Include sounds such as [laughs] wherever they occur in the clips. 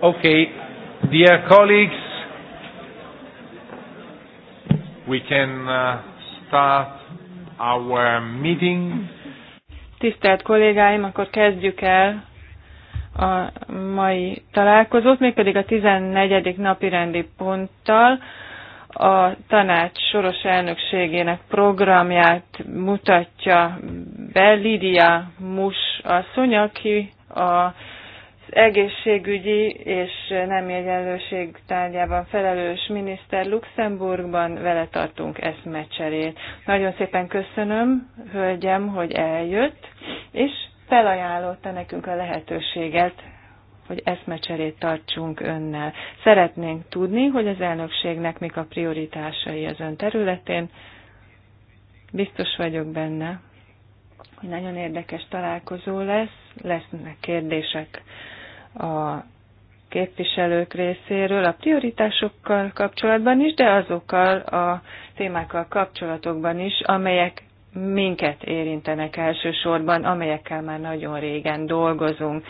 Okay, dear colleagues, we can uh, start our meeting. Tisztelt kollégáim, akkor kezdjük el a mai találkozót, mégpedig a 14. napi rendi ponttal a tanács soros elnökségének programját mutatja be Lidia Mus asszony, aki a egészségügyi és nem egyenlőség tárgyában felelős miniszter Luxemburgban, vele tartunk eszmecserét. Nagyon szépen köszönöm, hölgyem, hogy eljött, és felajánlotta nekünk a lehetőséget, hogy eszmecserét tartsunk önnel. Szeretnénk tudni, hogy az elnökségnek mik a prioritásai az ön területén. Biztos vagyok benne, hogy nagyon érdekes találkozó lesz, lesznek kérdések a képviselők részéről a prioritásokkal kapcsolatban is, de azokkal a témákkal kapcsolatokban is, amelyek minket érintenek elsősorban, amelyekkel már nagyon régen dolgozunk,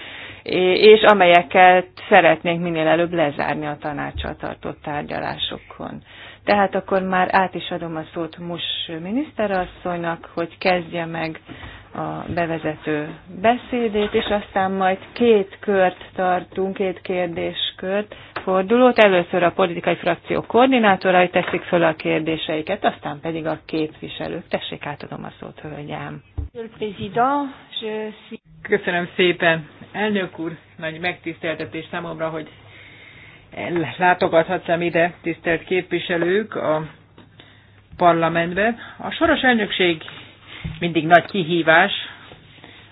és amelyeket szeretnénk minél előbb lezárni a tanácsal tartott tárgyalásokon. Tehát akkor már át is adom a szót Mus miniszterasszonynak, hogy kezdje meg a bevezető beszédét, és aztán majd két kört tartunk, két kérdéskört, fordulót. Először a politikai frakció koordinátorai teszik föl a kérdéseiket, aztán pedig a képviselők. Tessék, átadom a szót, hölgyem. Köszönöm szépen. Elnök úr, nagy megtiszteltetés számomra, hogy látogathattam ide, tisztelt képviselők, a parlamentbe. A soros elnökség mindig nagy kihívás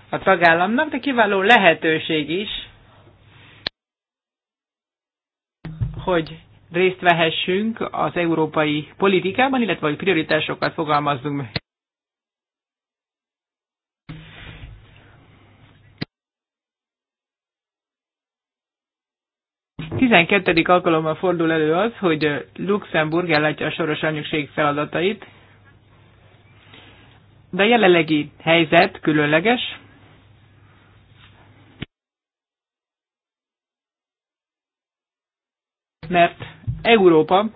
a tagállamnak, de kiváló lehetőség is, hogy részt vehessünk az európai politikában, illetve hogy prioritásokat fogalmazzunk meg. Tizenkettedik alkalommal fordul elő az, hogy Luxemburg ellátja a soros anyagség feladatait, de a jelenlegi helyzet különleges. Mert Európa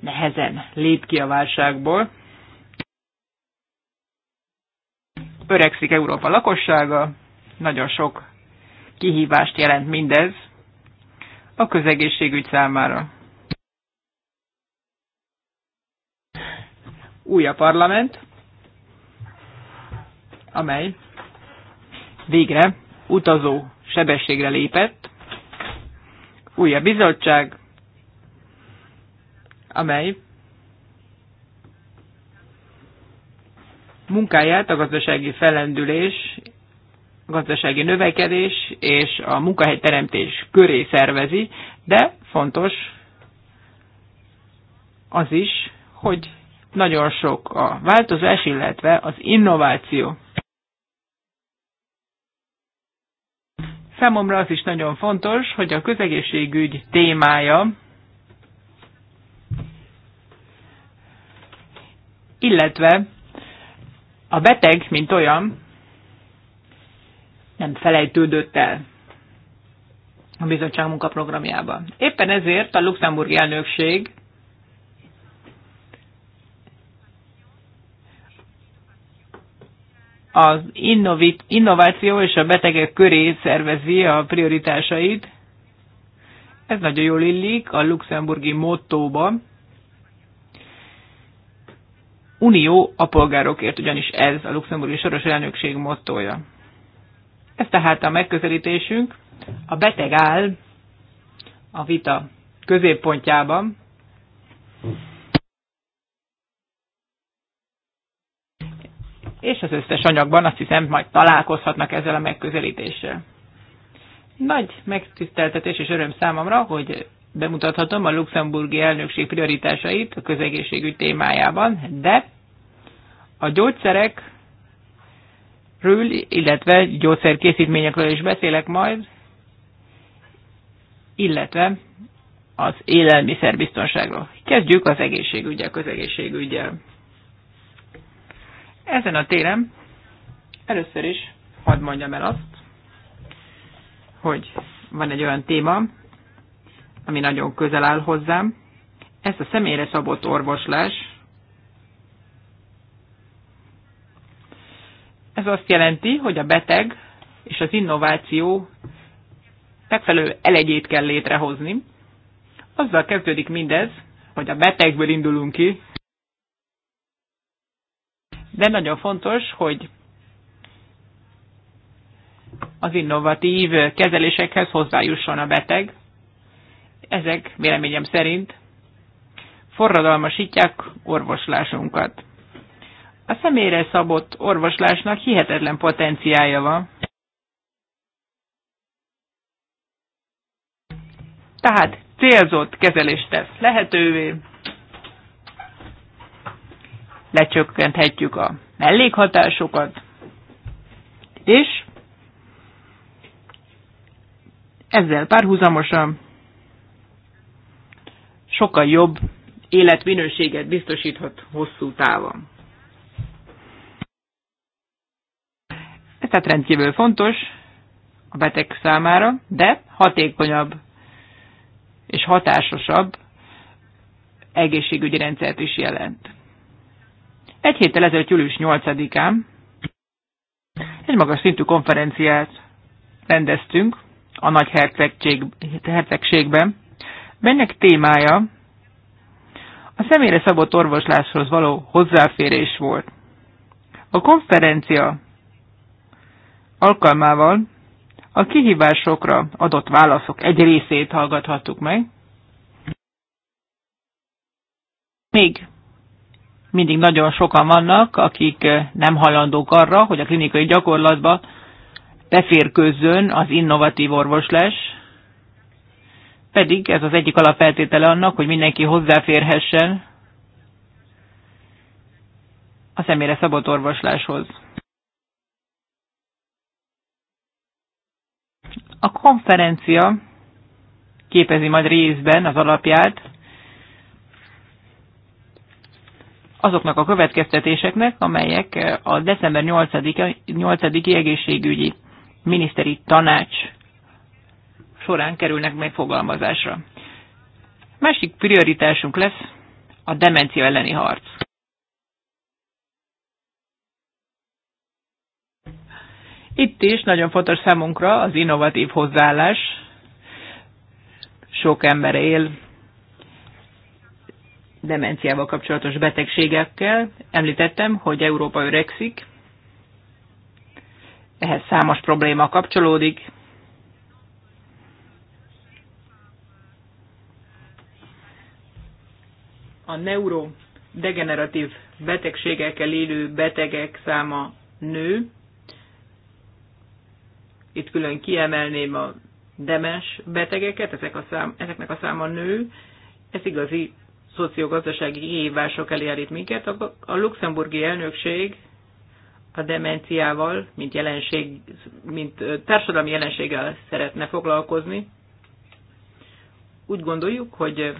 nehezen lép ki a válságból. Öregszik Európa lakossága, nagyon sok kihívást jelent mindez a közegészségügy számára. új a parlament, amely végre utazó sebességre lépett, új a bizottság, amely munkáját a gazdasági felendülés, a gazdasági növekedés és a munkahelyteremtés köré szervezi, de fontos az is, hogy nagyon sok a változás, illetve az innováció. Számomra az is nagyon fontos, hogy a közegészségügy témája, illetve a beteg, mint olyan, nem felejtődött el a bizottság munkaprogramjában. Éppen ezért a luxemburgi elnökség az innovit, innováció és a betegek köré szervezi a prioritásait. Ez nagyon jól illik a luxemburgi mottóba. Unió a polgárokért, ugyanis ez a luxemburgi soros elnökség mottója. Ez tehát a megközelítésünk. A beteg áll a vita középpontjában, és az összes anyagban azt hiszem majd találkozhatnak ezzel a megközelítéssel. Nagy megtiszteltetés és öröm számomra, hogy bemutathatom a luxemburgi elnökség prioritásait a közegészségügy témájában, de a gyógyszerek ről, illetve gyógyszerkészítményekről is beszélek majd, illetve az élelmiszerbiztonságról. Kezdjük az egészségügyel, közegészségügyel. Ezen a téren először is hadd mondjam el azt, hogy van egy olyan téma, ami nagyon közel áll hozzám. Ez a személyre szabott orvoslás. Ez azt jelenti, hogy a beteg és az innováció megfelelő elegyét kell létrehozni. Azzal kezdődik mindez, hogy a betegből indulunk ki, de nagyon fontos, hogy az innovatív kezelésekhez hozzájusson a beteg. Ezek véleményem szerint forradalmasítják orvoslásunkat. A személyre szabott orvoslásnak hihetetlen potenciája van. Tehát célzott kezelést tesz lehetővé, lecsökkenthetjük a mellékhatásokat, és ezzel párhuzamosan sokkal jobb életminőséget biztosíthat hosszú távon. Ez tehát rendkívül fontos a beteg számára, de hatékonyabb és hatásosabb egészségügyi rendszert is jelent. Egy héttel ezelőtt július 8-án egy magas szintű konferenciát rendeztünk a nagy hercegségben, melynek témája a személyre szabott orvosláshoz való hozzáférés volt. A konferencia alkalmával a kihívásokra adott válaszok egy részét hallgathattuk meg. Még mindig nagyon sokan vannak, akik eh, nem hajlandók arra, hogy a klinikai gyakorlatba beférkőzzön az innovatív orvoslás, pedig ez az egyik alapfeltétele annak, hogy mindenki hozzáférhessen a személyre szabott orvosláshoz. A konferencia képezi majd részben az alapját azoknak a következtetéseknek, amelyek a december 8-i, 8-i egészségügyi miniszteri tanács során kerülnek megfogalmazásra. Másik prioritásunk lesz a demencia elleni harc. Itt is nagyon fontos számunkra az innovatív hozzáállás. Sok ember él demenciával kapcsolatos betegségekkel. Említettem, hogy Európa öregszik, ehhez számos probléma kapcsolódik. A neurodegeneratív betegségekkel élő betegek száma nő. Itt külön kiemelném a demes betegeket, ezek a szám, ezeknek a száma nő. Ez igazi szociogazdasági hívások elé állít minket, a luxemburgi elnökség a demenciával, mint, jelenség, mint társadalmi jelenséggel szeretne foglalkozni. Úgy gondoljuk, hogy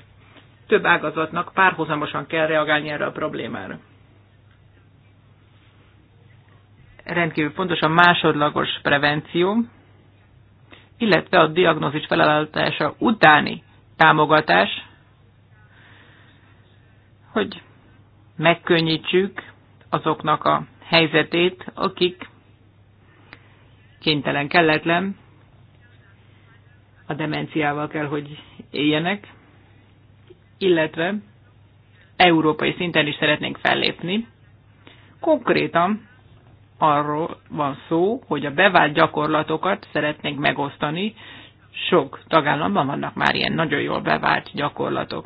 több ágazatnak párhuzamosan kell reagálni erre a problémára. Rendkívül fontos a másodlagos prevenció, illetve a diagnózis felállítása utáni támogatás, hogy megkönnyítsük azoknak a helyzetét, akik kénytelen, kelletlen, a demenciával kell, hogy éljenek, illetve európai szinten is szeretnénk fellépni. Konkrétan arról van szó, hogy a bevált gyakorlatokat szeretnénk megosztani. Sok tagállamban vannak már ilyen nagyon jól bevált gyakorlatok.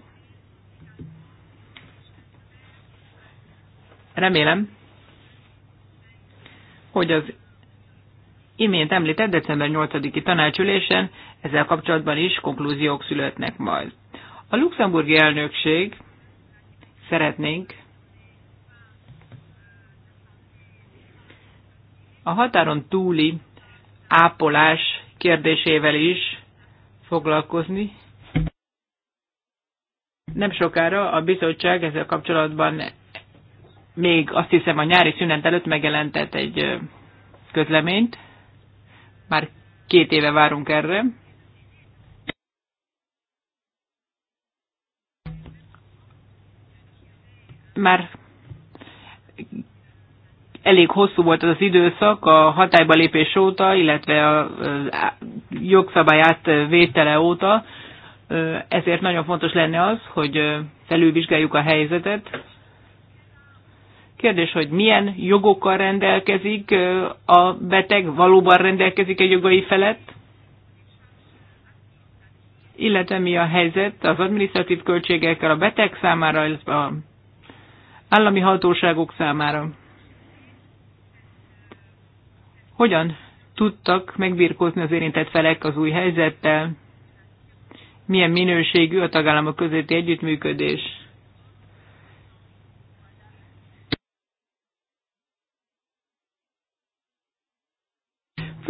Remélem, hogy az imént említett december 8-i tanácsülésen ezzel kapcsolatban is konklúziók születnek majd. A luxemburgi elnökség szeretnénk a határon túli ápolás kérdésével is foglalkozni. Nem sokára a bizottság ezzel kapcsolatban még azt hiszem a nyári szünet előtt megjelentett egy közleményt. Már két éve várunk erre. Már elég hosszú volt az, az időszak a hatályba lépés óta, illetve a jogszabály átvétele óta, ezért nagyon fontos lenne az, hogy felülvizsgáljuk a helyzetet, Kérdés, hogy milyen jogokkal rendelkezik a beteg, valóban rendelkezik egy jogai felett? Illetve mi a helyzet az administratív költségekkel a beteg számára, illetve a állami hatóságok számára? Hogyan tudtak megbirkózni az érintett felek az új helyzettel? Milyen minőségű a tagállamok közötti együttműködés?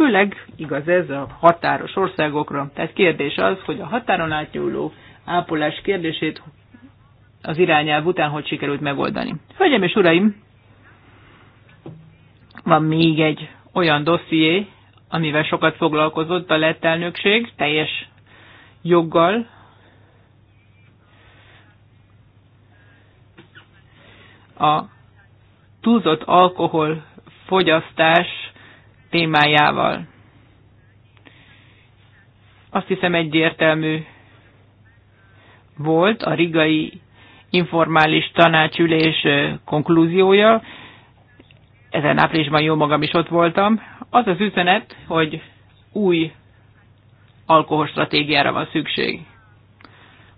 főleg igaz ez a határos országokra. Tehát kérdés az, hogy a határon átnyúló ápolás kérdését az irányelv után hogy sikerült megoldani. Hölgyeim és uraim, van még egy olyan dosszié, amivel sokat foglalkozott a lett elnökség, teljes joggal. A túlzott alkohol fogyasztás témájával. Azt hiszem egyértelmű volt a rigai informális tanácsülés konklúziója. Ezen áprilisban jó magam is ott voltam. Az az üzenet, hogy új alkoholstratégiára van szükség.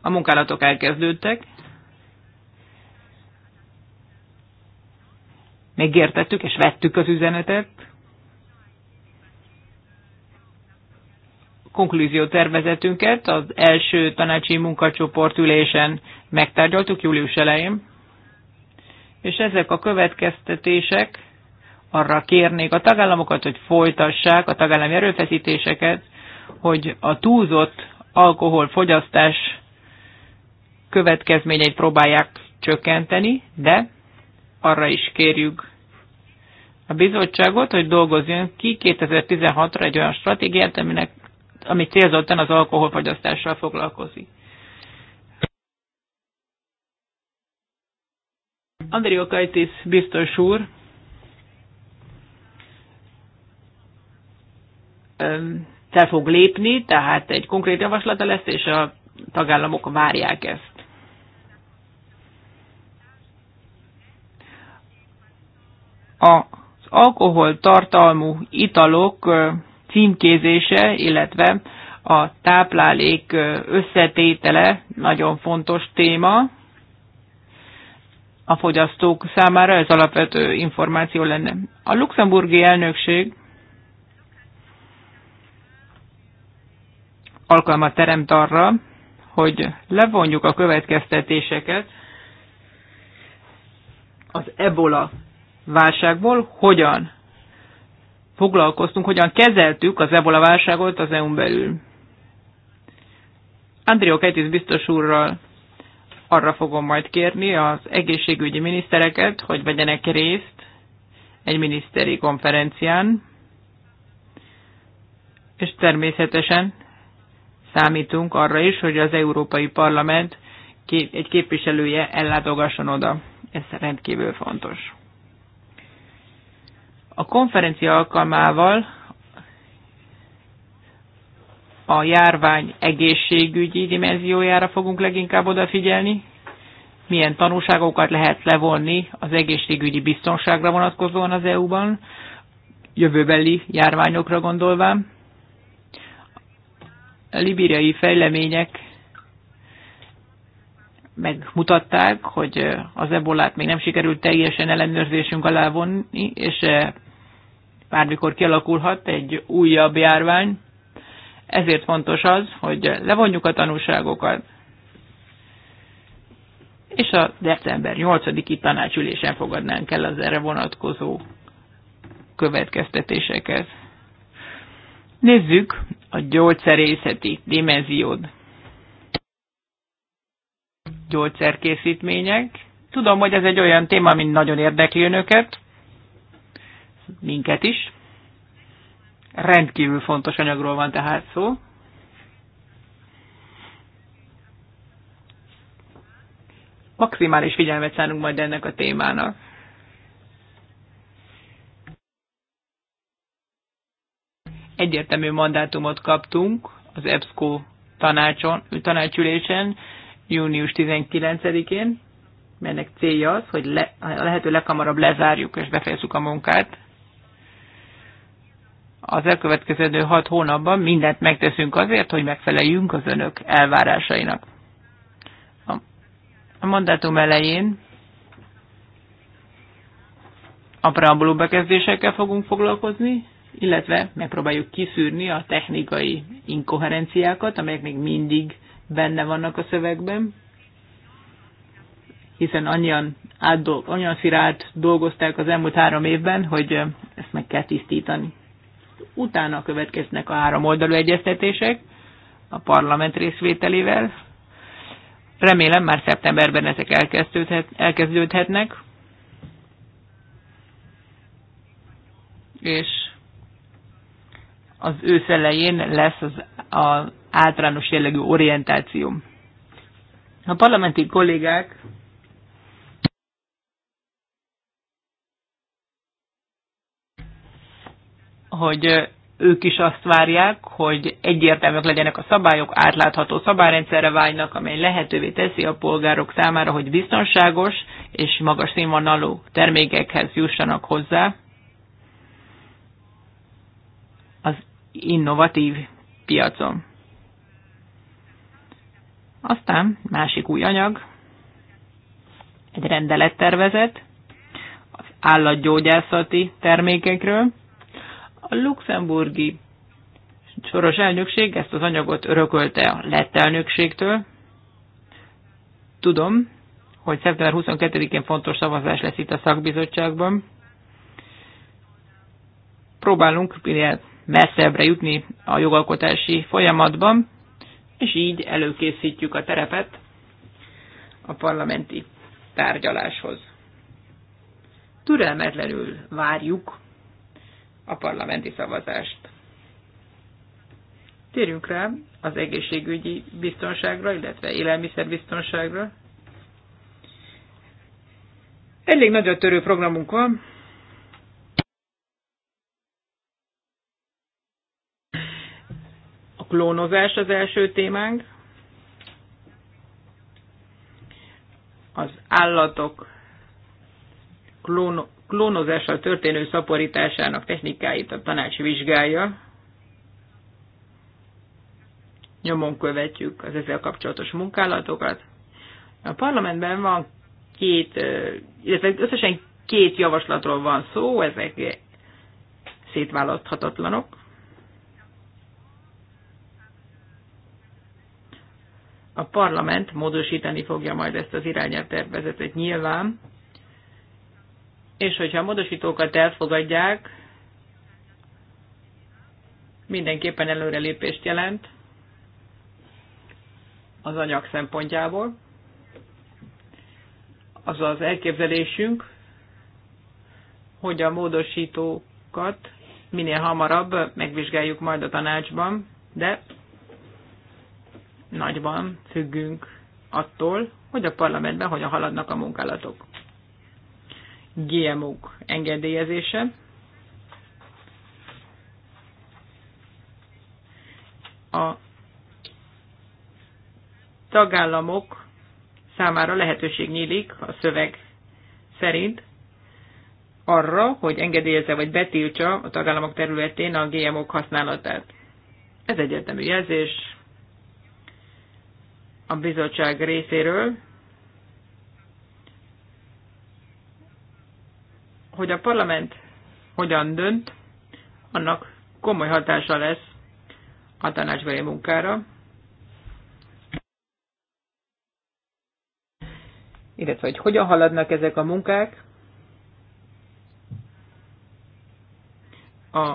A munkálatok elkezdődtek. Megértettük és vettük az üzenetet. konklúzió tervezetünket az első tanácsi munkacsoport ülésen megtárgyaltuk július elején, és ezek a következtetések arra kérnék a tagállamokat, hogy folytassák a tagállami erőfeszítéseket, hogy a túlzott alkoholfogyasztás következményeit próbálják csökkenteni, de arra is kérjük a bizottságot, hogy dolgozjon ki 2016-ra egy olyan stratégiát, aminek ami célzottan az alkoholfogyasztással foglalkozik. Andrió Kajtis biztos úr te fog lépni, tehát egy konkrét javaslata lesz, és a tagállamok várják ezt. Az alkoholtartalmú italok címkézése, illetve a táplálék összetétele nagyon fontos téma a fogyasztók számára, ez alapvető információ lenne. A luxemburgi elnökség alkalmat teremt arra, hogy levonjuk a következtetéseket az ebola válságból, hogyan foglalkoztunk, hogyan kezeltük az ebola válságot az EU-n belül. Andrió Keitis biztos úrral arra fogom majd kérni az egészségügyi minisztereket, hogy vegyenek részt egy miniszteri konferencián, és természetesen számítunk arra is, hogy az Európai Parlament egy képviselője ellátogasson oda. Ez rendkívül fontos. A konferencia alkalmával a járvány egészségügyi dimenziójára fogunk leginkább odafigyelni, milyen tanulságokat lehet levonni az egészségügyi biztonságra vonatkozóan az EU-ban, jövőbeli járványokra gondolván. A libériai fejlemények megmutatták, hogy az ebolát még nem sikerült teljesen ellenőrzésünk alá vonni, és bármikor kialakulhat egy újabb járvány. Ezért fontos az, hogy levonjuk a tanulságokat, és a december 8-i tanácsülésen fogadnánk el az erre vonatkozó következtetéseket. Nézzük a gyógyszerészeti dimenziót gyógyszerkészítmények. Tudom, hogy ez egy olyan téma, ami nagyon érdekli önöket, minket is. Rendkívül fontos anyagról van tehát szó. Maximális figyelmet szánunk majd ennek a témának. Egyértelmű mandátumot kaptunk az EBSCO tanácson, tanácsülésen, június 19-én, melynek célja az, hogy le, a lehető leghamarabb lezárjuk és befejezzük a munkát. Az elkövetkező hat hónapban mindent megteszünk azért, hogy megfeleljünk az önök elvárásainak. A, a mandátum elején a preambuló bekezdésekkel fogunk foglalkozni, illetve megpróbáljuk kiszűrni a technikai inkoherenciákat, amelyek még mindig benne vannak a szövegben, hiszen annyian, átdol, annyian szirált dolgozták az elmúlt három évben, hogy ezt meg kell tisztítani. Utána következnek a három oldalú egyeztetések a parlament részvételével. Remélem már szeptemberben ezek elkezdődhet, elkezdődhetnek. És az ősz elején lesz az, az általános jellegű orientáció. A parlamenti kollégák hogy ők is azt várják, hogy egyértelműek legyenek a szabályok, átlátható szabályrendszerre vágynak, amely lehetővé teszi a polgárok számára, hogy biztonságos és magas színvonalú termékekhez jussanak hozzá. Az innovatív piacon. Aztán másik új anyag, egy rendelettervezet az állatgyógyászati termékekről. A luxemburgi soros elnökség ezt az anyagot örökölte a lett elnökségtől. Tudom, hogy szeptember 22-én fontos szavazás lesz itt a szakbizottságban. Próbálunk minél messzebbre jutni a jogalkotási folyamatban, és így előkészítjük a terepet a parlamenti tárgyaláshoz. Türelmetlenül várjuk a parlamenti szavazást. Térjünk rá az egészségügyi biztonságra, illetve élelmiszerbiztonságra. Elég nagy a törő programunk van, klónozás az első témánk. Az állatok klóno, klónozással történő szaporításának technikáit a tanács vizsgálja. Nyomon követjük az ezzel kapcsolatos munkálatokat. A parlamentben van két, illetve összesen két javaslatról van szó, ezek szétválaszthatatlanok. a parlament módosítani fogja majd ezt az irányelvtervezetet nyilván, és hogyha a módosítókat elfogadják, mindenképpen előrelépést jelent az anyag szempontjából. Az az elképzelésünk, hogy a módosítókat minél hamarabb megvizsgáljuk majd a tanácsban, de nagyban függünk attól, hogy a parlamentben hogyan haladnak a munkálatok. GMO-k engedélyezése. A tagállamok számára lehetőség nyílik a szöveg szerint arra, hogy engedélyezze vagy betiltsa a tagállamok területén a GMO-k használatát. Ez egyértelmű jelzés, a bizottság részéről, hogy a parlament hogyan dönt, annak komoly hatása lesz a tanácsbeli munkára, illetve hogy hogyan haladnak ezek a munkák. A,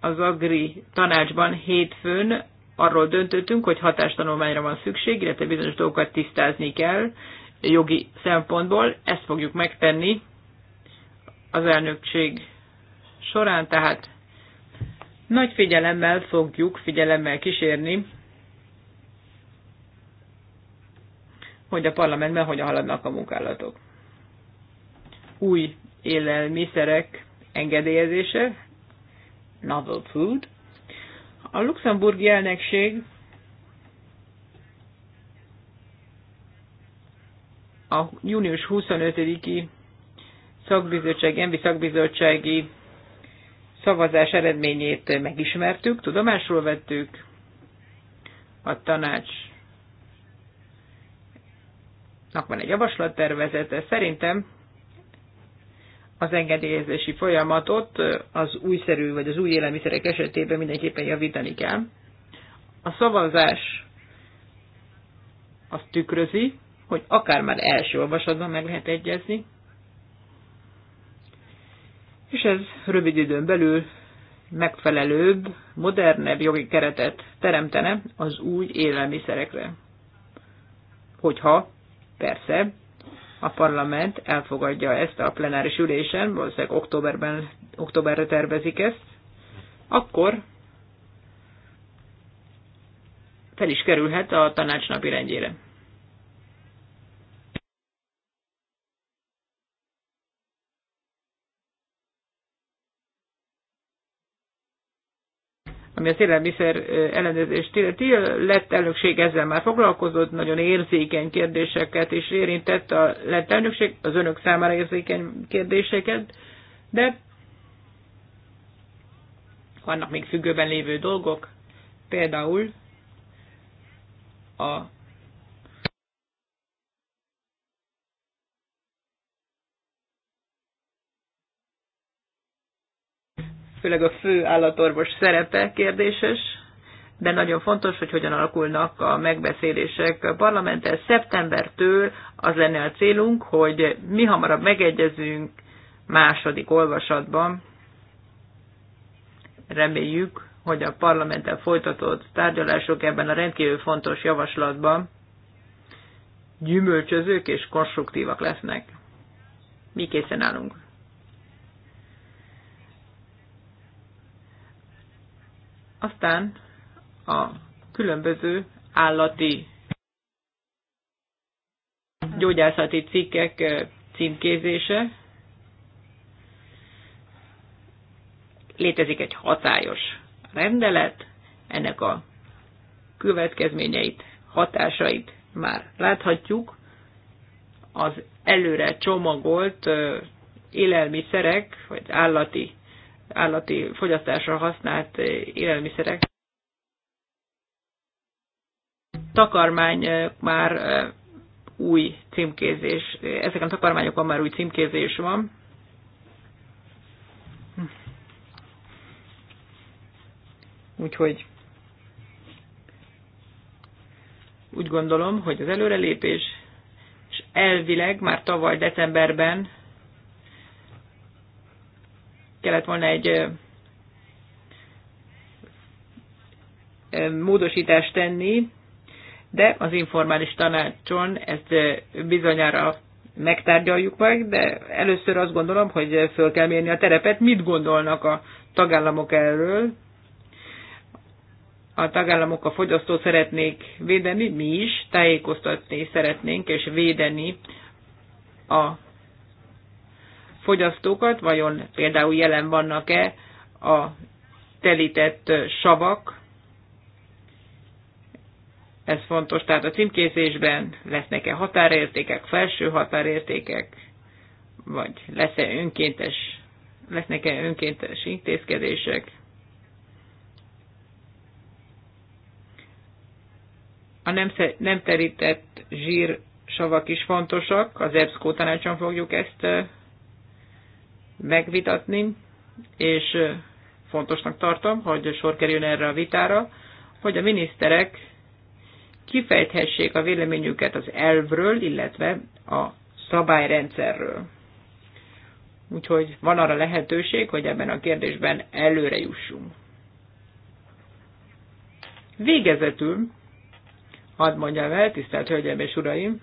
az Agri tanácsban hétfőn arról döntöttünk, hogy hatástanulmányra van szükség, illetve bizonyos dolgokat tisztázni kell jogi szempontból. Ezt fogjuk megtenni az elnökség során, tehát nagy figyelemmel fogjuk figyelemmel kísérni, hogy a parlamentben hogyan haladnak a munkálatok. Új élelmiszerek engedélyezése, novel food, a luxemburgi elnökség a június 25-i szakbizottság, envi szakbizottsági szavazás eredményét megismertük, tudomásul vettük, a tanács van egy javaslattervezete. Szerintem az engedélyezési folyamatot az újszerű vagy az új élelmiszerek esetében mindenképpen javítani kell. A szavazás azt tükrözi, hogy akár már első olvasatban meg lehet egyezni, és ez rövid időn belül megfelelőbb, modernebb jogi keretet teremtene az új élelmiszerekre. Hogyha persze a parlament elfogadja ezt a plenáris ülésen, valószínűleg októberben, októberre tervezik ezt, akkor fel is kerülhet a tanács rendjére. ami az élelmiszer ellenőrzést illeti, lett elnökség ezzel már foglalkozott, nagyon érzékeny kérdéseket is érintett a lett elnökség, az önök számára érzékeny kérdéseket, de vannak még függőben lévő dolgok, például a főleg a fő állatorvos szerepe kérdéses, de nagyon fontos, hogy hogyan alakulnak a megbeszélések a parlamenttel. Szeptembertől az lenne a célunk, hogy mi hamarabb megegyezünk második olvasatban. Reméljük, hogy a parlamenttel folytatott tárgyalások ebben a rendkívül fontos javaslatban gyümölcsözők és konstruktívak lesznek. Mi készen állunk. Aztán a különböző állati gyógyászati cikkek címkézése. Létezik egy hatályos rendelet, ennek a következményeit, hatásait már láthatjuk. Az előre csomagolt élelmiszerek, vagy állati állati fogyasztásra használt eh, élelmiszerek. Takarmány eh, már eh, új címkézés, ezeken a takarmányokon már új címkézés van. Úgyhogy úgy gondolom, hogy az előrelépés, és elvileg már tavaly decemberben kellett volna egy módosítást tenni, de az informális tanácson ezt bizonyára megtárgyaljuk meg, de először azt gondolom, hogy föl kell mérni a terepet, mit gondolnak a tagállamok erről. A tagállamok a fogyasztót szeretnék védeni, mi is tájékoztatni szeretnénk és védeni a fogyasztókat, vajon például jelen vannak-e a telített savak, ez fontos, tehát a címkézésben lesznek-e határértékek, felső határértékek, vagy lesz-e önkéntes, lesznek-e önkéntes intézkedések. A nem, nem terített zsírsavak is fontosak, az EBSCO tanácson fogjuk ezt megvitatni, és fontosnak tartom, hogy sor kerüljön erre a vitára, hogy a miniszterek kifejthessék a véleményüket az elvről, illetve a szabályrendszerről. Úgyhogy van arra lehetőség, hogy ebben a kérdésben előre jussunk. Végezetül, hadd mondjam el, tisztelt Hölgyeim és Uraim,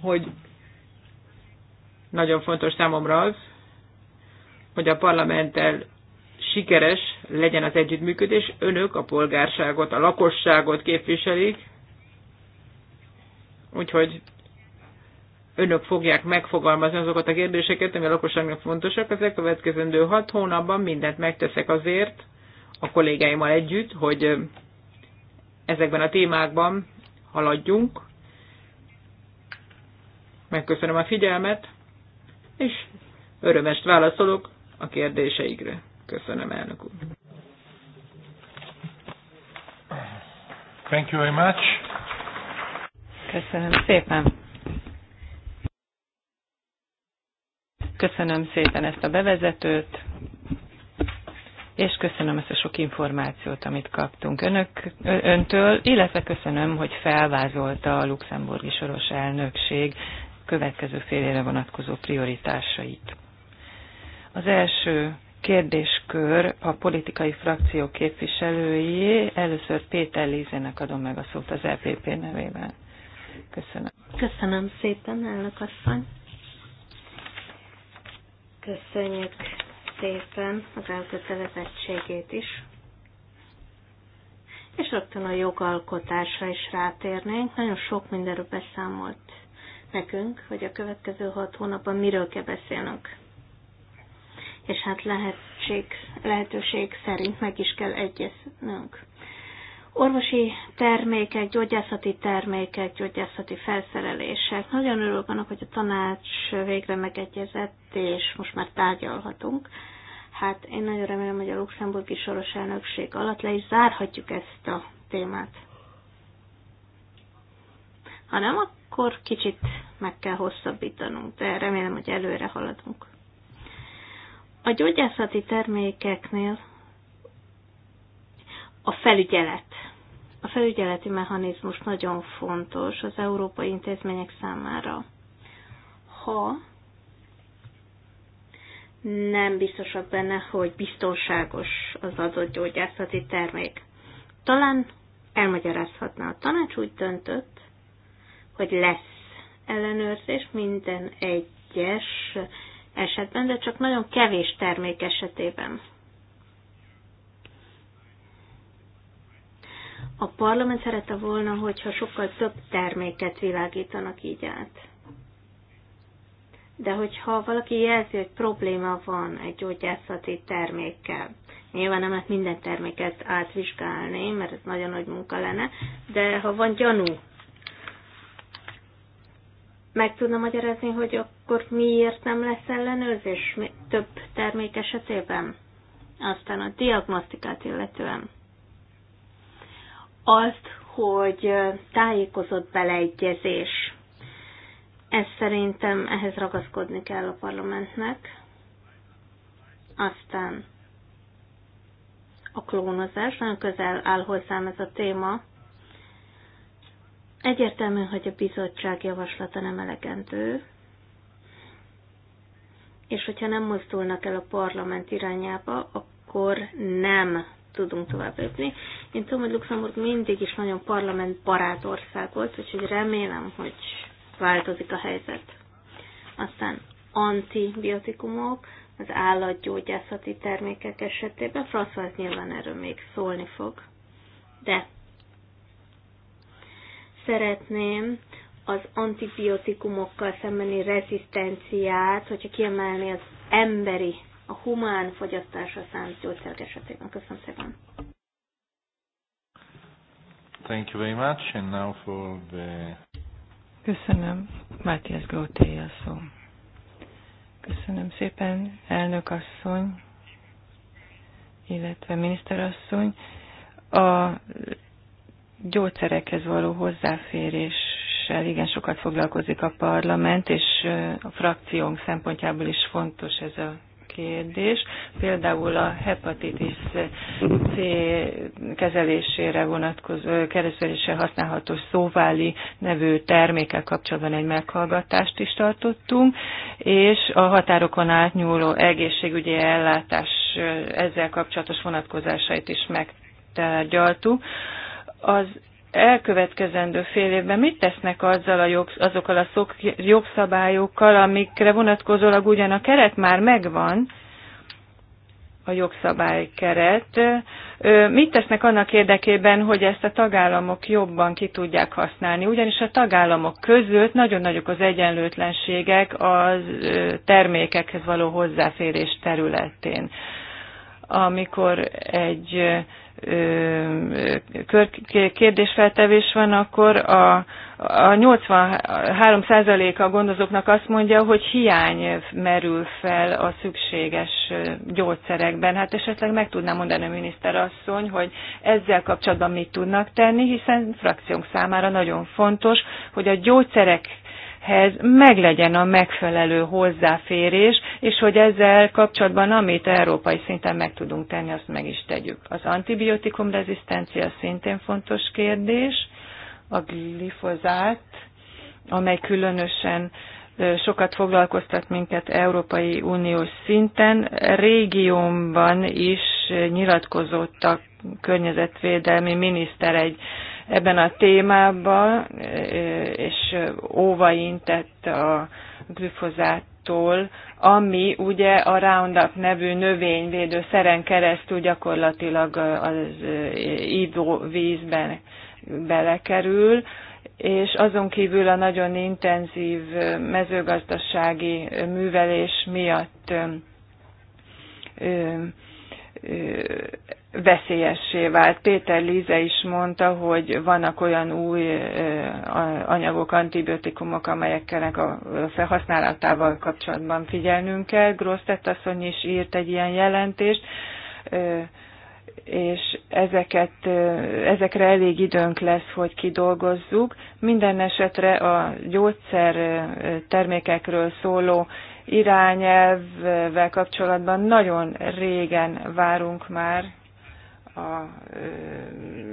hogy nagyon fontos számomra az, hogy a parlamenttel sikeres legyen az együttműködés. Önök a polgárságot, a lakosságot képviselik, úgyhogy önök fogják megfogalmazni azokat a kérdéseket, ami a lakosságnak fontosak. Az elkövetkezendő hat hónapban mindent megteszek azért, a kollégáimmal együtt, hogy ezekben a témákban haladjunk. Megköszönöm a figyelmet, és örömest válaszolok a kérdéseikre. Köszönöm, elnök úr. Thank you very much. Köszönöm szépen. Köszönöm szépen ezt a bevezetőt, és köszönöm ezt a sok információt, amit kaptunk önök, öntől, illetve köszönöm, hogy felvázolta a luxemburgi soros elnökség következő fél vonatkozó prioritásait. Az első kérdéskör a politikai frakció képviselői. Először Péter Lízének adom meg a szót az EPP nevében. Köszönöm. Köszönöm szépen, elnök asszony. Köszönjük szépen az elkötelezettségét is. És rögtön a jogalkotásra is rátérnénk. Nagyon sok mindenről beszámolt nekünk, hogy a következő hat hónapban miről kell beszélnünk. És hát lehetség, lehetőség szerint meg is kell egyeznünk. Orvosi termékek, gyógyászati termékek, gyógyászati felszerelések. Nagyon örülök annak, hogy a tanács végre megegyezett, és most már tárgyalhatunk. Hát én nagyon remélem, hogy a luxemburgi soros elnökség alatt le is zárhatjuk ezt a témát. Ha nem, akkor akkor kicsit meg kell hosszabbítanunk, de remélem, hogy előre haladunk. A gyógyászati termékeknél a felügyelet. A felügyeleti mechanizmus nagyon fontos az európai intézmények számára. Ha nem biztosak benne, hogy biztonságos az adott gyógyászati termék. Talán elmagyarázhatná. A tanács úgy döntött, hogy lesz ellenőrzés minden egyes esetben, de csak nagyon kevés termék esetében. A parlament szerette volna, hogyha sokkal több terméket világítanak így át. De hogyha valaki jelzi, hogy probléma van egy gyógyászati termékkel, nyilván nem lehet minden terméket átvizsgálni, mert ez nagyon nagy munka lenne, de ha van gyanú, meg tudna magyarázni, hogy akkor miért nem lesz ellenőrzés több termék esetében? Aztán a diagnosztikát illetően. Azt, hogy tájékozott beleegyezés. Ez szerintem ehhez ragaszkodni kell a parlamentnek. Aztán a klónozás, nagyon közel áll hozzám ez a téma, Egyértelmű, hogy a bizottság javaslata nem elegendő, és hogyha nem mozdulnak el a parlament irányába, akkor nem tudunk tovább lépni. Én tudom, hogy Luxemburg mindig is nagyon barát ország volt, úgyhogy remélem, hogy változik a helyzet. Aztán antibiotikumok, az állatgyógyászati termékek esetében, François nyilván erről még szólni fog. De Szeretném az antibiotikumokkal szembeni rezisztenciát, hogyha kiemelni az emberi, a humán fogyasztásra szánt gyógyszerek esetében. Köszönöm szépen. Thank you very much, and now for the... Köszönöm. Mátiás Gróté a szó. Köszönöm szépen, elnök asszony, illetve miniszterasszony. A gyógyszerekhez való hozzáféréssel igen sokat foglalkozik a parlament, és a frakciónk szempontjából is fontos ez a kérdés. Például a hepatitis C kezelésére vonatkozó, kezelésre használható szóváli nevű termékkel kapcsolatban egy meghallgatást is tartottunk, és a határokon átnyúló egészségügyi ellátás ezzel kapcsolatos vonatkozásait is meg az elkövetkezendő fél évben mit tesznek azzal a jog, azokkal a szok, jogszabályokkal, amikre vonatkozólag ugyan a keret már megvan, a jogszabálykeret. Mit tesznek annak érdekében, hogy ezt a tagállamok jobban ki tudják használni? Ugyanis a tagállamok között nagyon nagyok az egyenlőtlenségek az termékekhez való hozzáférés területén. Amikor egy kérdésfeltevés van, akkor a, a 83% a gondozóknak azt mondja, hogy hiány merül fel a szükséges gyógyszerekben. Hát esetleg meg tudná mondani a miniszterasszony, hogy ezzel kapcsolatban mit tudnak tenni, hiszen frakciónk számára nagyon fontos, hogy a gyógyszerek hez meglegyen a megfelelő hozzáférés, és hogy ezzel kapcsolatban, amit európai szinten meg tudunk tenni, azt meg is tegyük. Az antibiotikum rezisztencia szintén fontos kérdés, a glifozát, amely különösen sokat foglalkoztat minket Európai Uniós szinten. Régiómban is nyilatkozott a környezetvédelmi miniszter egy ebben a témában, és óvaintett a glifozáttól, ami ugye a Roundup nevű növényvédő szeren keresztül gyakorlatilag az ivóvízben belekerül, és azon kívül a nagyon intenzív mezőgazdasági művelés miatt veszélyessé vált. Péter Líze is mondta, hogy vannak olyan új anyagok, antibiotikumok, amelyeknek a felhasználatával kapcsolatban figyelnünk kell. Grosztett asszony is írt egy ilyen jelentést, és ezeket, ezekre elég időnk lesz, hogy kidolgozzuk. Minden esetre a gyógyszer termékekről szóló irányelvvel kapcsolatban nagyon régen várunk már a,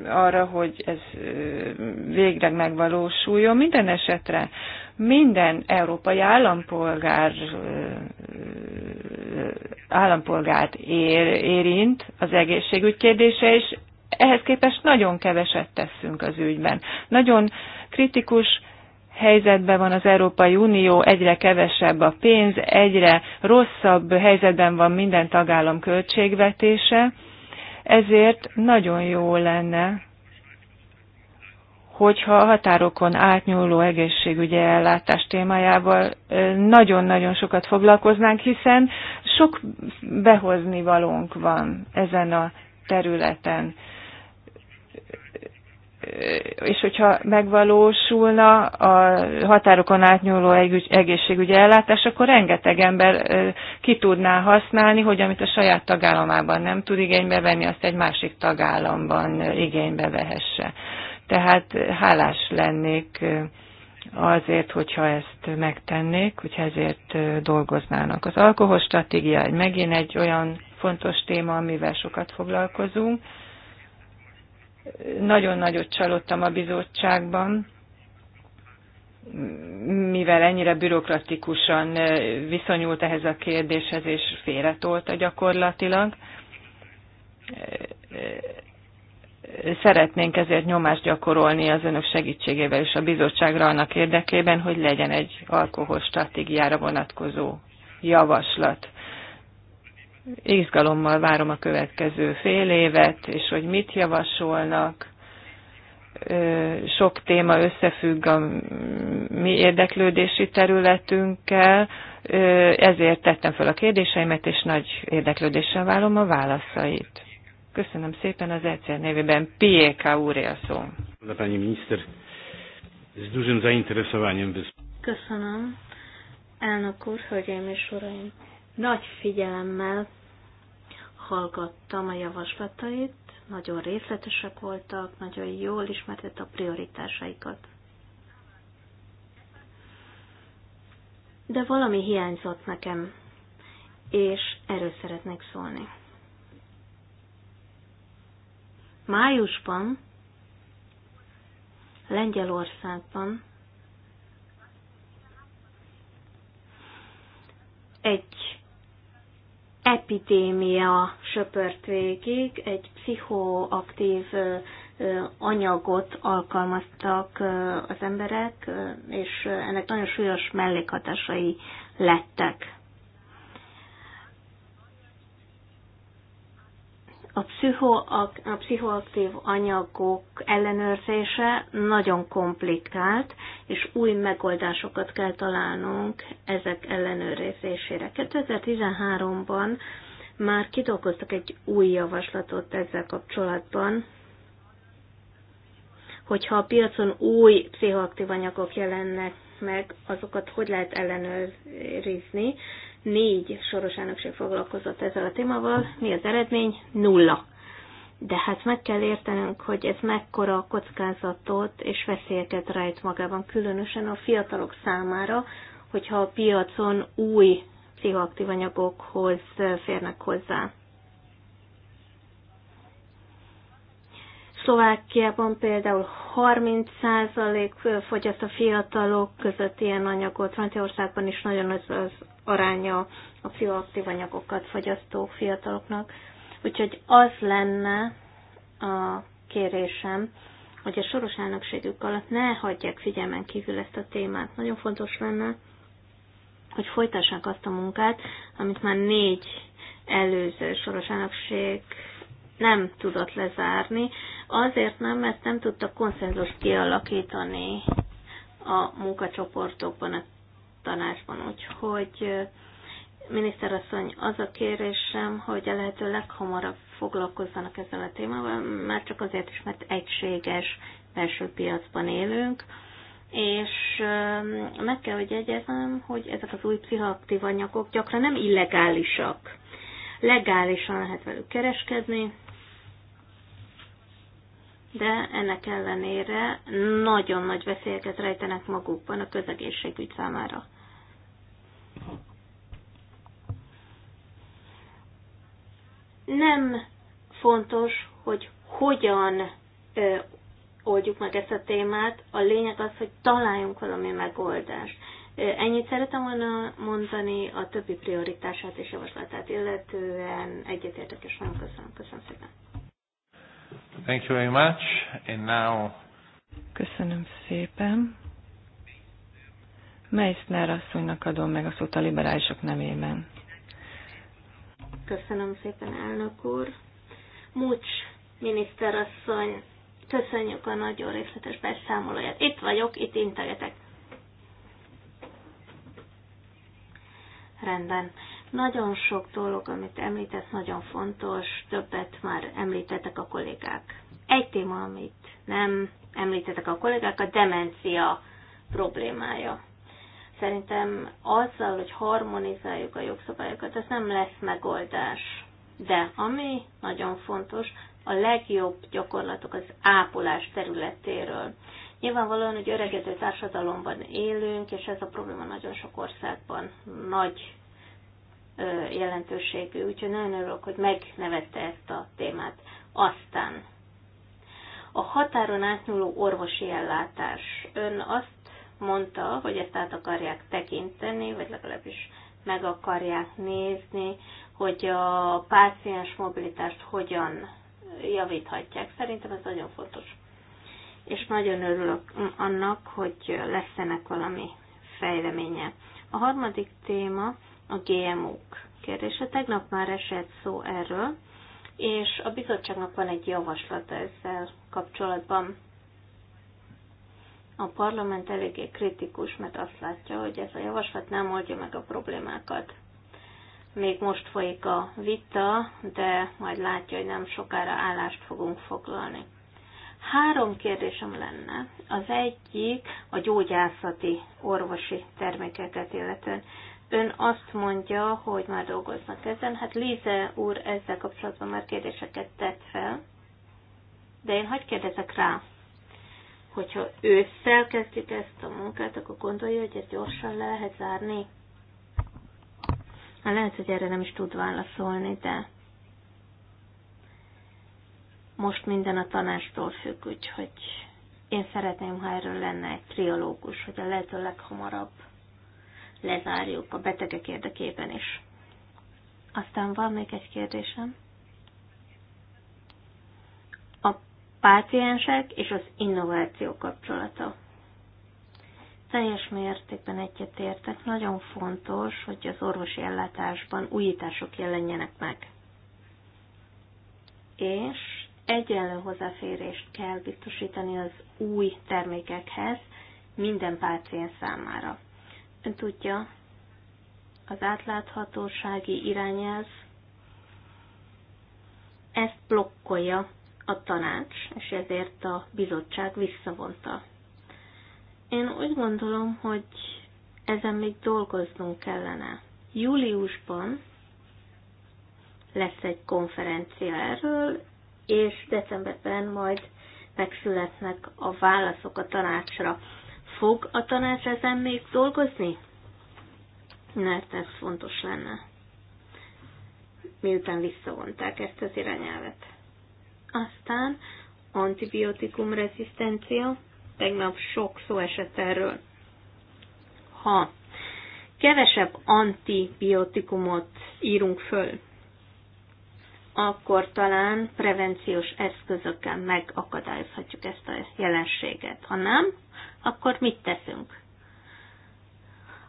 arra, hogy ez végre megvalósuljon. Minden esetre minden európai állampolgár állampolgárt ér, érint az egészségügy kérdése, és ehhez képest nagyon keveset teszünk az ügyben. Nagyon kritikus helyzetben van az Európai Unió, egyre kevesebb a pénz, egyre rosszabb helyzetben van minden tagállam költségvetése, ezért nagyon jó lenne, hogyha a határokon átnyúló egészségügyi ellátás témájával nagyon-nagyon sokat foglalkoznánk, hiszen sok behozni valónk van ezen a területen és hogyha megvalósulna a határokon átnyúló egészségügyi ellátás, akkor rengeteg ember ki tudná használni, hogy amit a saját tagállamában nem tud igénybe venni, azt egy másik tagállamban igénybe vehesse. Tehát hálás lennék azért, hogyha ezt megtennék, hogyha ezért dolgoznának. Az alkoholstratégia megint egy olyan fontos téma, amivel sokat foglalkozunk nagyon nagyot csalódtam a bizottságban, mivel ennyire bürokratikusan eh, viszonyult ehhez a kérdéshez, és félretolta gyakorlatilag. Eh, eh, szeretnénk ezért nyomást gyakorolni az önök segítségével és a bizottságra annak érdekében, hogy legyen egy alkoholstratégiára vonatkozó javaslat izgalommal várom a következő fél évet, és hogy mit javasolnak. Sok téma összefügg a mi érdeklődési területünkkel, ezért tettem fel a kérdéseimet, és nagy érdeklődéssel várom a válaszait. Köszönöm szépen az egyszer nevében. P.E.K. úré a szó. Köszönöm. Elnök úr, hölgyeim és uraim, nagy figyelemmel meghallgattam a javaslatait, nagyon részletesek voltak, nagyon jól ismertett a prioritásaikat. De valami hiányzott nekem, és erről szeretnék szólni. Májusban Lengyelországban egy epidémia söpört végig, egy pszichoaktív anyagot alkalmaztak az emberek, és ennek nagyon súlyos mellékhatásai lettek. A, pszichoak, a pszichoaktív anyagok ellenőrzése nagyon komplikált, és új megoldásokat kell találnunk ezek ellenőrzésére. 2013-ban már kidolgoztak egy új javaslatot ezzel kapcsolatban, hogyha a piacon új pszichoaktív anyagok jelennek meg, azokat hogy lehet ellenőrizni, négy soros elnökség foglalkozott ezzel a témával. Mi az eredmény? Nulla. De hát meg kell értenünk, hogy ez mekkora kockázatot és veszélyeket rejt magában, különösen a fiatalok számára, hogyha a piacon új pszichoaktív anyagokhoz férnek hozzá. Szlovákiában például 30% fogyaszt a fiatalok között ilyen anyagot, Franciaországban is nagyon nagy az, az aránya a pszichoaktív anyagokat fogyasztó fiataloknak. Úgyhogy az lenne a kérésem, hogy a soros elnökségük alatt ne hagyják figyelmen kívül ezt a témát. Nagyon fontos lenne, hogy folytassák azt a munkát, amit már négy előző soros elnökség nem tudott lezárni, azért nem, mert nem tudta konszenzust kialakítani a munkacsoportokban, a tanácsban. Úgyhogy miniszterasszony, az a kérésem, hogy a lehető leghamarabb foglalkozzanak ezzel a témával, már csak azért is, mert egységes belső piacban élünk, és meg kell, hogy jegyezem, hogy ezek az új pszichoaktív anyagok gyakran nem illegálisak. Legálisan lehet velük kereskedni, de ennek ellenére nagyon nagy veszélyeket rejtenek magukban a közegészségügy számára. Nem fontos, hogy hogyan ö, oldjuk meg ezt a témát, a lényeg az, hogy találjunk valami megoldást. Ennyit szeretem volna mondani a többi prioritását és javaslatát, illetően egyetértek, és nagyon köszönöm. Köszönöm szépen. Thank you very much. And now... Köszönöm szépen. Meissner asszonynak adom meg a szót a liberálisok nevében. Köszönöm szépen, elnök úr. Múcs miniszterasszony, köszönjük a nagyon részletes beszámolóját. Itt vagyok, itt integetek. Rendben. Nagyon sok dolog, amit említesz, nagyon fontos, többet már említettek a kollégák. Egy téma, amit nem említettek a kollégák, a demencia problémája. Szerintem azzal, hogy harmonizáljuk a jogszabályokat, Ez nem lesz megoldás. De ami nagyon fontos, a legjobb gyakorlatok az ápolás területéről. Nyilvánvalóan, hogy öregedő társadalomban élünk, és ez a probléma nagyon sok országban nagy jelentőségű, úgyhogy nagyon örülök, hogy megnevette ezt a témát. Aztán a határon átnyúló orvosi ellátás. Ön azt mondta, hogy ezt át akarják tekinteni, vagy legalábbis meg akarják nézni, hogy a páciens mobilitást hogyan javíthatják. Szerintem ez nagyon fontos. És nagyon örülök annak, hogy lesz ennek valami fejleménye. A harmadik téma a GMO-k kérdése. Tegnap már esett szó erről, és a bizottságnak van egy javaslata ezzel kapcsolatban. A parlament eléggé kritikus, mert azt látja, hogy ez a javaslat nem oldja meg a problémákat. Még most folyik a vita, de majd látja, hogy nem sokára állást fogunk foglalni. Három kérdésem lenne. Az egyik a gyógyászati orvosi termékeket illetően. Ön azt mondja, hogy már dolgoznak ezen. Hát Líze úr ezzel kapcsolatban már kérdéseket tett fel, de én hagyd kérdezek rá, hogyha ősszel kezdjük ezt a munkát, akkor gondolja, hogy ezt gyorsan le lehet zárni? Hát lehet, hogy erre nem is tud válaszolni, de most minden a tanástól függ, úgyhogy én szeretném, ha erről lenne egy triológus, hogy a lehető leghamarabb lezárjuk a betegek érdekében is. Aztán van még egy kérdésem. A páciensek és az innováció kapcsolata. Teljes mértékben egyetértek. Nagyon fontos, hogy az orvosi ellátásban újítások jelenjenek meg. És egyenlő hozzáférést kell biztosítani az új termékekhez minden páciens számára tudja, az átláthatósági irányelv ezt blokkolja a tanács, és ezért a bizottság visszavonta. Én úgy gondolom, hogy ezen még dolgoznunk kellene. Júliusban lesz egy konferencia erről, és decemberben majd megszületnek a válaszok a tanácsra. Fog a tanács ezen még dolgozni? Mert ez fontos lenne. Miután visszavonták ezt az irányelvet. Aztán antibiotikum rezisztencia. Tegnap sok szó esett erről. Ha kevesebb antibiotikumot írunk föl, akkor talán prevenciós eszközökkel megakadályozhatjuk ezt a jelenséget. Ha nem, akkor mit teszünk?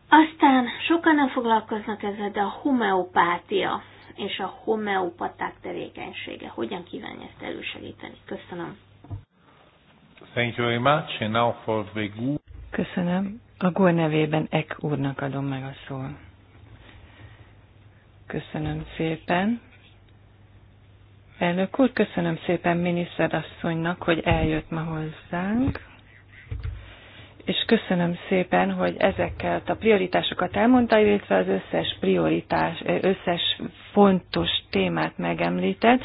Aztán sokan nem foglalkoznak ezzel, de a homeopátia és a homeopaták tevékenysége. Hogyan kívánja ezt elősegíteni? Köszönöm. Thank you very much. And now for the Köszönöm. A Gór nevében Ek úrnak adom meg a szót. Köszönöm szépen. Elnök úr, köszönöm szépen miniszterasszonynak, hogy eljött ma hozzánk és köszönöm szépen, hogy ezeket a prioritásokat elmondta, illetve az összes prioritás, összes fontos témát megemlített.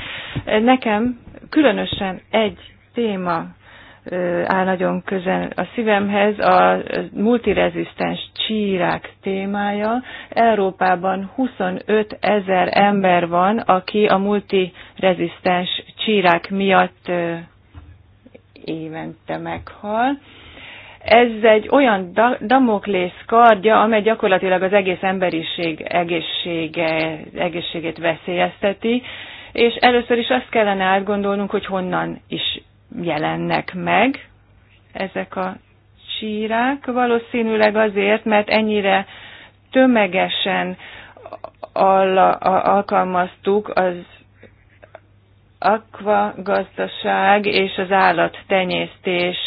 Nekem különösen egy téma áll nagyon közel a szívemhez, a multirezisztens csírák témája. Európában 25 ezer ember van, aki a multirezisztens csírák miatt évente meghal ez egy olyan damoklész kardja, amely gyakorlatilag az egész emberiség egészsége, egészségét veszélyezteti, és először is azt kellene átgondolnunk, hogy honnan is jelennek meg ezek a csírák, valószínűleg azért, mert ennyire tömegesen alkalmaztuk az akvagazdaság és az állattenyésztés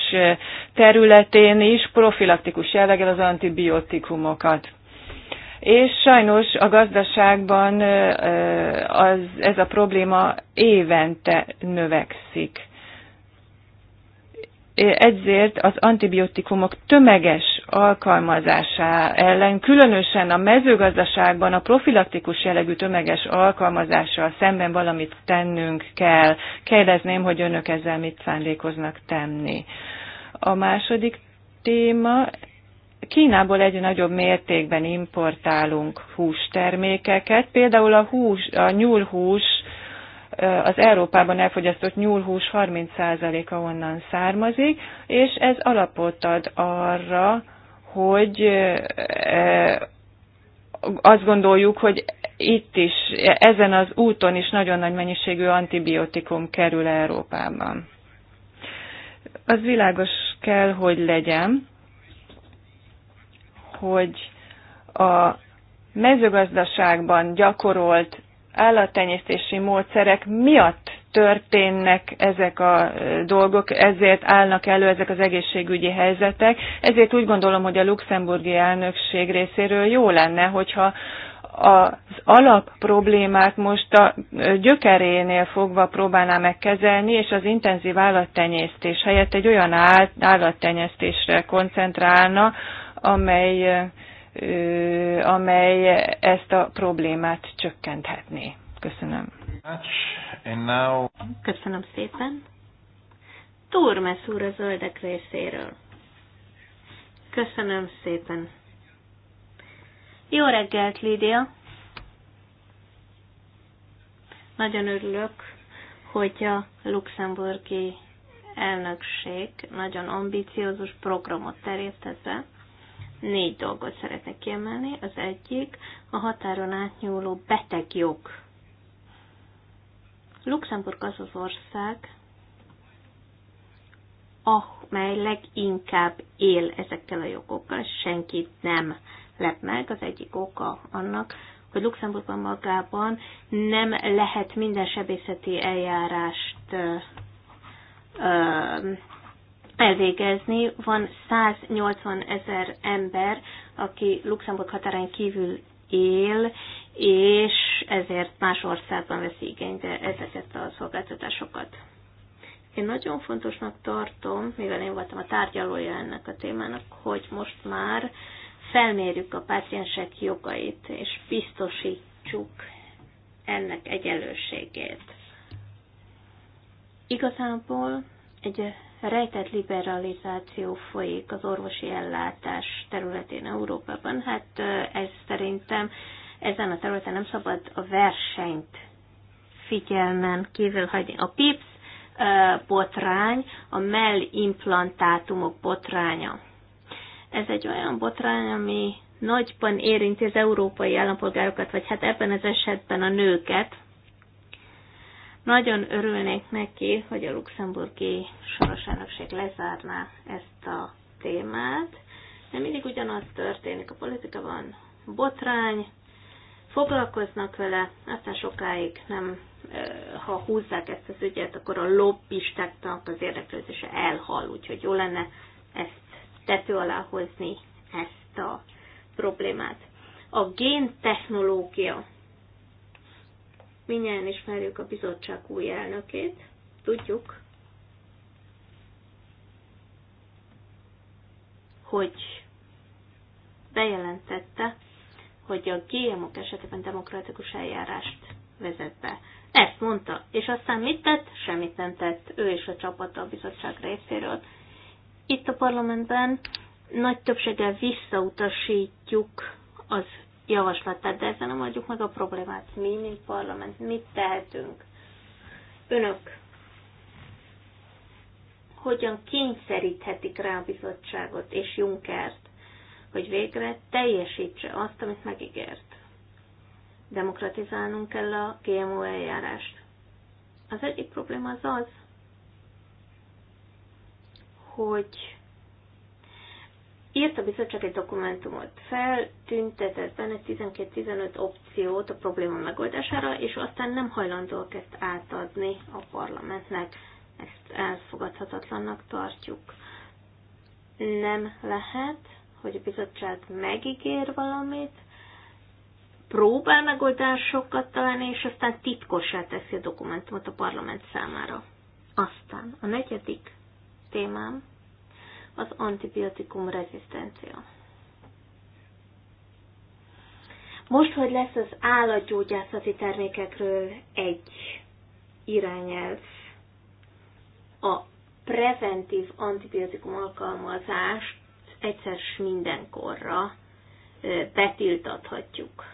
területén is profilaktikus jelleggel az antibiotikumokat. És sajnos a gazdaságban az, ez a probléma évente növekszik. Ezért az antibiotikumok tömeges alkalmazása ellen, különösen a mezőgazdaságban a profilaktikus jellegű tömeges alkalmazással szemben valamit tennünk kell. Kérdezném, hogy önök ezzel mit szándékoznak tenni. A második téma, Kínából egy nagyobb mértékben importálunk hústermékeket, például a, hús, a nyúlhús, az Európában elfogyasztott nyúlhús 30%-a onnan származik, és ez alapot ad arra, hogy azt gondoljuk, hogy itt is, ezen az úton is nagyon nagy mennyiségű antibiotikum kerül Európában. Az világos kell, hogy legyen, hogy a mezőgazdaságban gyakorolt állattenyésztési módszerek miatt történnek ezek a dolgok, ezért állnak elő ezek az egészségügyi helyzetek. Ezért úgy gondolom, hogy a luxemburgi elnökség részéről jó lenne, hogyha az alap problémát most a gyökerénél fogva próbálná megkezelni, és az intenzív állattenyésztés helyett egy olyan állattenyésztésre koncentrálna, amely, amely ezt a problémát csökkenthetné. Köszönöm. Köszönöm szépen. Turmes úr a zöldek részéről. Köszönöm szépen. Jó reggelt, Lídia. Nagyon örülök, hogy a luxemburgi elnökség nagyon ambiciózus programot terjesztett be. Négy dolgot szeretnék kiemelni. Az egyik a határon átnyúló betegjog Luxemburg az az ország, amely leginkább él ezekkel a jogokkal, senkit nem lep meg. Az egyik oka annak, hogy Luxemburgban magában nem lehet minden sebészeti eljárást ö, ö, elvégezni. Van 180 ezer ember, aki Luxemburg határain kívül él, és ezért más országban vesz igénybe ezeket a szolgáltatásokat. Én nagyon fontosnak tartom, mivel én voltam a tárgyalója ennek a témának, hogy most már felmérjük a páciensek jogait, és biztosítsuk ennek egyenlőségét. Igazából egy rejtett liberalizáció folyik az orvosi ellátás területén Európában. Hát ez szerintem ezen a területen nem szabad a versenyt figyelmen kívül hagyni. A PIPS botrány, a mellimplantátumok botránya. Ez egy olyan botrány, ami nagyban érinti az európai állampolgárokat, vagy hát ebben az esetben a nőket, nagyon örülnék neki, hogy a luxemburgi soros elnökség lezárná ezt a témát. De mindig ugyanaz történik a politika van Botrány, foglalkoznak vele, aztán sokáig nem, ha húzzák ezt az ügyet, akkor a lobbistáknak az érdeklődése elhal, úgyhogy jó lenne ezt tető alá hozni, ezt a problémát. A géntechnológia Minnyáján ismerjük a bizottság új elnökét, tudjuk, hogy bejelentette, hogy a GMO-k esetében demokratikus eljárást vezet be. Ezt mondta, és aztán mit tett? Semmit nem tett ő és a csapata a bizottság részéről. Itt a parlamentben nagy többséggel visszautasítjuk az Javaslat de ezzel nem adjuk meg a problémát. Mi, mint parlament, mit tehetünk? Önök hogyan kényszeríthetik rá a bizottságot és Junkert, hogy végre teljesítse azt, amit megígért. Demokratizálnunk kell a GMO eljárást. Az egyik probléma az az, hogy írt a bizottság egy dokumentumot, feltüntetett benne 12-15 opciót a probléma megoldására, és aztán nem hajlandóak ezt átadni a parlamentnek. Ezt elfogadhatatlannak tartjuk. Nem lehet, hogy a bizottság megígér valamit, próbál megoldásokat találni, és aztán titkossá teszi a dokumentumot a parlament számára. Aztán a negyedik témám, az antibiotikum rezisztencia. Most, hogy lesz az állatgyógyászati termékekről egy irányelv, a preventív antibiotikum alkalmazást egyszer s mindenkorra betiltathatjuk.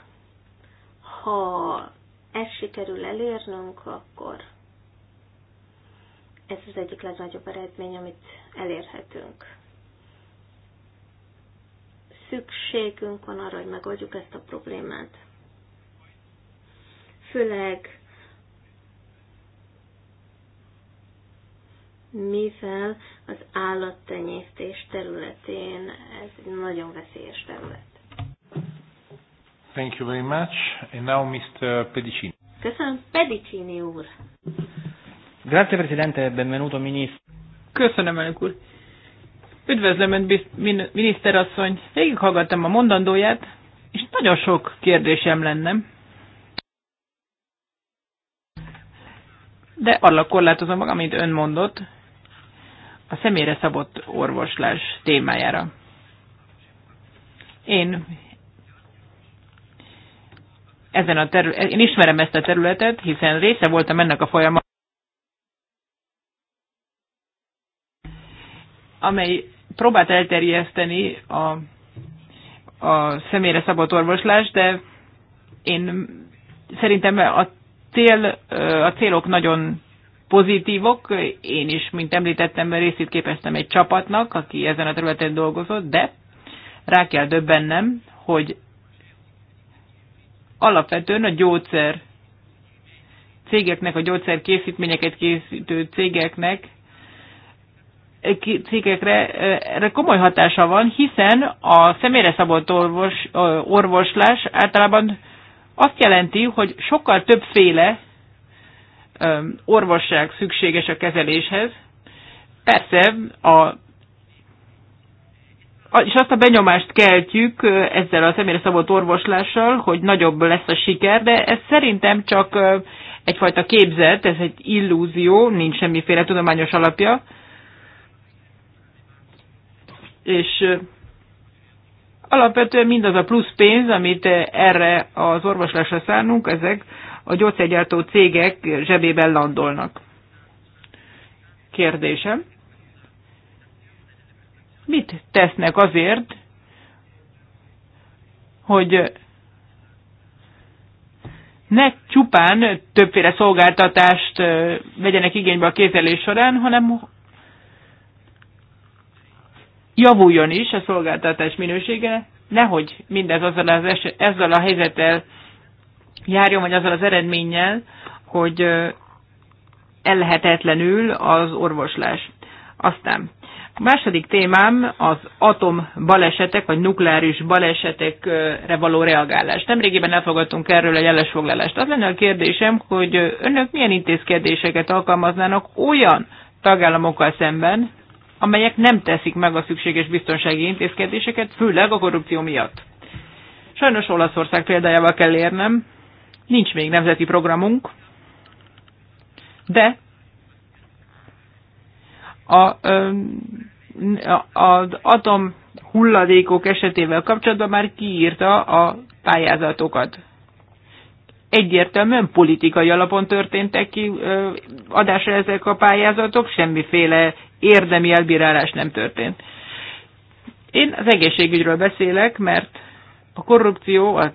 Ha ezt sikerül elérnünk, akkor ez az egyik legnagyobb eredmény, amit elérhetünk. Szükségünk van arra, hogy megoldjuk ezt a problémát. Főleg mivel az állattenyésztés területén ez egy nagyon veszélyes terület. Thank you very much. And now Mr. Pedicini. Köszönöm, Pedicini úr. Grazie Presidente, benvenuto Ministro. Köszönöm, elnök úr. Üdvözlöm, önt, miniszterasszony. Végighallgattam a mondandóját, és nagyon sok kérdésem lenne. De arra korlátozom magam, amit ön mondott, a személyre szabott orvoslás témájára. Én ezen a terület, én ismerem ezt a területet, hiszen része voltam ennek a folyamat, amely próbált elterjeszteni a, a személyre szabott orvoslást, de én szerintem a, cél, a célok nagyon pozitívok. Én is, mint említettem, részét képeztem egy csapatnak, aki ezen a területen dolgozott, de rá kell döbbennem, hogy alapvetően a gyógyszer cégeknek, a gyógyszerkészítményeket készítő cégeknek cégekre erre komoly hatása van, hiszen a személyre szabott orvos, orvoslás általában azt jelenti, hogy sokkal többféle orvosság szükséges a kezeléshez. Persze a és azt a benyomást keltjük ezzel a személyre szabott orvoslással, hogy nagyobb lesz a siker, de ez szerintem csak egyfajta képzet, ez egy illúzió, nincs semmiféle tudományos alapja és alapvetően mindaz a plusz pénz, amit erre az orvoslásra szánunk, ezek a gyógyszergyártó cégek zsebében landolnak. Kérdésem. Mit tesznek azért, hogy ne csupán többféle szolgáltatást vegyenek igénybe a kézelés során, hanem javuljon is a szolgáltatás minősége, nehogy mindez azzal, az es- ezzel a helyzettel járjon, vagy azzal az eredménnyel, hogy ellehetetlenül az orvoslás. Aztán a második témám az atom balesetek, vagy nukleáris balesetekre való reagálás. Nemrégiben elfogadtunk erről egy ellesfoglalást. Az lenne a kérdésem, hogy önök milyen intézkedéseket alkalmaznának olyan tagállamokkal szemben, amelyek nem teszik meg a szükséges biztonsági intézkedéseket, főleg a korrupció miatt. Sajnos Olaszország példájával kell érnem, nincs még nemzeti programunk, de a, az atom hulladékok esetével kapcsolatban már kiírta a pályázatokat. Egyértelműen politikai alapon történtek ki adásra ezek a pályázatok, semmiféle érdemi elbírálás nem történt. Én az egészségügyről beszélek, mert a korrupció, a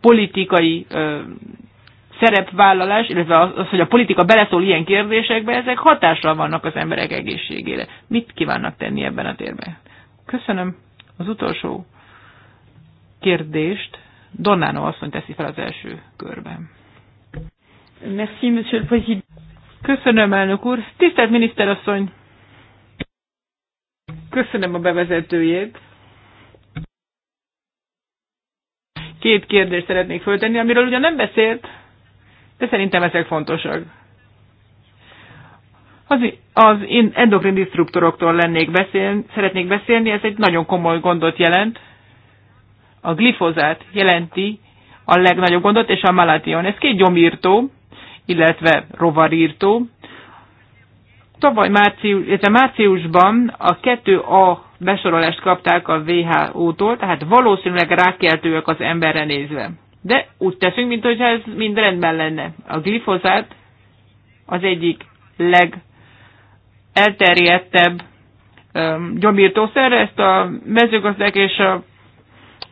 politikai ö, szerepvállalás, illetve az, hogy a politika beleszól ilyen kérdésekbe, ezek hatással vannak az emberek egészségére. Mit kívánnak tenni ebben a térben? Köszönöm az utolsó kérdést. Donnano asszony teszi fel az első körben. Merci, Köszönöm, elnök úr. Tisztelt miniszterasszony! Köszönöm a bevezetőjét. Két kérdést szeretnék föltenni, amiről ugyan nem beszélt, de szerintem ezek fontosak. Az, az én endokrin disztruktoroktól lennék beszélni, szeretnék beszélni, ez egy nagyon komoly gondot jelent. A glifozát jelenti a legnagyobb gondot, és a malátion. Ez két gyomírtó, illetve rovarírtó. Tavaly március, illetve márciusban a 2A besorolást kapták a WHO-tól, tehát valószínűleg rákeltőek az emberre nézve. De úgy teszünk, mintha ez mind rendben lenne. A glifozát az egyik legelterjedtebb gyomírtószer, ezt a mezőgazdák és a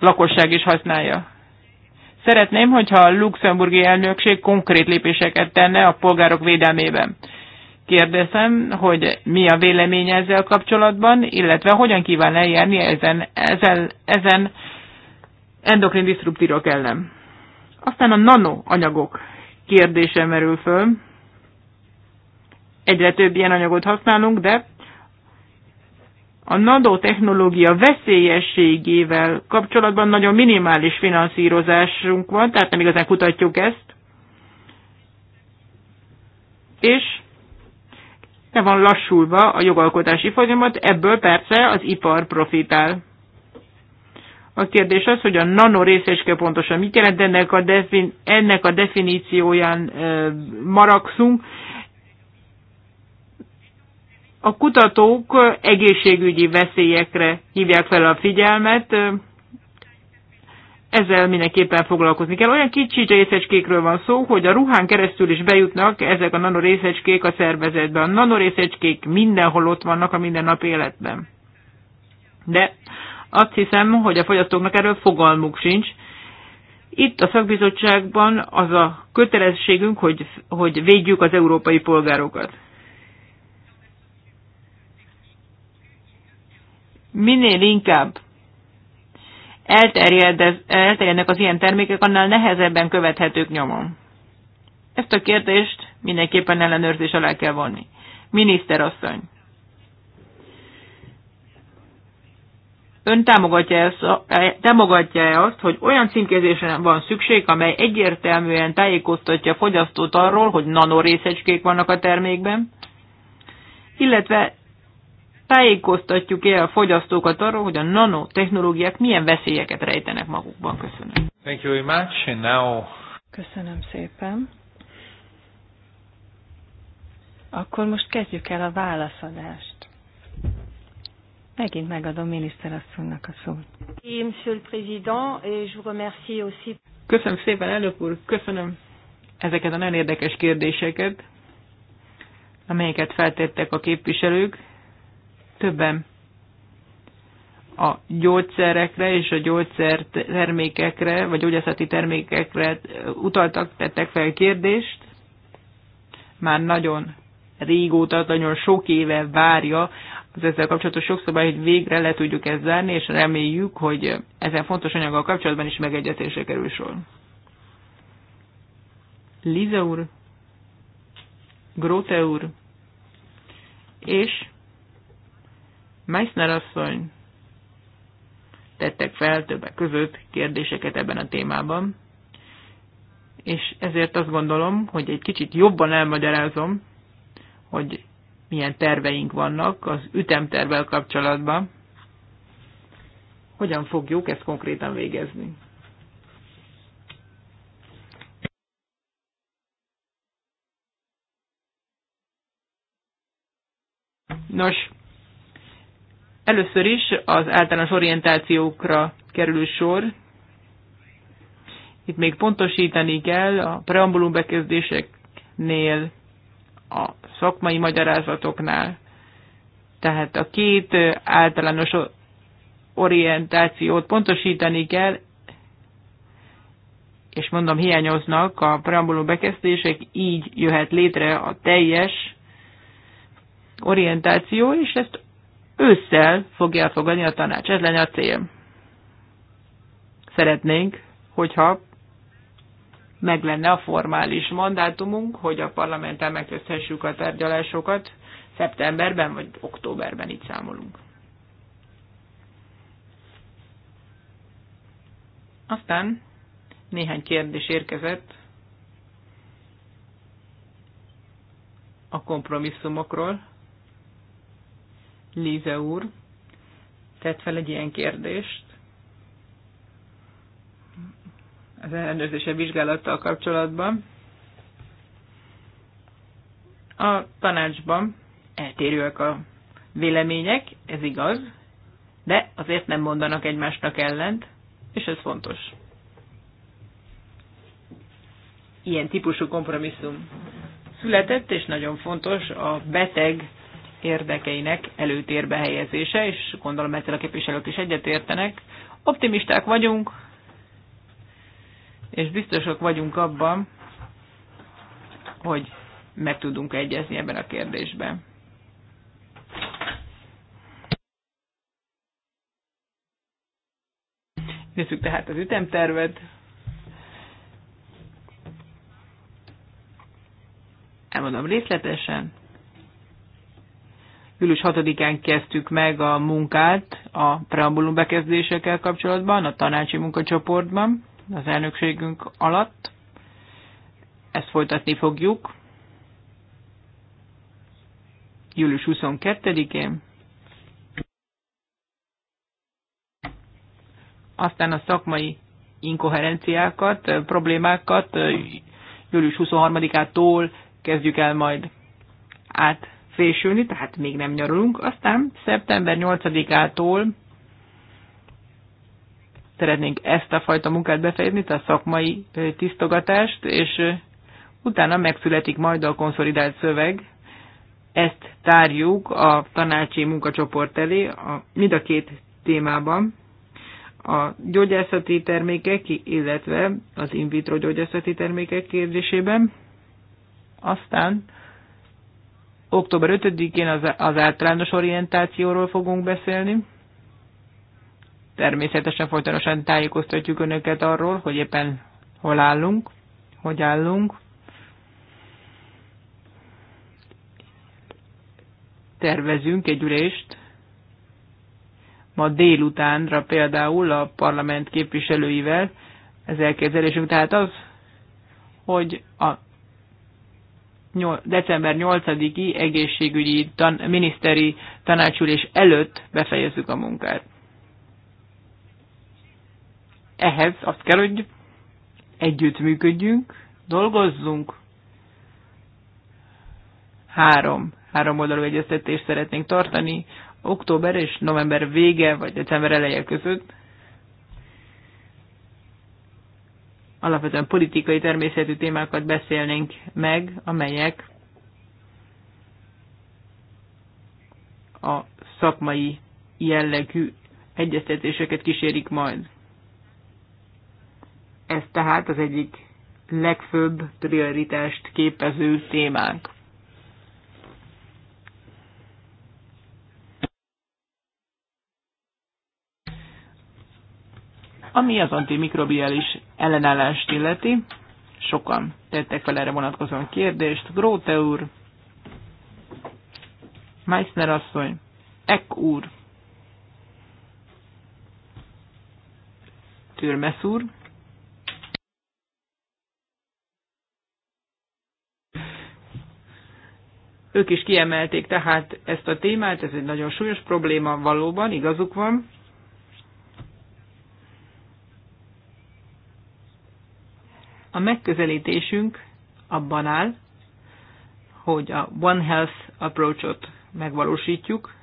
lakosság is használja. Szeretném, hogyha a luxemburgi elnökség konkrét lépéseket tenne a polgárok védelmében. Kérdezem, hogy mi a véleménye ezzel kapcsolatban, illetve hogyan kíván eljárni ezen, ezen, ezen endokrin diszruptírok ellen. Aztán a nanoanyagok kérdése merül föl. Egyre több ilyen anyagot használunk, de a nanotechnológia veszélyességével kapcsolatban nagyon minimális finanszírozásunk van, tehát nem igazán kutatjuk ezt. És le van lassulva a jogalkotási folyamat, ebből persze az ipar profitál. A kérdés az, hogy a nano részecske pontosan mit jelent, ennek a, defin, ennek a definícióján e, maragszunk. A kutatók egészségügyi veszélyekre hívják fel a figyelmet, ezzel mindenképpen foglalkozni kell. Olyan kicsi részecskékről van szó, hogy a ruhán keresztül is bejutnak ezek a nanorészecskék a szervezetbe. A nanorészecskék mindenhol ott vannak a nap életben. De azt hiszem, hogy a fogyasztóknak erről fogalmuk sincs. Itt a szakbizottságban az a kötelességünk, hogy, hogy védjük az európai polgárokat. minél inkább elterjednek az ilyen termékek, annál nehezebben követhetők nyomon. Ezt a kérdést mindenképpen ellenőrzés alá kell vonni. Miniszterasszony, ön támogatja, ezt, e- támogatja azt, hogy olyan címkézésre van szükség, amely egyértelműen tájékoztatja a fogyasztót arról, hogy nanorészecskék vannak a termékben, illetve tájékoztatjuk-e a fogyasztókat arról, hogy a nanotechnológiák milyen veszélyeket rejtenek magukban? Köszönöm. Thank you very much, and now... Köszönöm szépen. Akkor most kezdjük el a válaszadást. Megint megadom miniszterasszonynak a szót. Köszönöm szépen, elnök úr, köszönöm ezeket a nagyon érdekes kérdéseket, amelyeket feltettek a képviselők többen a gyógyszerekre és a gyógyszertermékekre, vagy gyógyászati termékekre eh, utaltak, tettek fel kérdést. Már nagyon régóta, nagyon sok éve várja az ezzel kapcsolatos jogszabály, hogy végre le tudjuk ezt zárni, és reméljük, hogy ezen fontos anyaggal kapcsolatban is megegyezésre kerül sor. Liza úr, Grote úr, és Meissner asszony tettek fel többek között kérdéseket ebben a témában, és ezért azt gondolom, hogy egy kicsit jobban elmagyarázom, hogy milyen terveink vannak az ütemtervel kapcsolatban, hogyan fogjuk ezt konkrétan végezni. Először is az általános orientációkra kerül sor. Itt még pontosítani kell a preambulum bekezdéseknél, a szakmai magyarázatoknál. Tehát a két általános orientációt pontosítani kell, és mondom, hiányoznak a preambulum bekezdések, így jöhet létre a teljes orientáció, és ezt ősszel fogja elfogadni a tanács. Ez lenne a cél. Szeretnénk, hogyha meg lenne a formális mandátumunk, hogy a parlamenttel megkezdhessük a tárgyalásokat szeptemberben vagy októberben itt számolunk. Aztán néhány kérdés érkezett a kompromisszumokról. Líze úr tett fel egy ilyen kérdést az ellenőrzése vizsgálattal kapcsolatban. A tanácsban eltérőek a vélemények, ez igaz, de azért nem mondanak egymásnak ellent, és ez fontos. Ilyen típusú kompromisszum született, és nagyon fontos a beteg érdekeinek előtérbe helyezése, és gondolom ezzel a képviselők is egyetértenek. Optimisták vagyunk, és biztosak vagyunk abban, hogy meg tudunk egyezni ebben a kérdésben. Nézzük tehát az ütemtervet. Elmondom részletesen, Július 6-án kezdtük meg a munkát a preambulum bekezdésekkel kapcsolatban, a tanácsi munkacsoportban, az elnökségünk alatt. Ezt folytatni fogjuk. Július 22-én. Aztán a szakmai inkoherenciákat, problémákat július 23-ától kezdjük el majd át frissülni, tehát még nem nyarulunk. Aztán szeptember 8-ától szeretnénk ezt a fajta munkát befejezni, tehát a szakmai tisztogatást, és utána megszületik majd a konszolidált szöveg. Ezt tárjuk a tanácsi munkacsoport elé, a, mind a két témában, a gyógyászati termékek, illetve az in vitro gyógyászati termékek kérdésében. Aztán Október 5-én az, az általános orientációról fogunk beszélni. Természetesen folytonosan tájékoztatjuk Önöket arról, hogy éppen hol állunk, hogy állunk. Tervezünk egy ülést. Ma délutánra például a parlament képviselőivel. Ez elképzelésünk tehát az, hogy a december 8-i egészségügyi tan miniszteri tanácsülés előtt befejezzük a munkát. Ehhez azt kell, hogy együttműködjünk, dolgozzunk. Három, három oldalú egyeztetést szeretnénk tartani október és november vége vagy december eleje között. alapvetően politikai természetű témákat beszélnénk meg, amelyek a szakmai jellegű egyeztetéseket kísérik majd. Ez tehát az egyik legfőbb prioritást képező témánk. Ami az antimikrobiális ellenállást illeti. Sokan tettek fel erre vonatkozóan kérdést. Gróte úr, Meissner asszony, Eck úr, Türmes úr, Ők is kiemelték tehát ezt a témát, ez egy nagyon súlyos probléma valóban, igazuk van. A megközelítésünk abban áll, hogy a One Health approach approach-ot megvalósítjuk.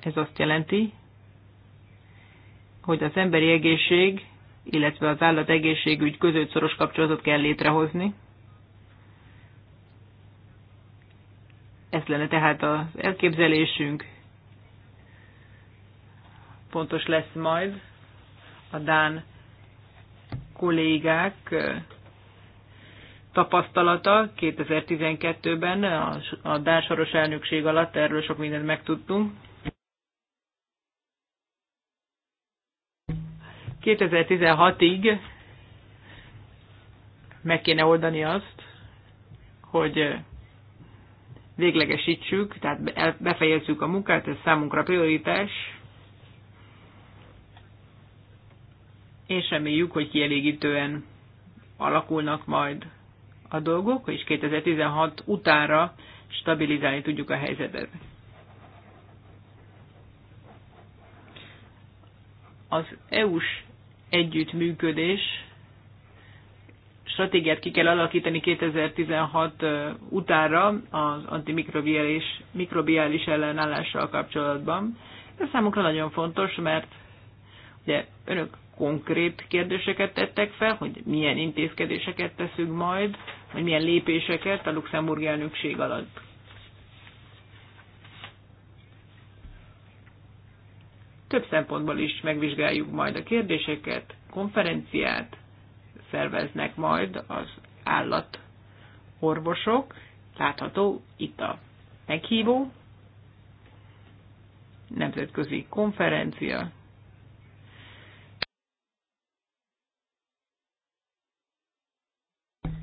Ez azt jelenti, hogy az emberi egészség, illetve az állat egészségügy között szoros kapcsolatot kell létrehozni. Ez lenne tehát az elképzelésünk. Pontos lesz majd a Dán kollégák tapasztalata 2012-ben a, a Dánsoros elnökség alatt, erről sok mindent megtudtunk. 2016-ig meg kéne oldani azt, hogy véglegesítsük, tehát befejezzük a munkát, ez számunkra prioritás, és reméljük, hogy kielégítően alakulnak majd a dolgok, és 2016 utára stabilizálni tudjuk a helyzetet. Az EU-s együttműködés stratégiát ki kell alakítani 2016 utára az antimikrobiális mikrobiális ellenállással kapcsolatban. Ez számunkra nagyon fontos, mert ugye önök konkrét kérdéseket tettek fel, hogy milyen intézkedéseket teszünk majd, vagy milyen lépéseket a luxemburgi elnökség alatt. Több szempontból is megvizsgáljuk majd a kérdéseket, konferenciát szerveznek majd az állatorvosok, látható itt a meghívó, nemzetközi konferencia,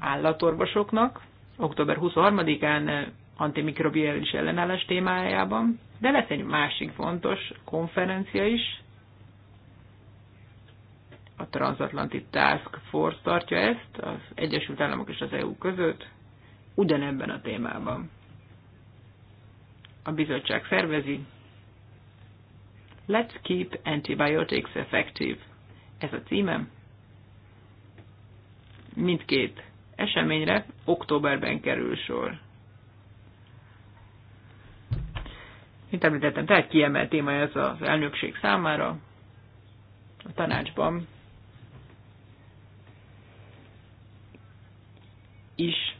állatorvosoknak, október 23-án eh, antimikrobiális ellenállás témájában, de lesz egy másik fontos konferencia is, a Transatlanti Task Force tartja ezt, az Egyesült Államok és az EU között, ugyanebben a témában. A bizottság szervezi, Let's Keep Antibiotics Effective. Ez a címem. Mindkét eseményre októberben kerül sor. Mint említettem, tehát kiemelt téma ez az elnökség számára a tanácsban is.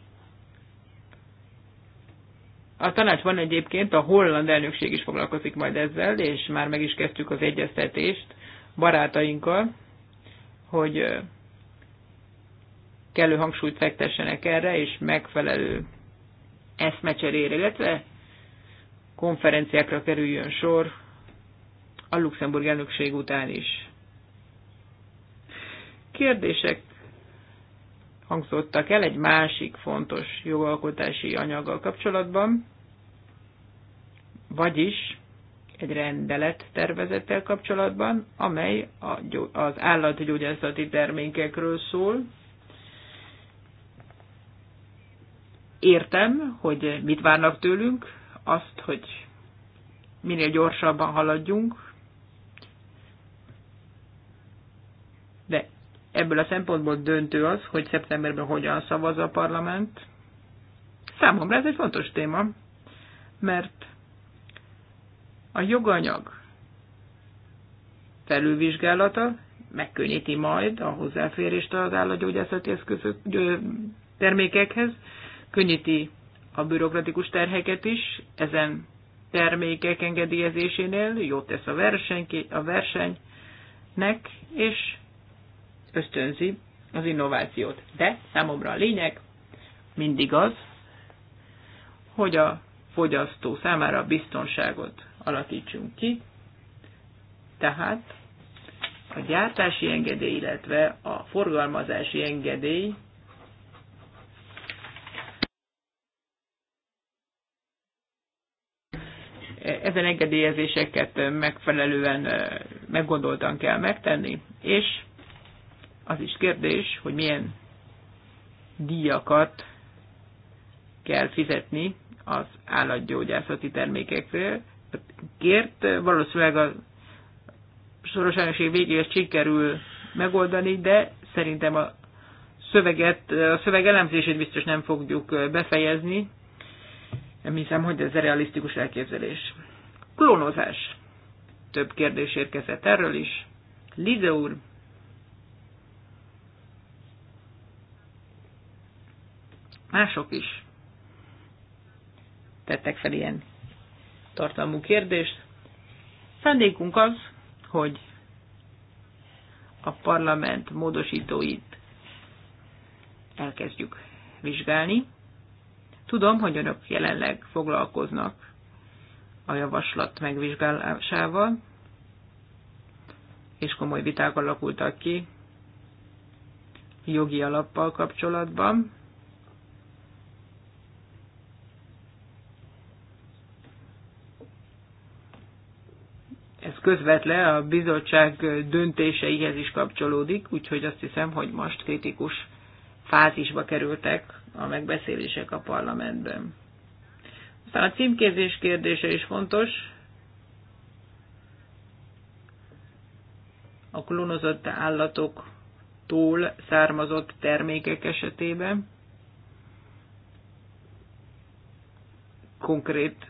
A tanácsban egyébként a holland elnökség is foglalkozik majd ezzel, és már meg is kezdtük az egyeztetést barátainkkal, hogy kellő hangsúlyt fektessenek erre, és megfelelő eszmecserére, illetve konferenciákra kerüljön sor a Luxemburg elnökség után is. Kérdések hangzottak el egy másik fontos jogalkotási anyaggal kapcsolatban, vagyis egy rendelet tervezettel kapcsolatban, amely az állatgyógyászati termékekről szól, értem, hogy mit várnak tőlünk, azt, hogy minél gyorsabban haladjunk, de ebből a szempontból döntő az, hogy szeptemberben hogyan szavaz a parlament. Számomra ez egy fontos téma, mert a joganyag felülvizsgálata megkönnyíti majd a hozzáférést az állagyógyászati eszközök, termékekhez, könnyíti a bürokratikus terheket is, ezen termékek engedélyezésénél jót tesz a, verseny, a versenynek, és ösztönzi az innovációt. De számomra a lényeg mindig az, hogy a fogyasztó számára a biztonságot alakítsunk ki, tehát a gyártási engedély, illetve a forgalmazási engedély Ezen engedélyezéseket megfelelően meggondoltan kell megtenni, és az is kérdés, hogy milyen díjakat kell fizetni az állatgyógyászati termékekről. Kért valószínűleg a sorosányoség végéhez végéig sikerül megoldani, de szerintem a szöveget, a szöveg elemzését biztos nem fogjuk befejezni. Nem hiszem, hogy ez a realisztikus elképzelés. Klónozás. Több kérdés érkezett erről is. Lize úr. Mások is tettek fel ilyen tartalmú kérdést. Szándékunk az, hogy a parlament módosítóit elkezdjük vizsgálni. Tudom, hogy önök jelenleg foglalkoznak a javaslat megvizsgálásával, és komoly viták alakultak ki jogi alappal kapcsolatban. Ez közvetlen a bizottság döntéseihez is kapcsolódik, úgyhogy azt hiszem, hogy most kritikus fázisba kerültek a megbeszélések a parlamentben. Aztán a címkézés kérdése is fontos. A klónozott állatoktól származott termékek esetében konkrét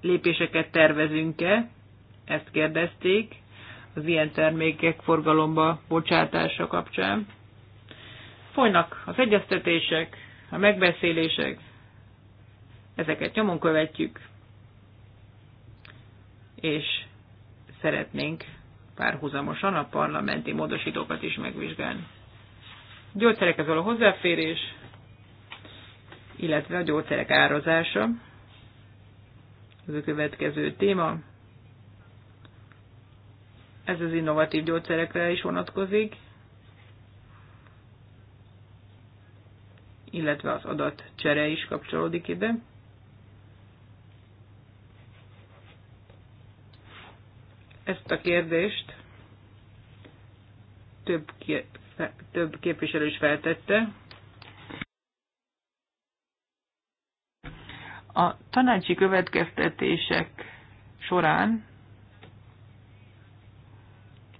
lépéseket tervezünk-e? Ezt kérdezték az ilyen termékek forgalomba bocsátása kapcsán. Folynak az egyeztetések, a megbeszélések, Ezeket nyomon követjük, és szeretnénk párhuzamosan a parlamenti módosítókat is megvizsgálni. Gyógyszerekhez való hozzáférés, illetve a gyógyszerek árazása. Ez a következő téma. Ez az innovatív gyógyszerekre is vonatkozik, illetve az adatcsere is kapcsolódik ide. Ezt a kérdést több, több képviselő is feltette. A tanácsi következtetések során,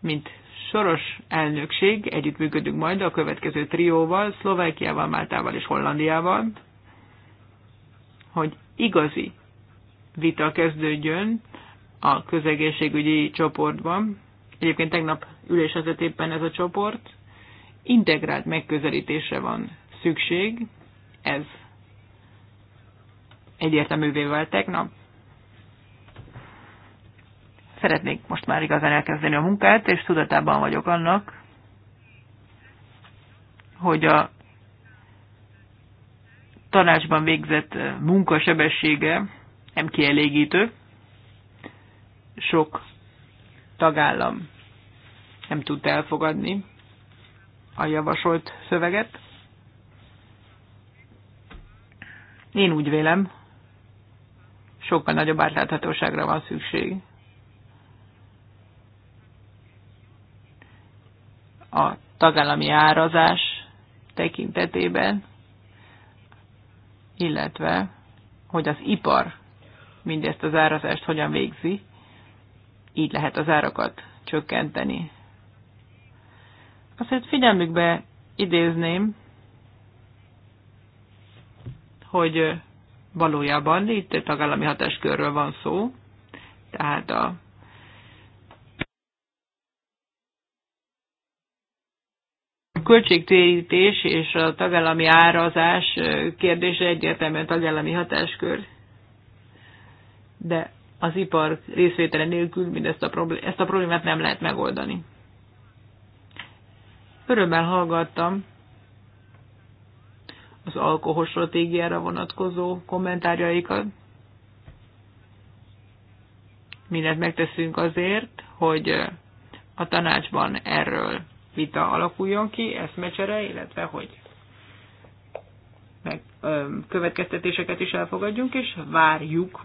mint soros elnökség, együttműködünk majd a következő trióval, Szlovákiával, Máltával és Hollandiával, hogy igazi vita kezdődjön a közegészségügyi csoportban. Egyébként tegnap ülésezett éppen ez a csoport. Integrált megközelítésre van szükség. Ez egyértelművé vált tegnap. Szeretnék most már igazán elkezdeni a munkát, és tudatában vagyok annak, hogy a tanácsban végzett munkasebessége nem kielégítő sok tagállam nem tud elfogadni a javasolt szöveget. Én úgy vélem, sokkal nagyobb átláthatóságra van szükség. A tagállami árazás tekintetében, illetve hogy az ipar mindezt az árazást hogyan végzi, így lehet az árakat csökkenteni. Azért figyelmükbe idézném, hogy valójában itt tagállami hatáskörről van szó, tehát a költségtérítés és a tagállami árazás kérdése egyértelműen tagállami hatáskör. De az ipar részvétele nélkül mindezt a problé- ezt a problémát nem lehet megoldani. Örömmel hallgattam az alkohol stratégiára vonatkozó kommentárjaikat. Mindent megteszünk azért, hogy a tanácsban erről vita alakuljon ki, eszmecsere, illetve hogy meg, ö, következtetéseket is elfogadjunk, és várjuk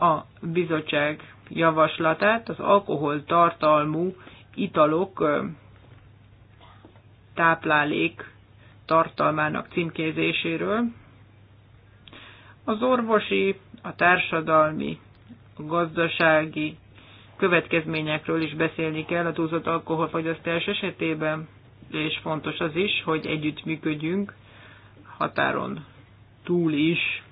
a bizottság javaslatát az alkohol tartalmú italok táplálék tartalmának címkézéséről. Az orvosi, a társadalmi, a gazdasági következményekről is beszélni kell a túlzott alkoholfogyasztás esetében, és fontos az is, hogy együttműködjünk határon túl is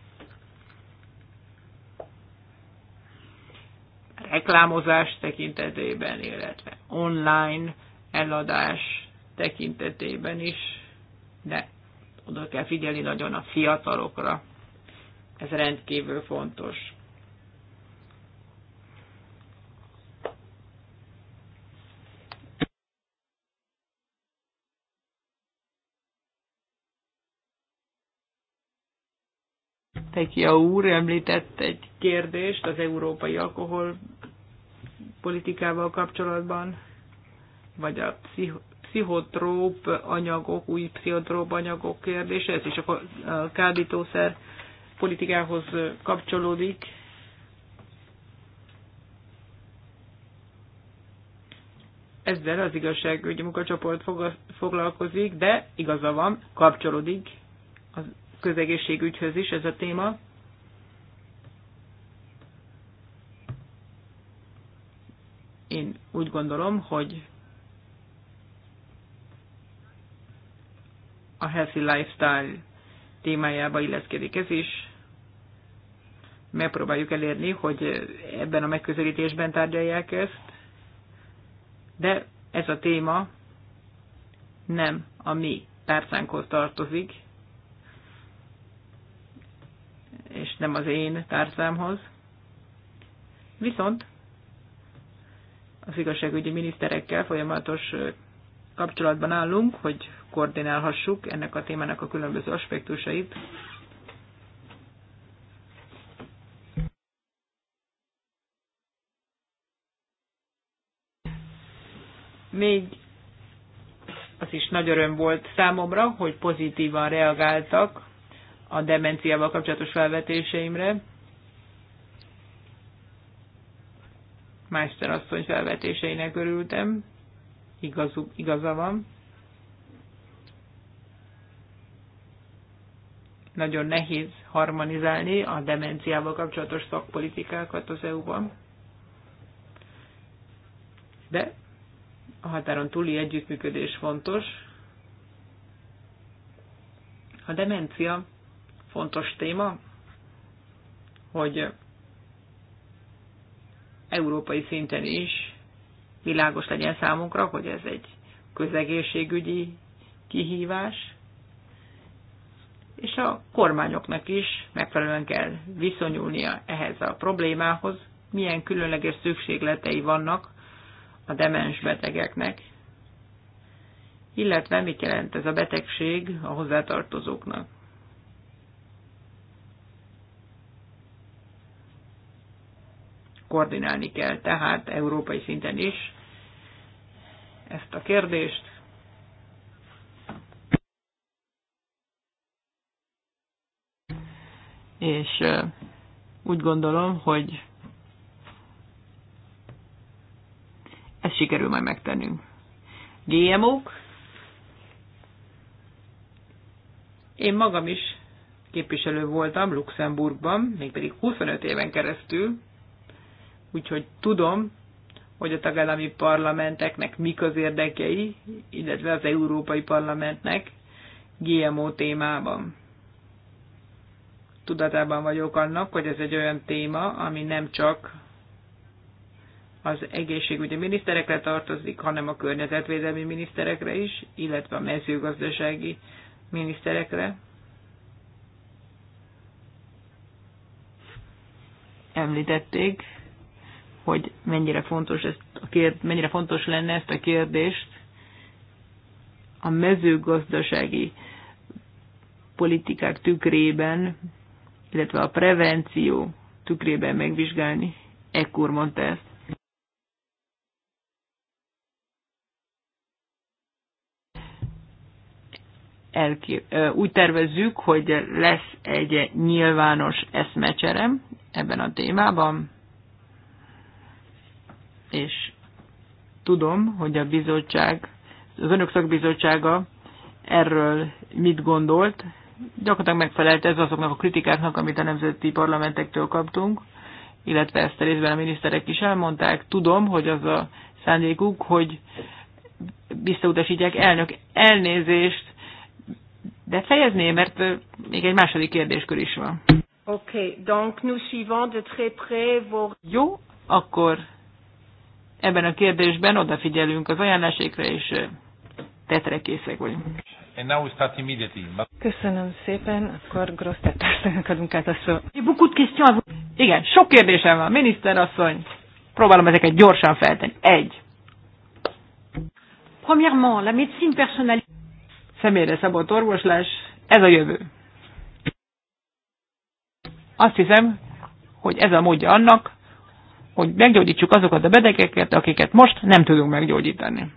reklámozás tekintetében, illetve online eladás tekintetében is, de oda kell figyelni nagyon a fiatalokra. Ez rendkívül fontos. Teki a úr említett egy kérdést az európai alkohol politikával kapcsolatban, vagy a pszichotróp anyagok, új pszichotróp anyagok kérdése, ez is a kábítószer politikához kapcsolódik. Ezzel az igazságügyi munkacsoport foglalkozik, de igaza van, kapcsolódik a közegészségügyhöz is ez a téma. Én úgy gondolom, hogy a healthy lifestyle témájába illeszkedik ez is. Megpróbáljuk elérni, hogy ebben a megközelítésben tárgyalják ezt, de ez a téma nem a mi tárcánkhoz tartozik, és nem az én tárcámhoz. Viszont az igazságügyi miniszterekkel folyamatos kapcsolatban állunk, hogy koordinálhassuk ennek a témának a különböző aspektusait. Még az is nagy öröm volt számomra, hogy pozitívan reagáltak a demenciával kapcsolatos felvetéseimre. Meister asszony felvetéseinek örültem. Igazú, igaza van. Nagyon nehéz harmonizálni a demenciával kapcsolatos szakpolitikákat az EU-ban. De a határon túli együttműködés fontos. A demencia fontos téma, hogy európai szinten is világos legyen számunkra, hogy ez egy közegészségügyi kihívás, és a kormányoknak is megfelelően kell viszonyulnia ehhez a problémához, milyen különleges szükségletei vannak a demens betegeknek, illetve mit jelent ez a betegség a hozzátartozóknak. koordinálni kell tehát európai szinten is ezt a kérdést. És úgy gondolom, hogy ezt sikerül majd megtennünk. GMO-k. Én magam is képviselő voltam Luxemburgban, mégpedig 25 éven keresztül, úgyhogy tudom, hogy a tagállami parlamenteknek mik az érdekei, illetve az Európai Parlamentnek GMO témában. Tudatában vagyok annak, hogy ez egy olyan téma, ami nem csak az egészségügyi miniszterekre tartozik, hanem a környezetvédelmi miniszterekre is, illetve a mezőgazdasági miniszterekre. Említették hogy mennyire fontos, ezt a kérd, mennyire fontos lenne ezt a kérdést a mezőgazdasági politikák tükrében, illetve a prevenció tükrében megvizsgálni. Ekkor mondta ezt. elkép, úgy tervezzük, hogy lesz egy nyilvános eszmecserem ebben a témában és tudom, hogy a bizottság, az önök szakbizottsága erről mit gondolt. Gyakorlatilag megfelelt ez azoknak a kritikáknak, amit a nemzeti parlamentektől kaptunk, illetve ezt a részben a miniszterek is elmondták. Tudom, hogy az a szándékuk, hogy visszautasítják elnök elnézést, de fejezné, mert még egy második kérdéskör is van. Oké, okay, donc nous suivons de très près vos... Jó, akkor ebben a kérdésben odafigyelünk az ajánlásékra, és tetre készek vagyunk. Köszönöm szépen, akkor Grossz asszonynak adunk át a szó. Igen, sok kérdésem van, miniszter asszony. Próbálom ezeket gyorsan feltenni. Egy. Premièrement, la médecine Személyre szabott orvoslás, ez a jövő. Azt hiszem, hogy ez a módja annak, hogy meggyógyítsuk azokat a betegeket, akiket most nem tudunk meggyógyítani.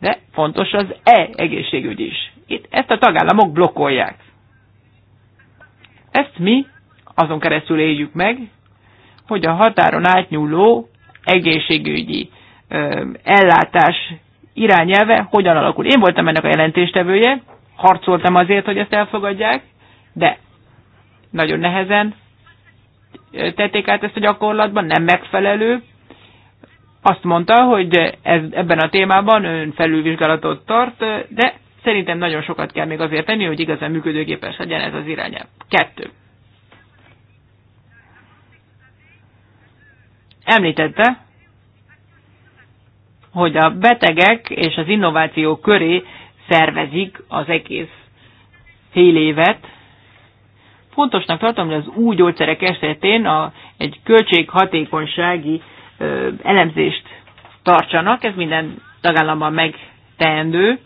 De fontos az e-egészségügy is. Itt ezt a tagállamok blokkolják. Ezt mi azon keresztül éljük meg, hogy a határon átnyúló egészségügyi ö, ellátás irányelve hogyan alakul. Én voltam ennek a jelentéstevője, harcoltam azért, hogy ezt elfogadják, de nagyon nehezen tették át ezt a gyakorlatban, nem megfelelő. Azt mondta, hogy ez, ebben a témában ön felülvizsgálatot tart, de szerintem nagyon sokat kell még azért tenni, hogy igazán működőképes legyen ez az irányelv. Kettő. Említette, hogy a betegek és az innováció köré szervezik az egész fél évet, fontosnak tartom, hogy az új gyógyszerek esetén a, egy költséghatékonysági ö, elemzést tartsanak, ez minden tagállamban megteendő.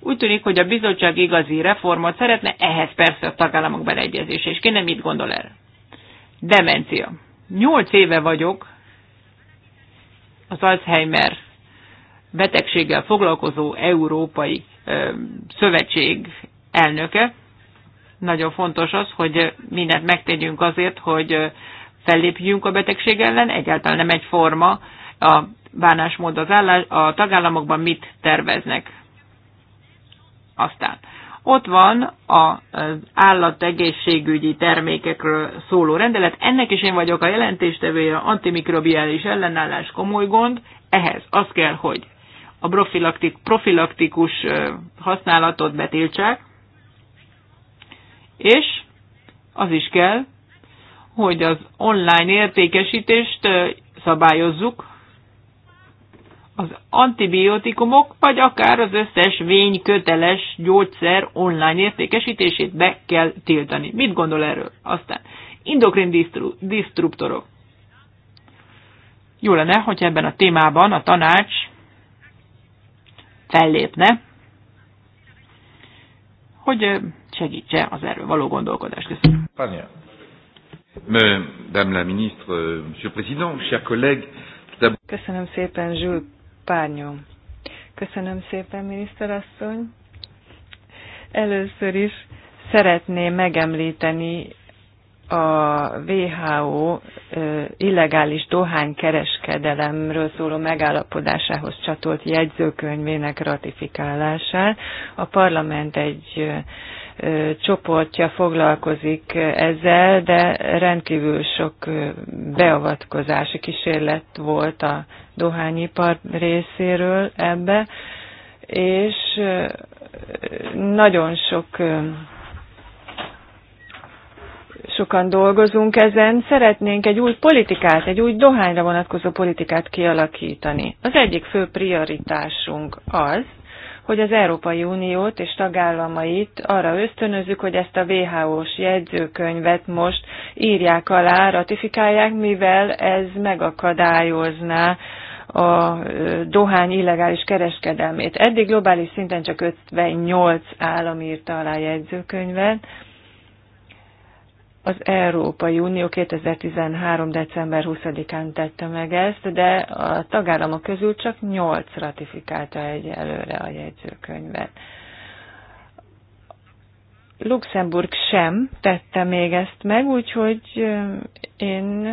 Úgy tűnik, hogy a bizottság igazi reformot szeretne, ehhez persze a tagállamok beleegyezése, és kéne mit gondol erre? Demencia. Nyolc éve vagyok az Alzheimer betegséggel foglalkozó Európai Szövetség elnöke, nagyon fontos az, hogy mindent megtegyünk azért, hogy fellépjünk a betegség ellen, egyáltalán nem egyforma a bánásmód az állás, a tagállamokban mit terveznek. Aztán ott van az állategészségügyi termékekről szóló rendelet. Ennek is én vagyok a jelentéstevője, antimikrobiális ellenállás komoly gond. Ehhez az kell, hogy a profilaktik, profilaktikus használatot betiltsák, és az is kell, hogy az online értékesítést szabályozzuk, az antibiotikumok, vagy akár az összes vényköteles gyógyszer online értékesítését be kell tiltani. Mit gondol erről? Aztán endokrin disztru disztruktorok. Jó lenne, hogy ebben a témában a tanács fellépne, hogy segítse az erről való gondolkodást. Köszönöm. Pania. Madame la ministre, monsieur le président, chers collègues, Köszönöm szépen, Jules Párnyó. Köszönöm szépen, miniszterasszony. Először is szeretném megemlíteni a WHO illegális dohánykereskedelemről szóló megállapodásához csatolt jegyzőkönyvének ratifikálását. A parlament egy csoportja foglalkozik ezzel, de rendkívül sok beavatkozási kísérlet volt a dohányipar részéről ebbe, és nagyon sok sokan dolgozunk ezen, szeretnénk egy új politikát, egy új dohányra vonatkozó politikát kialakítani. Az egyik fő prioritásunk az, hogy az Európai Uniót és tagállamait arra ösztönözzük, hogy ezt a WHO-s jegyzőkönyvet most írják alá, ratifikálják, mivel ez megakadályozná a dohány illegális kereskedelmét. Eddig globális szinten csak 58 állam írta alá jegyzőkönyvet, az Európai Unió 2013. december 20-án tette meg ezt, de a tagállamok közül csak 8 ratifikálta egyelőre a jegyzőkönyvet. Luxemburg sem tette még ezt meg, úgyhogy én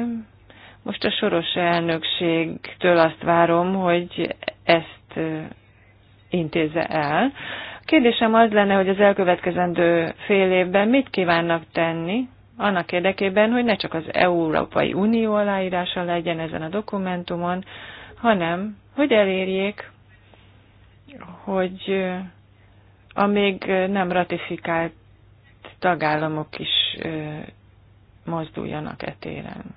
most a soros elnökségtől azt várom, hogy ezt intézze el. A kérdésem az lenne, hogy az elkövetkezendő fél évben mit kívánnak tenni annak érdekében, hogy ne csak az Európai Unió aláírása legyen ezen a dokumentumon, hanem hogy elérjék, hogy eh, a még nem ratifikált tagállamok is eh, mozduljanak e téren.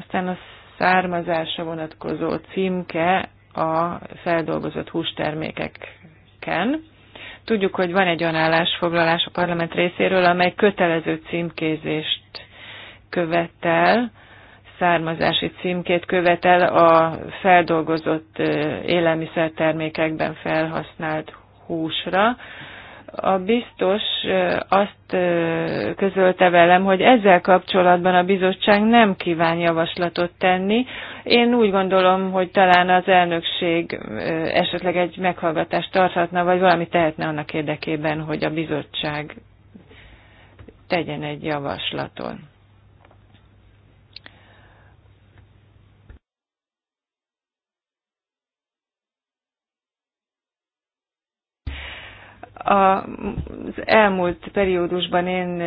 Aztán a származásra vonatkozó címke a feldolgozott hústermékeken, Tudjuk, hogy van egy olyan állásfoglalás a parlament részéről, amely kötelező címkézést követel, származási címkét követel a feldolgozott eh, élelmiszertermékekben felhasznált húsra a biztos azt közölte velem, hogy ezzel kapcsolatban a bizottság nem kíván javaslatot tenni. Én úgy gondolom, hogy talán az elnökség esetleg egy meghallgatást tarthatna, vagy valami tehetne annak érdekében, hogy a bizottság tegyen egy javaslaton. Az elmúlt periódusban én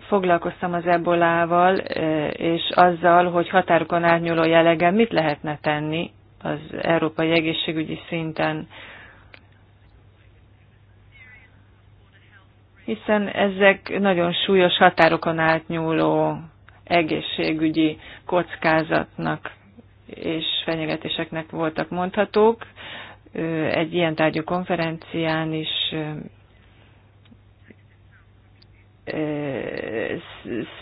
foglalkoztam az ebolával, és azzal, hogy határokon átnyúló jelegen mit lehetne tenni az európai egészségügyi szinten. Hiszen ezek nagyon súlyos határokon átnyúló egészségügyi kockázatnak és fenyegetéseknek voltak mondhatók. Egy ilyen tárgyú konferencián is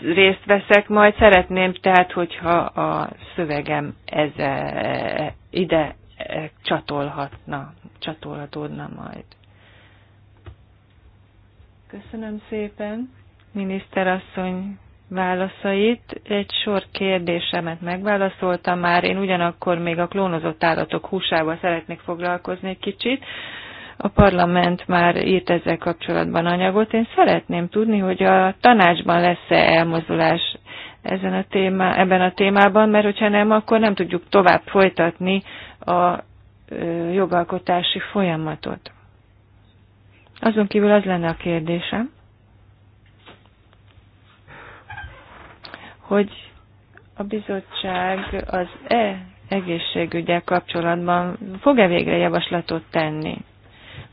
részt veszek, majd szeretném tehát, hogyha a szövegem eze ide e, csatolhatna, csatolhatódna majd. Köszönöm szépen miniszterasszony válaszait. Egy sor kérdésemet megválaszolta már, én ugyanakkor még a klónozott állatok húsával szeretnék foglalkozni egy kicsit. A parlament már írt ezzel kapcsolatban anyagot. Én szeretném tudni, hogy a tanácsban lesz-e elmozdulás ezen a témá, ebben a témában, mert hogyha nem, akkor nem tudjuk tovább folytatni a jogalkotási folyamatot. Azon kívül az lenne a kérdésem, hogy a bizottság az e egészségügyel kapcsolatban fog-e végre javaslatot tenni?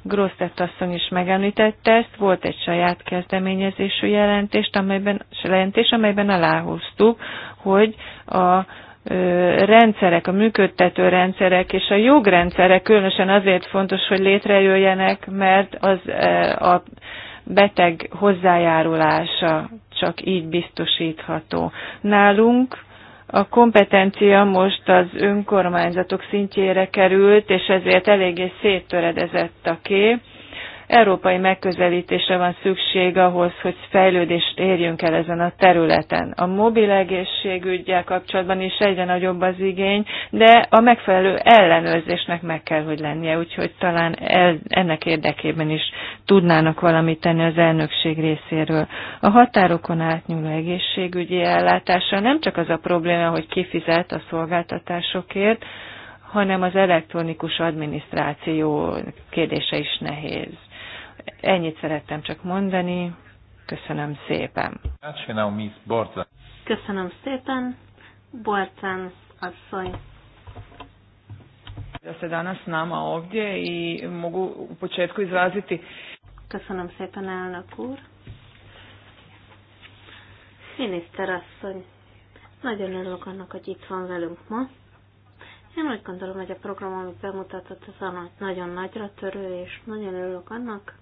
Grosztett asszony is megemlítette ezt, volt egy saját kezdeményezésű jelentést, amelyben, jelentés, amelyben aláhúztuk, hogy a rendszerek, a működtető rendszerek és a jogrendszerek különösen azért fontos, hogy létrejöjjenek, mert az a beteg hozzájárulása csak így biztosítható. Nálunk a kompetencia most az önkormányzatok szintjére került, és ezért eléggé széttöredezett a kép Európai megközelítésre van szükség ahhoz, hogy fejlődést érjünk el ezen a területen. A mobil egészségügyel kapcsolatban is egyre nagyobb az igény, de a megfelelő ellenőrzésnek meg kell, hogy lennie, úgyhogy talán ennek érdekében is tudnának valamit tenni az elnökség részéről. A határokon átnyúló egészségügyi ellátása nem csak az a probléma, hogy kifizet a szolgáltatásokért, hanem az elektronikus adminisztráció kérdése is nehéz. Ennyit szerettem csak mondani. Köszönöm szépen. Köszönöm szépen. Borcán asszony. Da ste danas s nama ovdje i mogu u početku izraziti. Köszönöm szépen, elnök úr. asszony, nagyon örülök annak, hogy itt van velünk ma. Én úgy gondolom, hogy a program, amit bemutatott, az nagyon nagyra törő, és nagyon örülök annak,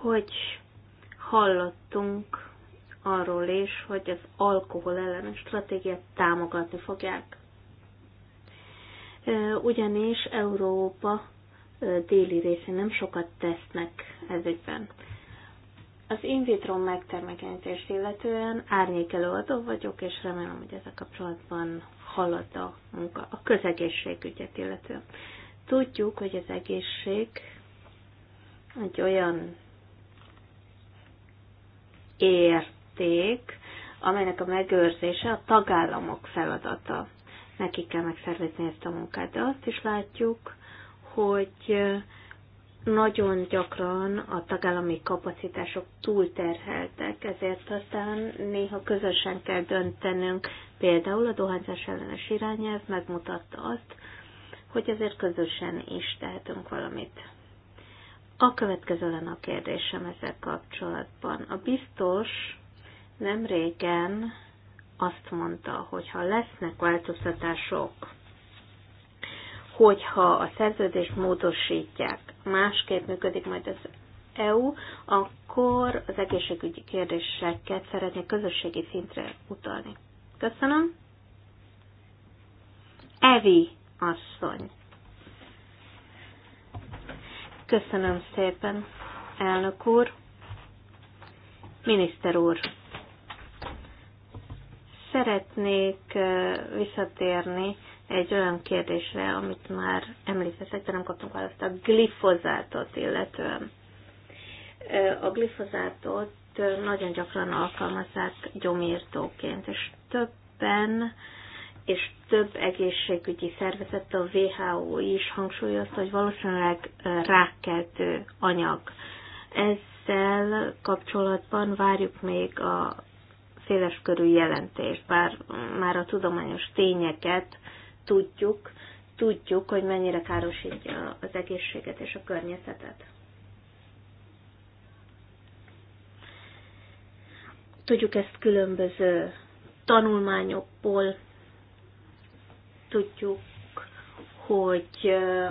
hogy hallottunk arról is, hogy az alkohol ellenes stratégiát támogatni fogják. Ugyanis Európa déli részén nem sokat tesznek ezekben. Az in vitro megtermékenyítést illetően árnyékelőadó vagyok, és remélem, hogy ez a kapcsolatban halad a munka, a közegészségügyet illetően. Tudjuk, hogy az egészség egy olyan érték, amelynek a megőrzése a tagállamok feladata. Nekik kell megszervezni ezt a munkát, de azt is látjuk, hogy nagyon gyakran a tagállami kapacitások túlterheltek, ezért aztán néha közösen kell döntenünk. Például a dohányzás ellenes irányelv megmutatta azt, hogy ezért közösen is tehetünk valamit. A következő lenne a kérdésem ezzel kapcsolatban. A biztos nem régen azt mondta, hogy ha lesznek változtatások, hogyha a szerződést módosítják, másképp működik majd az EU, akkor az egészségügyi kérdéseket szeretnék közösségi szintre utalni. Köszönöm. Evi asszony. Köszönöm szépen, elnök úr. Miniszter úr, szeretnék visszatérni egy olyan kérdésre, amit már említettek, de nem kaptunk választ, a glifozátot illetően. A glifozátot nagyon gyakran alkalmazzák gyomírtóként, és többen és több egészségügyi szervezet, a WHO is hangsúlyozta, hogy valószínűleg rákkeltő anyag. Ezzel kapcsolatban várjuk még a széles körű jelentést, bár mm, már a tudományos tényeket tudjuk, tudjuk, hogy mennyire károsítja az egészséget és a környezetet. Tudjuk ezt különböző tanulmányokból, Tudjuk, hogy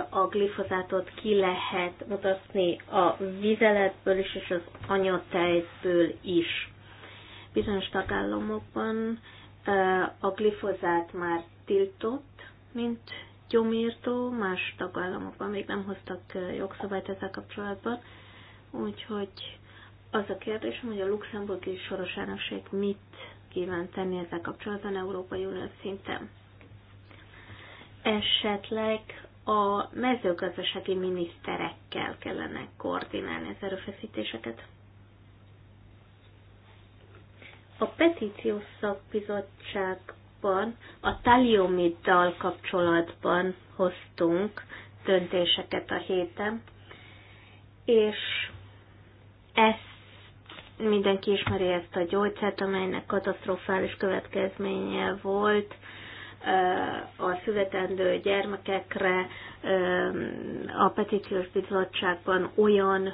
a glifozátot ki lehet mutatni a vizeletből is, és az anyatejből is. Bizonyos tagállamokban a glifozát már tiltott, mint gyomírtó, más tagállamokban még nem hoztak jogszabályt ezzel kapcsolatban, úgyhogy az a kérdésem, hogy a luxemburgi soros elnökség mit kíván tenni ezzel kapcsolatban Európai Unió szinten esetleg a mezőgazdasági miniszterekkel kellene koordinálni az erőfeszítéseket. A petíciós szakbizottságban a taliomiddal kapcsolatban hoztunk döntéseket a héten, és ezt mindenki ismeri ezt a gyógyszert, amelynek katasztrofális következménye volt a születendő gyermekekre a petíciós bizottságban olyan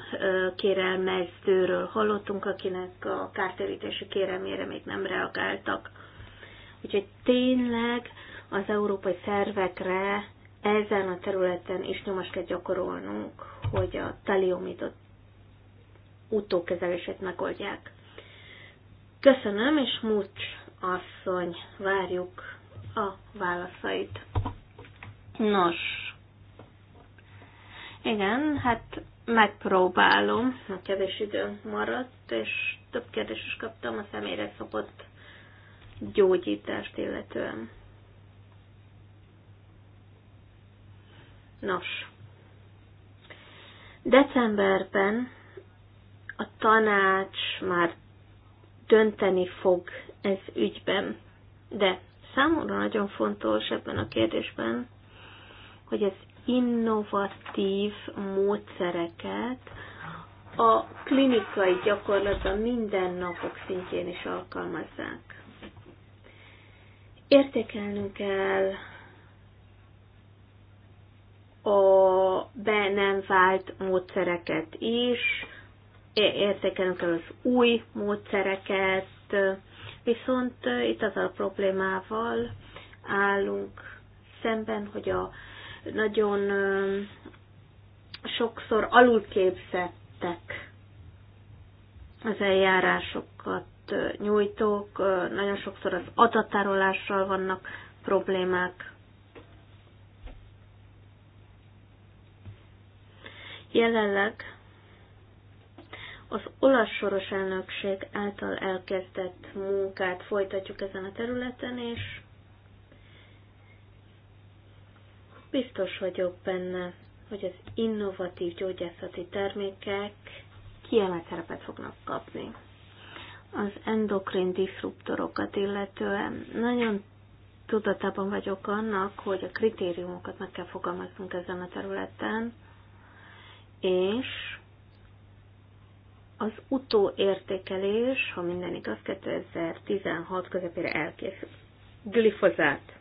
kérelmezőről hallottunk, akinek a kártérítési kérelmére még nem reagáltak. Úgyhogy tényleg az európai szervekre ezen a területen is nyomást kell gyakorolnunk, hogy a taliomidot utókezelését megoldják. Köszönöm, és Múcs asszony, várjuk a válaszait. Nos, igen, hát megpróbálom, a kevés idő maradt, és több kérdés is kaptam a személyre szokott gyógyítást illetően. Nos, decemberben a tanács már dönteni fog ez ügyben, de Számomra nagyon fontos ebben a kérdésben, hogy az innovatív módszereket a klinikai gyakorlatban mindennapok szintjén is alkalmazzák. Értékelnünk kell a be nem vált módszereket is, értékelnünk kell az új módszereket, Viszont itt az a problémával állunk szemben, hogy a nagyon sokszor alulképzettek az eljárásokat nyújtók, nagyon sokszor az adatárolással vannak problémák. Jelenleg az olasz soros elnökség által elkezdett munkát folytatjuk ezen a területen, és biztos vagyok benne, hogy az innovatív gyógyászati termékek kiemelt szerepet fognak kapni. Az endokrin disruptorokat illetően nagyon tudatában vagyok annak, hogy a kritériumokat meg kell fogalmaznunk ezen a területen, és az utóértékelés, ha minden igaz, 2016 közepére elkészül. Glifozát.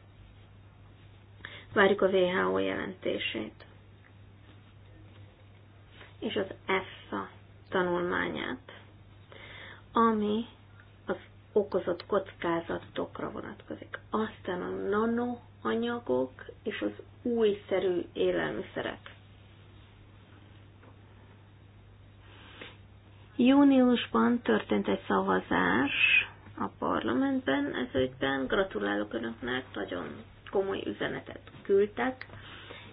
Várjuk a WHO jelentését. És az EFSA tanulmányát, ami az okozott kockázatokra vonatkozik. Aztán a nanoanyagok és az újszerű élelmiszerek. Júniusban történt egy szavazás a parlamentben ez Gratulálok Önöknek, nagyon komoly üzenetet küldtek.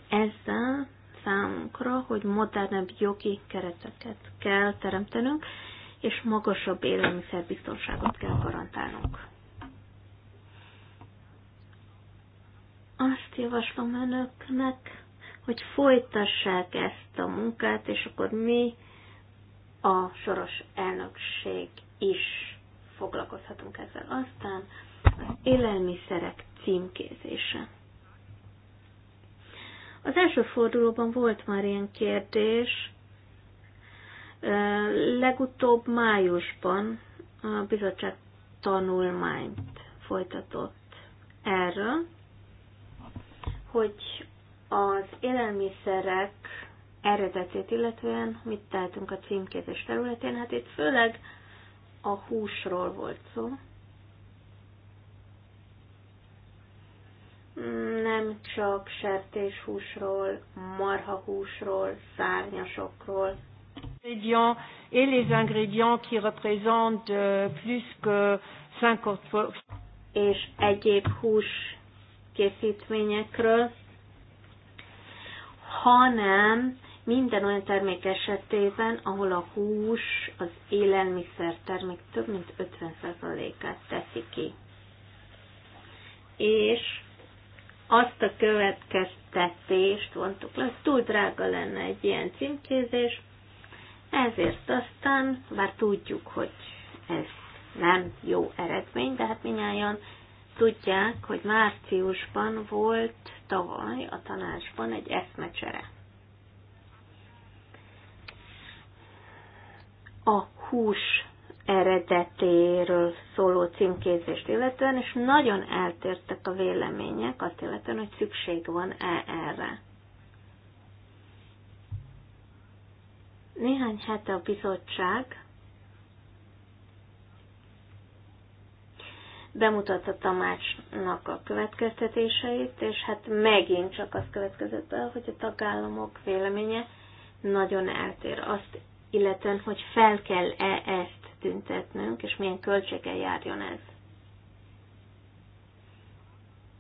Ezzel számunkra, hogy modernebb jogi kereteket kell teremtenünk, és magasabb élelmiszerbiztonságot kell garantálnunk. Azt javaslom önöknek, hogy folytassák ezt a munkát, és akkor mi a soros elnökség is foglalkozhatunk ezzel. Aztán az élelmiszerek címkézése. Az első fordulóban volt már ilyen kérdés, legutóbb májusban a bizottság tanulmányt folytatott erről, hogy az élelmiszerek eredetét illetően mit tehetünk a címkézés területén. Hát itt főleg a húsról volt szó. Nem csak sertéshúsról, marhahúsról, szárnyasokról. Et les ingrédients qui représentent euh, plus que 50 és egyéb hús készítményekről, hanem minden olyan termék esetében, ahol a hús az élelmiszer termék több mint 50%-át teszi ki. És azt a következtetést vontuk le, túl drága lenne egy ilyen címkézés, ezért aztán, bár tudjuk, hogy ez nem jó eredmény, de hát minnyáján tudják, hogy márciusban volt tavaly a tanácsban egy eszmecsere a hús eredetéről szóló címkézést illetően, és nagyon eltértek a vélemények azt illetően, hogy szükség van-e erre. Néhány hete a bizottság bemutatta tamácsnak a következtetéseit, és hát megint csak az következett el, hogy a tagállamok véleménye nagyon eltér. Azt illetve hogy fel kell-e ezt tüntetnünk, és milyen költséggel járjon ez.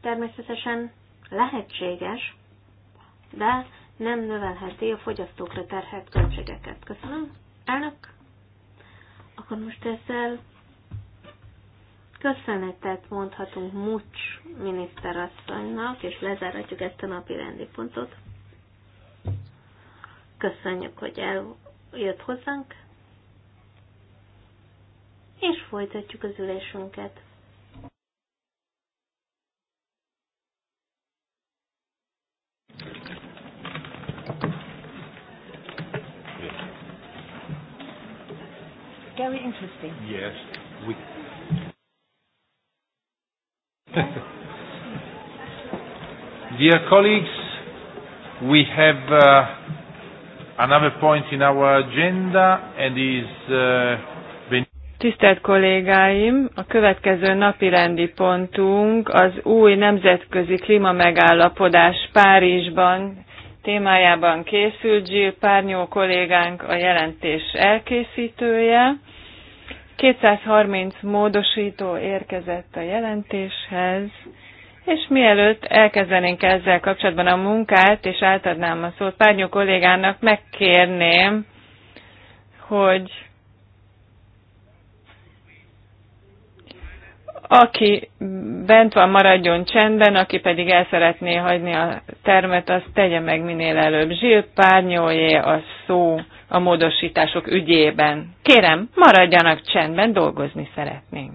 Természetesen lehetséges, de nem növelheti a fogyasztókra terhelt költségeket. Köszönöm. Elnök, akkor most ezzel köszönetet mondhatunk Mucs miniszterasszonynak, és lezárhatjuk ezt a napi rendi pontot. Köszönjük, hogy el jött hozzánk, és folytatjuk az ülésünket. Very interesting. Yes. We... [laughs] Dear colleagues, we have uh, another point in our agenda, and is uh, Tisztelt kollégáim, a következő napi rendi pontunk az új nemzetközi klímamegállapodás Párizsban témájában készült. Jill Párnyó kollégánk a jelentés elkészítője. 230 módosító érkezett a jelentéshez és mielőtt elkezdenénk ezzel kapcsolatban a munkát, és átadnám a szót párnyú kollégának, megkérném, hogy aki bent van, maradjon csendben, aki pedig el szeretné hagyni a termet, azt tegye meg minél előbb. Zsill párnyolje a szó a módosítások ügyében. Kérem, maradjanak csendben, dolgozni szeretnénk.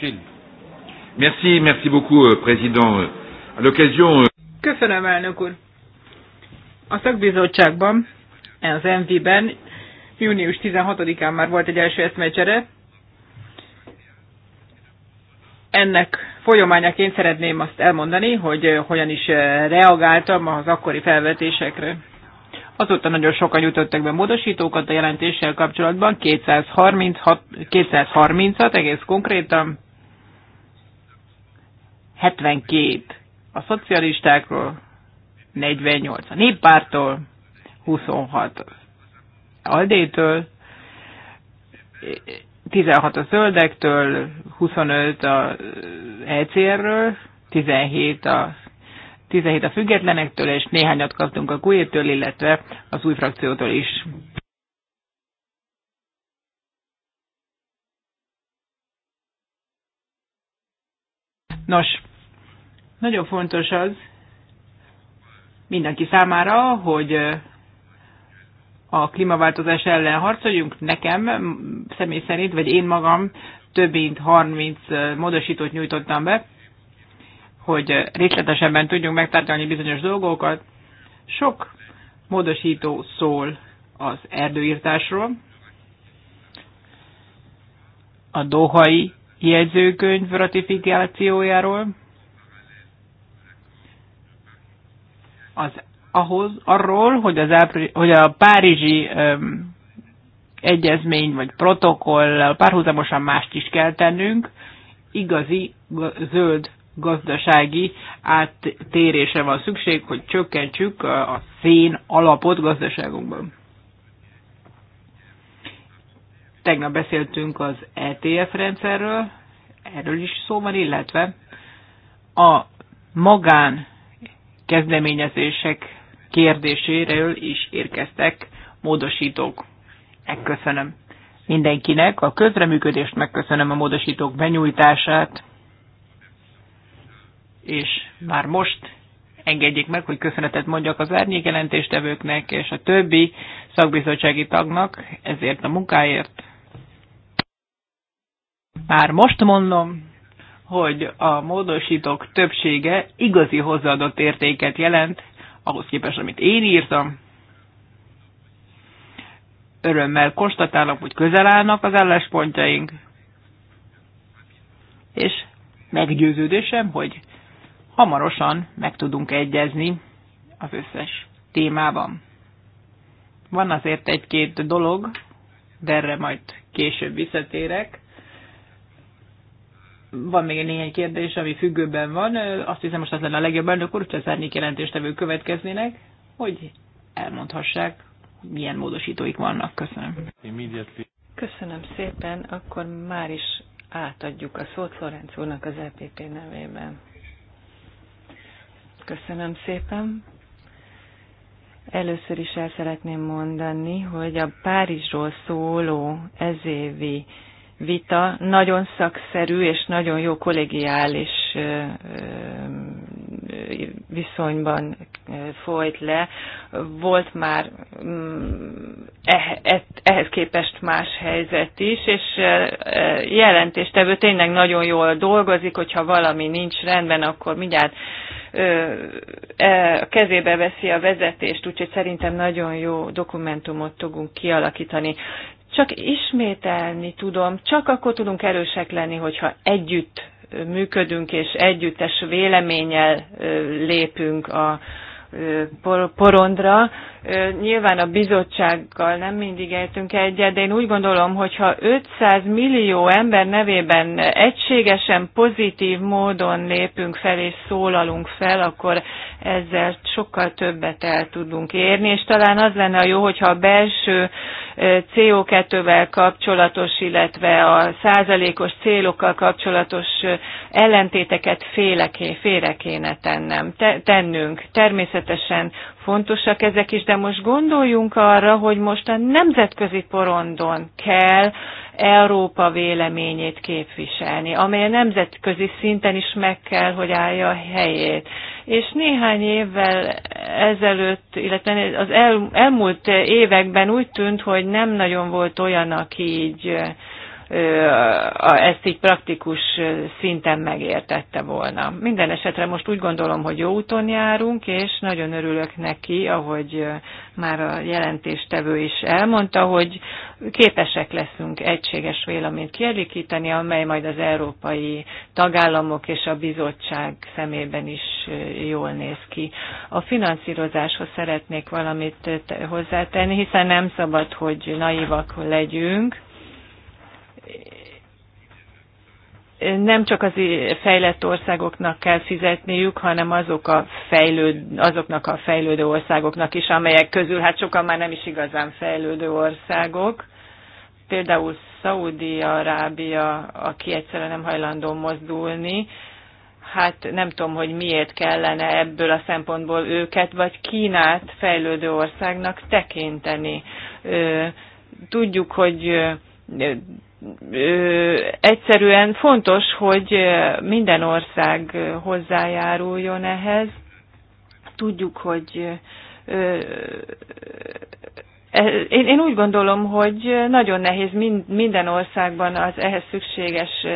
Zsill. Merci, merci beaucoup, euh, président. Euh, à l'occasion... Euh, Köszönöm, elnök úr. A szakbizottságban, az MV-ben június 16-án már volt egy első eszmecsere. Ennek folyamányaként szeretném azt elmondani, hogy hogyan is reagáltam az akkori felvetésekre. Azóta nagyon sokan jutottak be módosítókat a jelentéssel kapcsolatban, 236, 230-at egész konkrétan. 72 a szocialistákról, 48 a néppártól, 26 az Aldétől, 16 a zöldektől, 25 a ECR-ről, eh, 17 a 17 a függetlenektől, és néhányat kaptunk a GUE-től, illetve az új frakciótól is. Nos, nagyon fontos az mindenki számára, hogy a klímaváltozás ellen harcoljunk. Nekem személy szerint, vagy én magam több mint 30 módosítót nyújtottam be, hogy részletesebben tudjunk megtartani bizonyos dolgokat. Sok módosító szól az erdőírtásról, a dohai jegyzőkönyv ratifikációjáról, az, ahhoz, arról, hogy, az április, hogy a párizsi um, egyezmény vagy protokoll párhuzamosan mást is kell tennünk, igazi zöld gazdasági áttérésre van szükség, hogy csökkentsük a szén alapot gazdaságunkban. Tegnap beszéltünk az ETF rendszerről, erről is szó van, illetve a magán kezdeményezések kérdéséről is érkeztek módosítók. Megköszönöm mindenkinek, a közreműködést megköszönöm a módosítók benyújtását, és már most engedjék meg, hogy köszönetet mondjak az árnyékjelentéstevőknek és a többi szakbizottsági tagnak ezért a munkáért. Már most mondom, hogy a módosítók többsége igazi hozzáadott értéket jelent, ahhoz képest, amit én írtam. Örömmel konstatálok, hogy közel állnak az álláspontjaink, és meggyőződésem, hogy hamarosan meg tudunk egyezni az összes témában. Van azért egy-két dolog, de erre majd később visszatérek van még néhány kérdés, ami függőben van. Azt hiszem, most az lenne a legjobb elnök úr, hogyha szárnyék jelentéstevő következnének, hogy elmondhassák, milyen módosítóik vannak. Köszönöm. Köszönöm szépen, akkor már is átadjuk a szót Florenc úrnak az EPP nevében. Köszönöm szépen. Először is el szeretném mondani, hogy a Párizsról szóló ezévi vita nagyon szakszerű és nagyon jó kollegiális viszonyban folyt le. Volt már mm, eh, eh, ehhez képest más helyzet is, és jelentéstevő tényleg nagyon jól dolgozik, hogyha valami nincs rendben, akkor mindjárt a e, kezébe veszi a vezetést, úgyhogy szerintem nagyon jó dokumentumot tudunk kialakítani. Csak ismételni tudom, csak akkor tudunk erősek lenni, hogyha együtt működünk és együttes véleménnyel lépünk a porondra. Nyilván a bizottsággal nem mindig értünk egyet, de én úgy gondolom, hogyha 500 millió ember nevében egységesen, pozitív módon lépünk fel és szólalunk fel, akkor ezzel sokkal többet el tudunk érni, és talán az lenne a jó, hogyha a belső CO2-vel kapcsolatos, illetve a százalékos célokkal kapcsolatos ellentéteket féle, félre kéne tennem, te, tennünk. Természetesen természetesen fontosak ezek is, de most gondoljunk arra, hogy most a nemzetközi porondon kell Európa véleményét képviselni, amely a nemzetközi szinten is meg kell, hogy állja a helyét. És néhány évvel ezelőtt, illetve az el, elmúlt években úgy tűnt, hogy nem nagyon volt olyan, aki így ezt így praktikus szinten megértette volna. Minden esetre most úgy gondolom, hogy jó úton járunk, és nagyon örülök neki, ahogy már a jelentéstevő is elmondta, hogy képesek leszünk egységes véleményt kielikíteni, amely majd az európai tagállamok és a bizottság szemében is jól néz ki. A finanszírozáshoz szeretnék valamit hozzátenni, hiszen nem szabad, hogy naivak legyünk, nem csak az fejlett országoknak kell fizetniük, hanem azok a fejlőd, azoknak a fejlődő országoknak is, amelyek közül hát sokan már nem is igazán fejlődő országok. Például Szaudi-Arábia, aki egyszerűen nem hajlandó mozdulni, hát nem tudom, hogy miért kellene ebből a szempontból őket, vagy Kínát fejlődő országnak tekinteni. Tudjuk, hogy egyszerűen fontos, hogy minden ország hozzájáruljon ehhez. Tudjuk, hogy én, én úgy gondolom, hogy nagyon nehéz minden országban az ehhez szükséges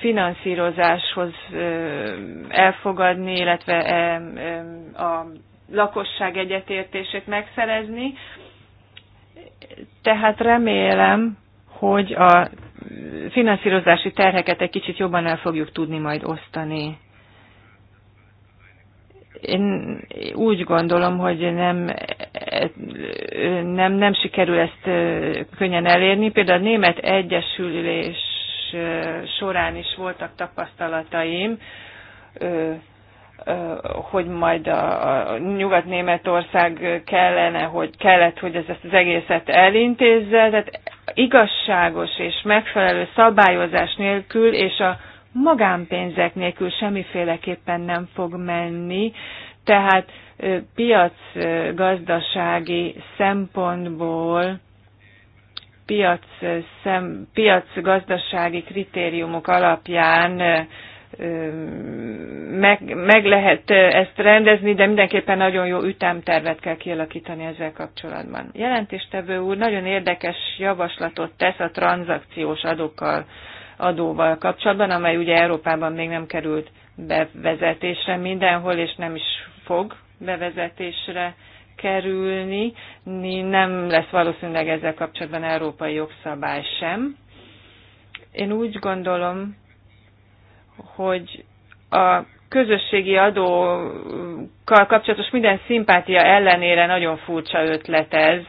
finanszírozáshoz elfogadni, illetve a lakosság egyetértését megszerezni. Tehát remélem, hogy a finanszírozási terheket egy kicsit jobban el fogjuk tudni majd osztani. Én úgy gondolom, hogy nem, nem, nem sikerül ezt könnyen elérni. Például a Német Egyesülés során is voltak tapasztalataim, hogy majd a, a Nyugat-Németország kellene, hogy kellett, hogy ez, ezt az egészet elintézze, tehát igazságos és megfelelő szabályozás nélkül és a magánpénzek nélkül semmiféleképpen nem fog menni, tehát piacgazdasági szempontból piac, kritériumok alapján meg, meg lehet ezt rendezni, de mindenképpen nagyon jó ütemtervet kell kialakítani ezzel kapcsolatban. Jelentéstevő úr nagyon érdekes javaslatot tesz a tranzakciós adókkal, adóval kapcsolatban, amely ugye Európában még nem került bevezetésre mindenhol, és nem is fog bevezetésre kerülni. Nem lesz valószínűleg ezzel kapcsolatban európai jogszabály sem. Én úgy gondolom, hogy a közösségi adókkal kapcsolatos minden szimpátia ellenére nagyon furcsa ötlet ez.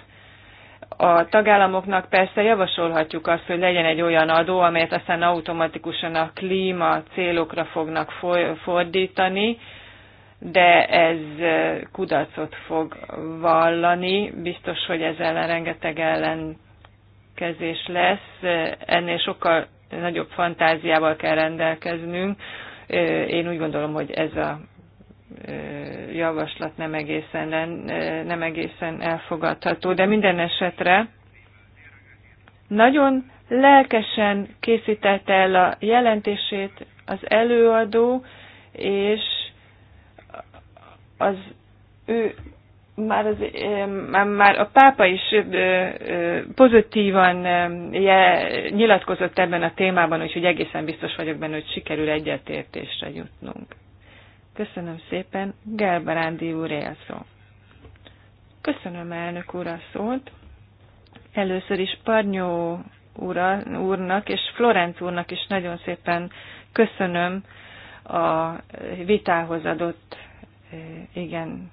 A tagállamoknak persze javasolhatjuk azt, hogy legyen egy olyan adó, amelyet aztán automatikusan a klíma célokra fognak fordítani, de ez kudarcot fog vallani. Biztos, hogy ez ellen rengeteg ellenkezés lesz. Ennél sokkal nagyobb fantáziával kell rendelkeznünk. Én úgy gondolom, hogy ez a javaslat nem egészen, nem egészen elfogadható, de minden esetre nagyon lelkesen készítette el a jelentését az előadó, és az ő már, az, már a pápa is pozitívan nyilatkozott ebben a témában, úgyhogy egészen biztos vagyok benne, hogy sikerül egyetértésre jutnunk. Köszönöm szépen, Gelbarándi úr szó. Köszönöm elnök úr a szót. Először is Parnyó ura, úrnak és Florenc úrnak is nagyon szépen köszönöm a vitához adott igen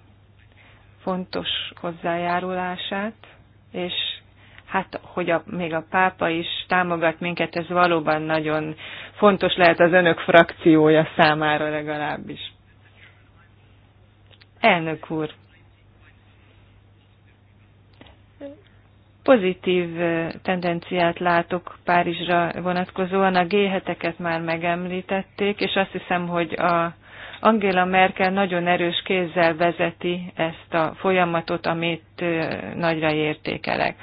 fontos hozzájárulását, és hát, hogy a, még a pápa is támogat minket, ez valóban nagyon fontos lehet az önök frakciója számára legalábbis. Elnök úr, pozitív eh, tendenciát látok Párizsra vonatkozóan. A g már megemlítették, és azt hiszem, hogy a Angela Merkel nagyon erős kézzel vezeti ezt a folyamatot, amit nagyra értékelek.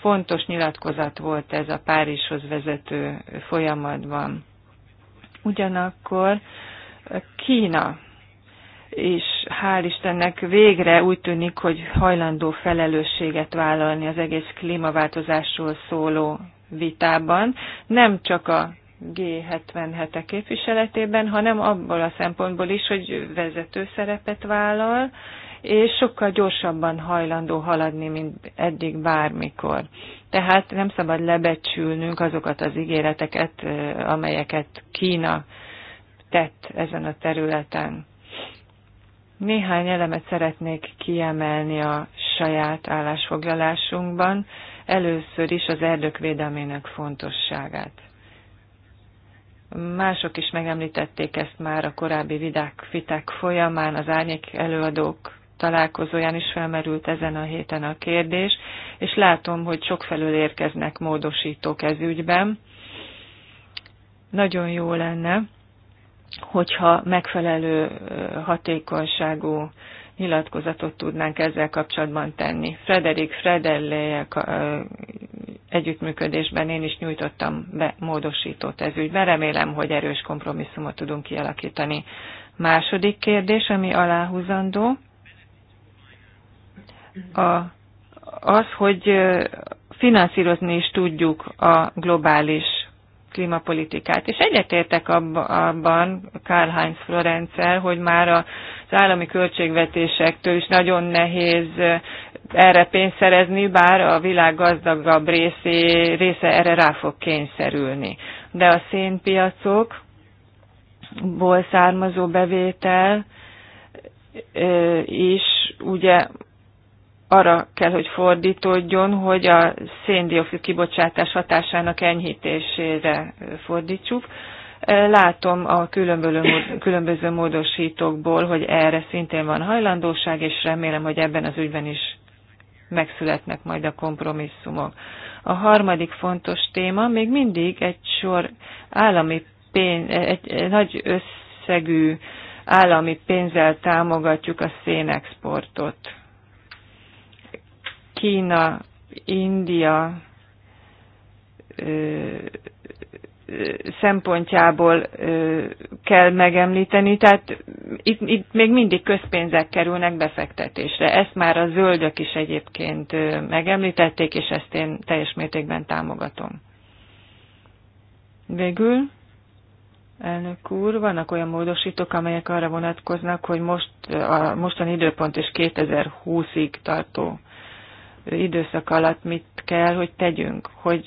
Fontos nyilatkozat volt ez a Párizshoz vezető folyamatban. Ugyanakkor Kína és hál' Istennek végre úgy tűnik, hogy hajlandó felelősséget vállalni az egész klímaváltozásról szóló vitában. Nem csak a G77-ek képviseletében, hanem abból a szempontból is, hogy vezető szerepet vállal, és sokkal gyorsabban hajlandó haladni, mint eddig bármikor. Tehát nem szabad lebecsülnünk azokat az ígéreteket, amelyeket Kína tett ezen a területen. Néhány elemet szeretnék kiemelni a saját állásfoglalásunkban, először is az erdők védelmének fontosságát. Mások is megemlítették ezt már a korábbi vidák, fitek folyamán, az árnyék előadók találkozóján is felmerült ezen a héten a kérdés, és látom, hogy sokfelől érkeznek módosítók ez ügyben. Nagyon jó lenne, hogyha megfelelő hatékonyságú nyilatkozatot tudnánk ezzel kapcsolatban tenni. Frederik Fredelle együttműködésben én is nyújtottam be módosítót ez ügyben. Remélem, hogy erős kompromisszumot tudunk kialakítani. Második kérdés, ami aláhúzandó, a, az, hogy finanszírozni is tudjuk a globális klímapolitikát. És egyetértek abban Karl-Heinz Florenzel, hogy már a az állami költségvetésektől is nagyon nehéz eh, erre pénzt szerezni, bár a világ gazdagabb részé, része erre rá fog kényszerülni. De a szénpiacokból származó bevétel eh, is ugye arra kell, hogy fordítódjon, hogy a széndiokszid kibocsátás hatásának enyhítésére fordítsuk. Látom a különböző módosítókból, hogy erre szintén van hajlandóság, és remélem, hogy ebben az ügyben is megszületnek majd a kompromisszumok. A harmadik fontos téma még mindig egy sor állami pénz, egy nagy összegű állami pénzzel támogatjuk a szénexportot. Kína, India, szempontjából kell megemlíteni, tehát itt, itt még mindig közpénzek kerülnek befektetésre. Ezt már a zöldök is egyébként megemlítették, és ezt én teljes mértékben támogatom. Végül, elnök úr, vannak olyan módosítók, amelyek arra vonatkoznak, hogy most, a mostani időpont és 2020-ig tartó időszak alatt mit kell, hogy tegyünk, hogy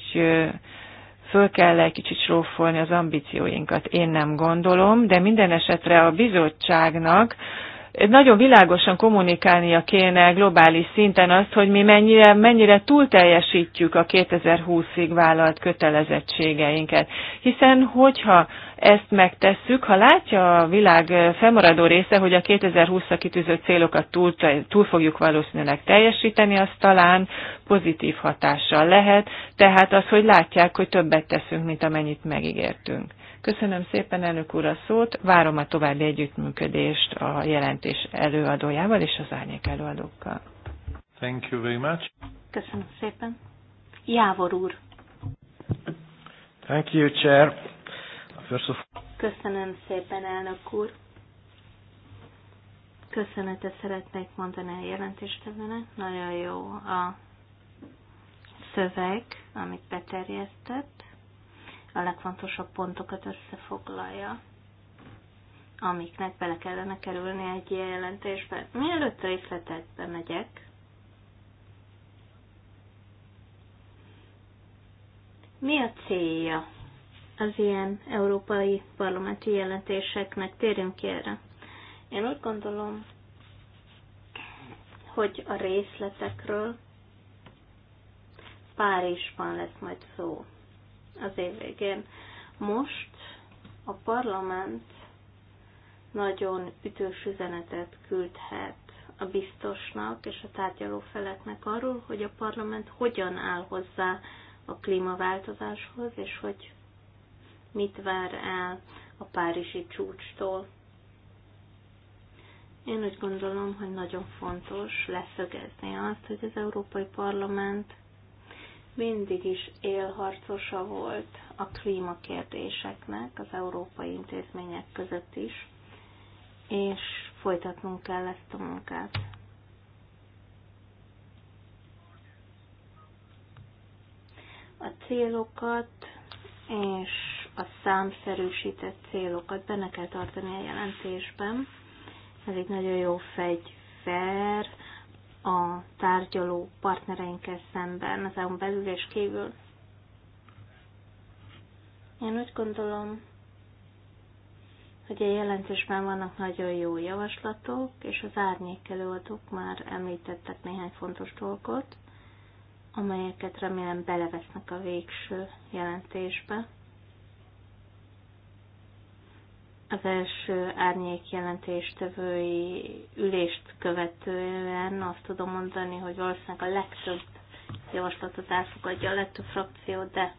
föl kell egy kicsit srófolni az ambícióinkat. Én nem gondolom, de minden esetre a bizottságnak nagyon világosan kommunikálnia kéne globális szinten azt, hogy mi mennyire, mennyire teljesítjük a 2020-ig vállalt kötelezettségeinket. Hiszen hogyha ezt megtesszük, ha látja a világ felmaradó része, hogy a 2020-ra kitűzött célokat túl, túl fogjuk valószínűleg teljesíteni, az talán pozitív hatással lehet, tehát az, hogy látják, hogy többet teszünk, mint amennyit megígértünk. Köszönöm szépen elnök úr a szót, várom a további együttműködést a jelentés előadójával és az árnyék előadókkal. Thank you very much. Köszönöm szépen. Jávor úr. Thank you, Chair. Köszönöm szépen, elnök úr. Köszönetet szeretnék mondani a jelentéstevőnek. Nagyon jó a szöveg, amit beterjesztett. A legfontosabb pontokat összefoglalja, amiknek bele kellene kerülni egy ilyen jelentésbe. Mielőtt részletekbe megyek, mi a célja az ilyen európai parlamenti jelentéseknek. Térjünk ki erre. Én úgy gondolom, hogy a részletekről Párizsban lesz majd szó az év végén. Most a parlament nagyon ütős üzenetet küldhet a biztosnak és a tárgyaló feleknek arról, hogy a parlament hogyan áll hozzá a klímaváltozáshoz, és hogy mit vár el a párizsi csúcstól. Én úgy gondolom, hogy nagyon fontos leszögezni azt, hogy az Európai Parlament mindig is élharcosa volt a klímakérdéseknek az európai intézmények között is, és folytatnunk kell ezt a munkát. A célokat és a számszerűsített célokat benne kell tartani a jelentésben. Ez egy nagyon jó fegyver a tárgyaló partnereinkkel szemben, az EU belül és kívül. Én úgy gondolom, hogy a jelentésben vannak nagyon jó javaslatok, és az árnyék előadók már említettek néhány fontos dolgot, amelyeket remélem belevesznek a végső jelentésbe. az első árnyék jelentéstevői ülést követően azt tudom mondani, hogy valószínűleg a legtöbb javaslatot elfogadja a legtöbb frakció, de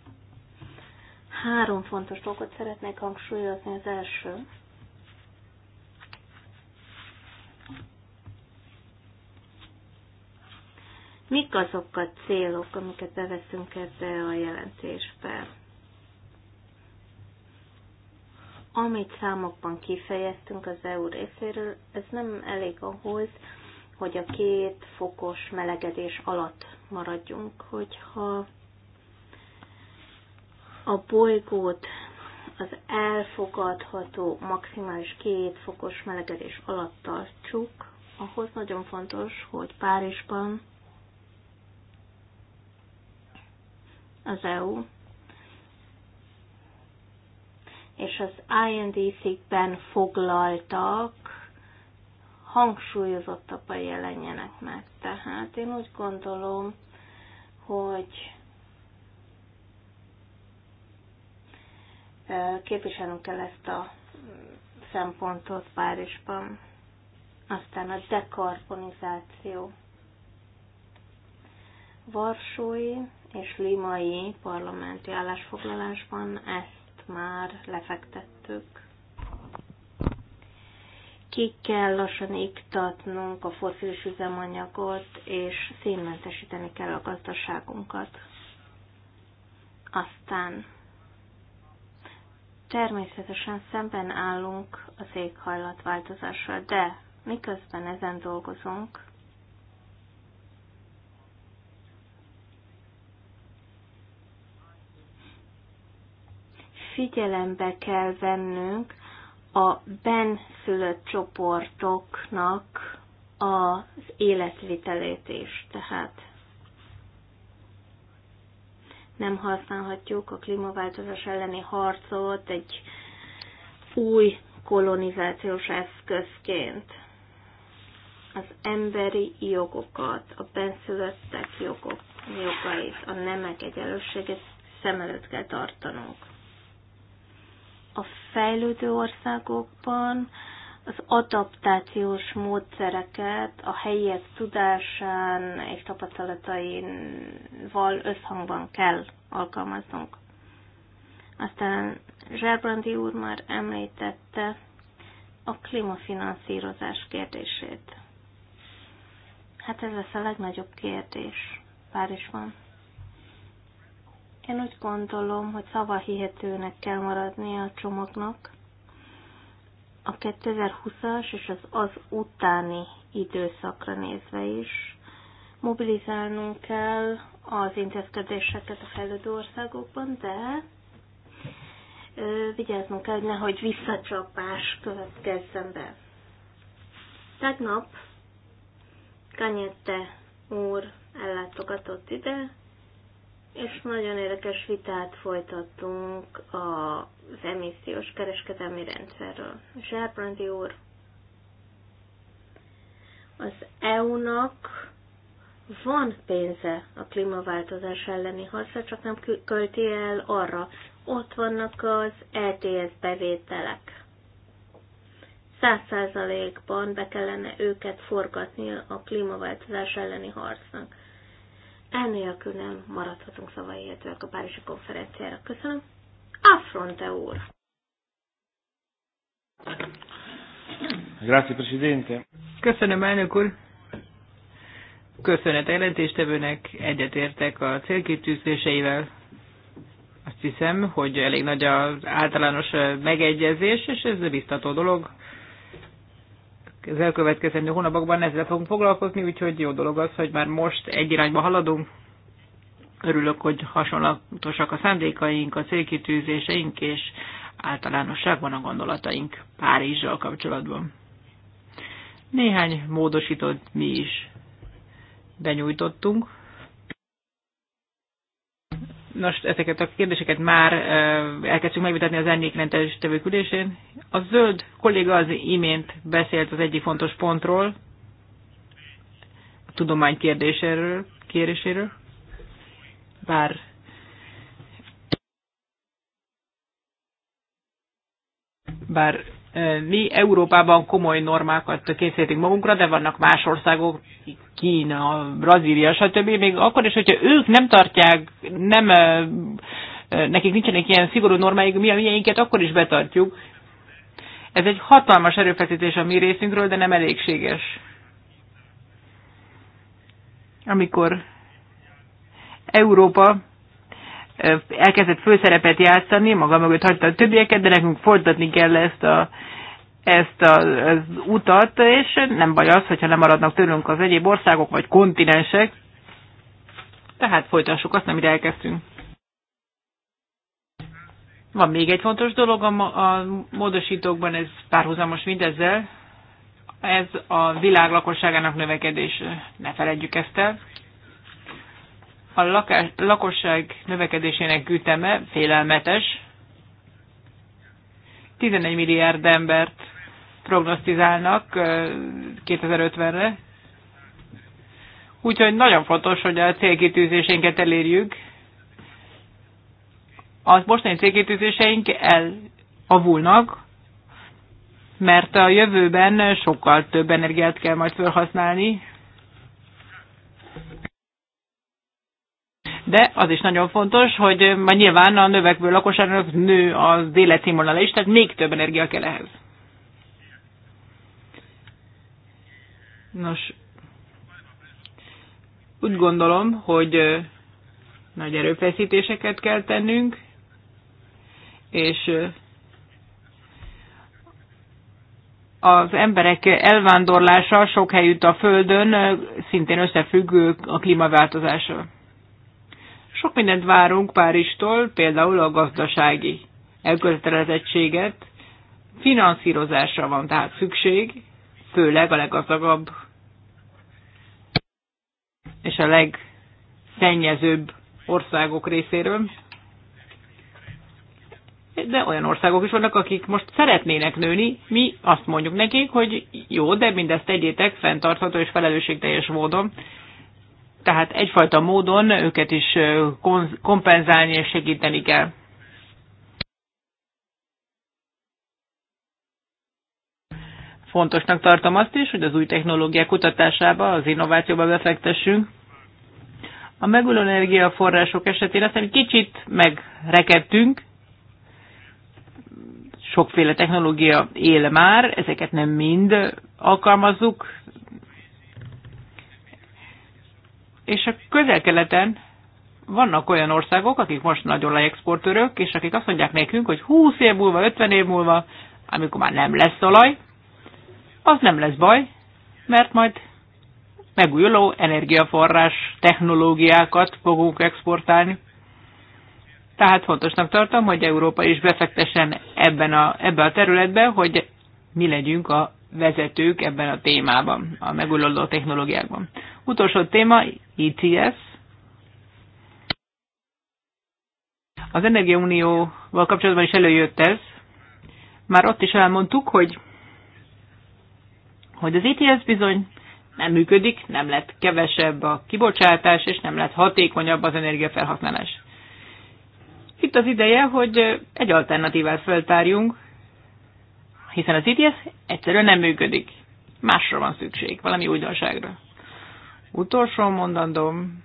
három fontos dolgot szeretnék hangsúlyozni. Az első, mik azok a célok, amiket beveszünk ebbe a jelentésbe? amit számokban kifejeztünk az EU részéről, ez nem elég ahhoz, hogy a két fokos melegedés alatt maradjunk, hogyha a bolygót az elfogadható maximális két fokos melegedés alatt tartsuk, ahhoz nagyon fontos, hogy Párizsban az EU az IND-székben foglaltak hangsúlyozottabban jelenjenek meg. Tehát én úgy gondolom, hogy képviselnünk kell ezt a szempontot Párizsban. Aztán a dekarbonizáció. Varsói és limai parlamenti állásfoglalásban ezt már lefektettük. Ki kell lassan iktatnunk a fosszilis üzemanyagot, és szénmentesíteni kell a gazdaságunkat. Aztán természetesen szemben állunk az éghajlatváltozással, de miközben ezen dolgozunk, figyelembe kell vennünk a benszülött csoportoknak az életvitelét is. Tehát nem használhatjuk a klímaváltozás elleni harcot egy új kolonizációs eszközként. Az emberi jogokat, a benszülöttek jogok, jogait, a nemek egyenlőségét szem előtt kell tartanunk a fejlődő országokban az adaptációs módszereket a helyiek tudásán és tapasztalatainval összhangban kell alkalmaznunk. Aztán Zsebrandi úr már említette a klímafinanszírozás kérdését. Hát ez lesz a legnagyobb kérdés Párizsban. Én úgy gondolom, hogy szavahihetőnek kell maradni a csomagnak. A 2020-as és az az utáni időszakra nézve is mobilizálnunk kell az intézkedéseket a fejlődő országokban, de vigyáznunk kell, hogy nehogy visszacsapás következzen be. Tegnap Kanyette úr ellátogatott ide, és nagyon érdekes vitát folytattunk az emissziós kereskedelmi rendszerről. Zserbrandi úr, az EU-nak van pénze a klímaváltozás elleni harcra, csak nem költi el arra. Ott vannak az ETS bevételek. Száz százalékban be kellene őket forgatni a klímaváltozás elleni harcnak. Elnélkül nem maradhatunk szavahihetőek a Párizsi konferenciára. Köszönöm. Affronte úr! Grazie, Presidente. Köszönöm, elnök úr. Köszönet a jelentéstevőnek, egyetértek a célkitűzéseivel. Azt hiszem, hogy elég nagy az általános megegyezés, és ez biztató dolog az elkövetkezendő hónapokban ezzel fogunk foglalkozni, úgyhogy jó dolog az, hogy már most egy irányba haladunk. Örülök, hogy hasonlatosak a szándékaink, a célkitűzéseink és általánosságban a gondolataink Párizsral kapcsolatban. Néhány módosított mi is benyújtottunk. Most ezeket a kérdéseket már elkezdtük megvitatni az árnyékrendtelés tevőkülésén. A zöld kolléga az imént beszélt az egyik fontos pontról, a tudomány kérdéséről, kéréséről. Bár bár mi Európában komoly normákat készítünk magunkra, de vannak más országok, Kína, Brazília, stb. Még akkor is, hogyha ők nem tartják, nem, nekik nincsenek ilyen szigorú normáik, mi a miénket akkor is betartjuk. Ez egy hatalmas erőfeszítés a mi részünkről, de nem elégséges. Amikor Európa elkezdett főszerepet játszani, maga mögött hagyta a többieket, de nekünk folytatni kell ezt a ezt a, az utat, és nem baj az, hogyha nem maradnak tőlünk az egyéb országok vagy kontinensek. Tehát folytassuk azt, amit elkezdtünk. Van még egy fontos dolog a, a módosítókban, ez párhuzamos mindezzel, ez a világ lakosságának növekedése. Ne feledjük ezt el a lakás, lakosság növekedésének üteme félelmetes. 11 milliárd embert prognosztizálnak 2050-re. Úgyhogy nagyon fontos, hogy a célkitűzésénket elérjük. Az mostani célkitűzéseink elavulnak, mert a jövőben sokkal több energiát kell majd felhasználni, de az is nagyon fontos, hogy ma nyilván a növekvő lakosságnak nő az életszínvonala is, tehát még több energia kell ehhez. Nos, úgy gondolom, hogy nagy erőfeszítéseket kell tennünk, és az emberek elvándorlása sok helyütt a Földön szintén összefügg a klímaváltozással. Sok mindent várunk Párizstól, például a gazdasági elkötelezettséget. Finanszírozásra van tehát szükség, főleg a leggazdagabb és a legszennyezőbb országok részéről. De olyan országok is vannak, akik most szeretnének nőni. Mi azt mondjuk nekik, hogy jó, de mindezt tegyétek fenntartható és felelősségteljes módon tehát egyfajta módon őket is kompenzálni és segíteni kell. Fontosnak tartom azt is, hogy az új technológiák kutatásába, az innovációba befektessünk. A megújuló energiaforrások esetén aztán kicsit megrekedtünk, sokféle technológia él már, ezeket nem mind alkalmazzuk, És a közel-keleten vannak olyan országok, akik most nagyon leexportőrök, és akik azt mondják nekünk, hogy 20 év múlva, 50 év múlva, amikor már nem lesz olaj, az nem lesz baj, mert majd megújuló energiaforrás technológiákat fogunk exportálni. Tehát fontosnak tartom, hogy Európa is befektessen ebben a, ebbe a területbe, hogy mi legyünk a vezetők ebben a témában, a megújuló technológiákban. Utolsó téma ETS. Az Energiaunióval kapcsolatban is előjött ez. Már ott is elmondtuk, hogy, hogy az ETS bizony nem működik, nem lett kevesebb a kibocsátás, és nem lett hatékonyabb az energiafelhasználás. Itt az ideje, hogy egy alternatívát feltárjunk, hiszen az ITS egyszerűen nem működik. Másra van szükség, valami újdonságra. Utolsó mondandom,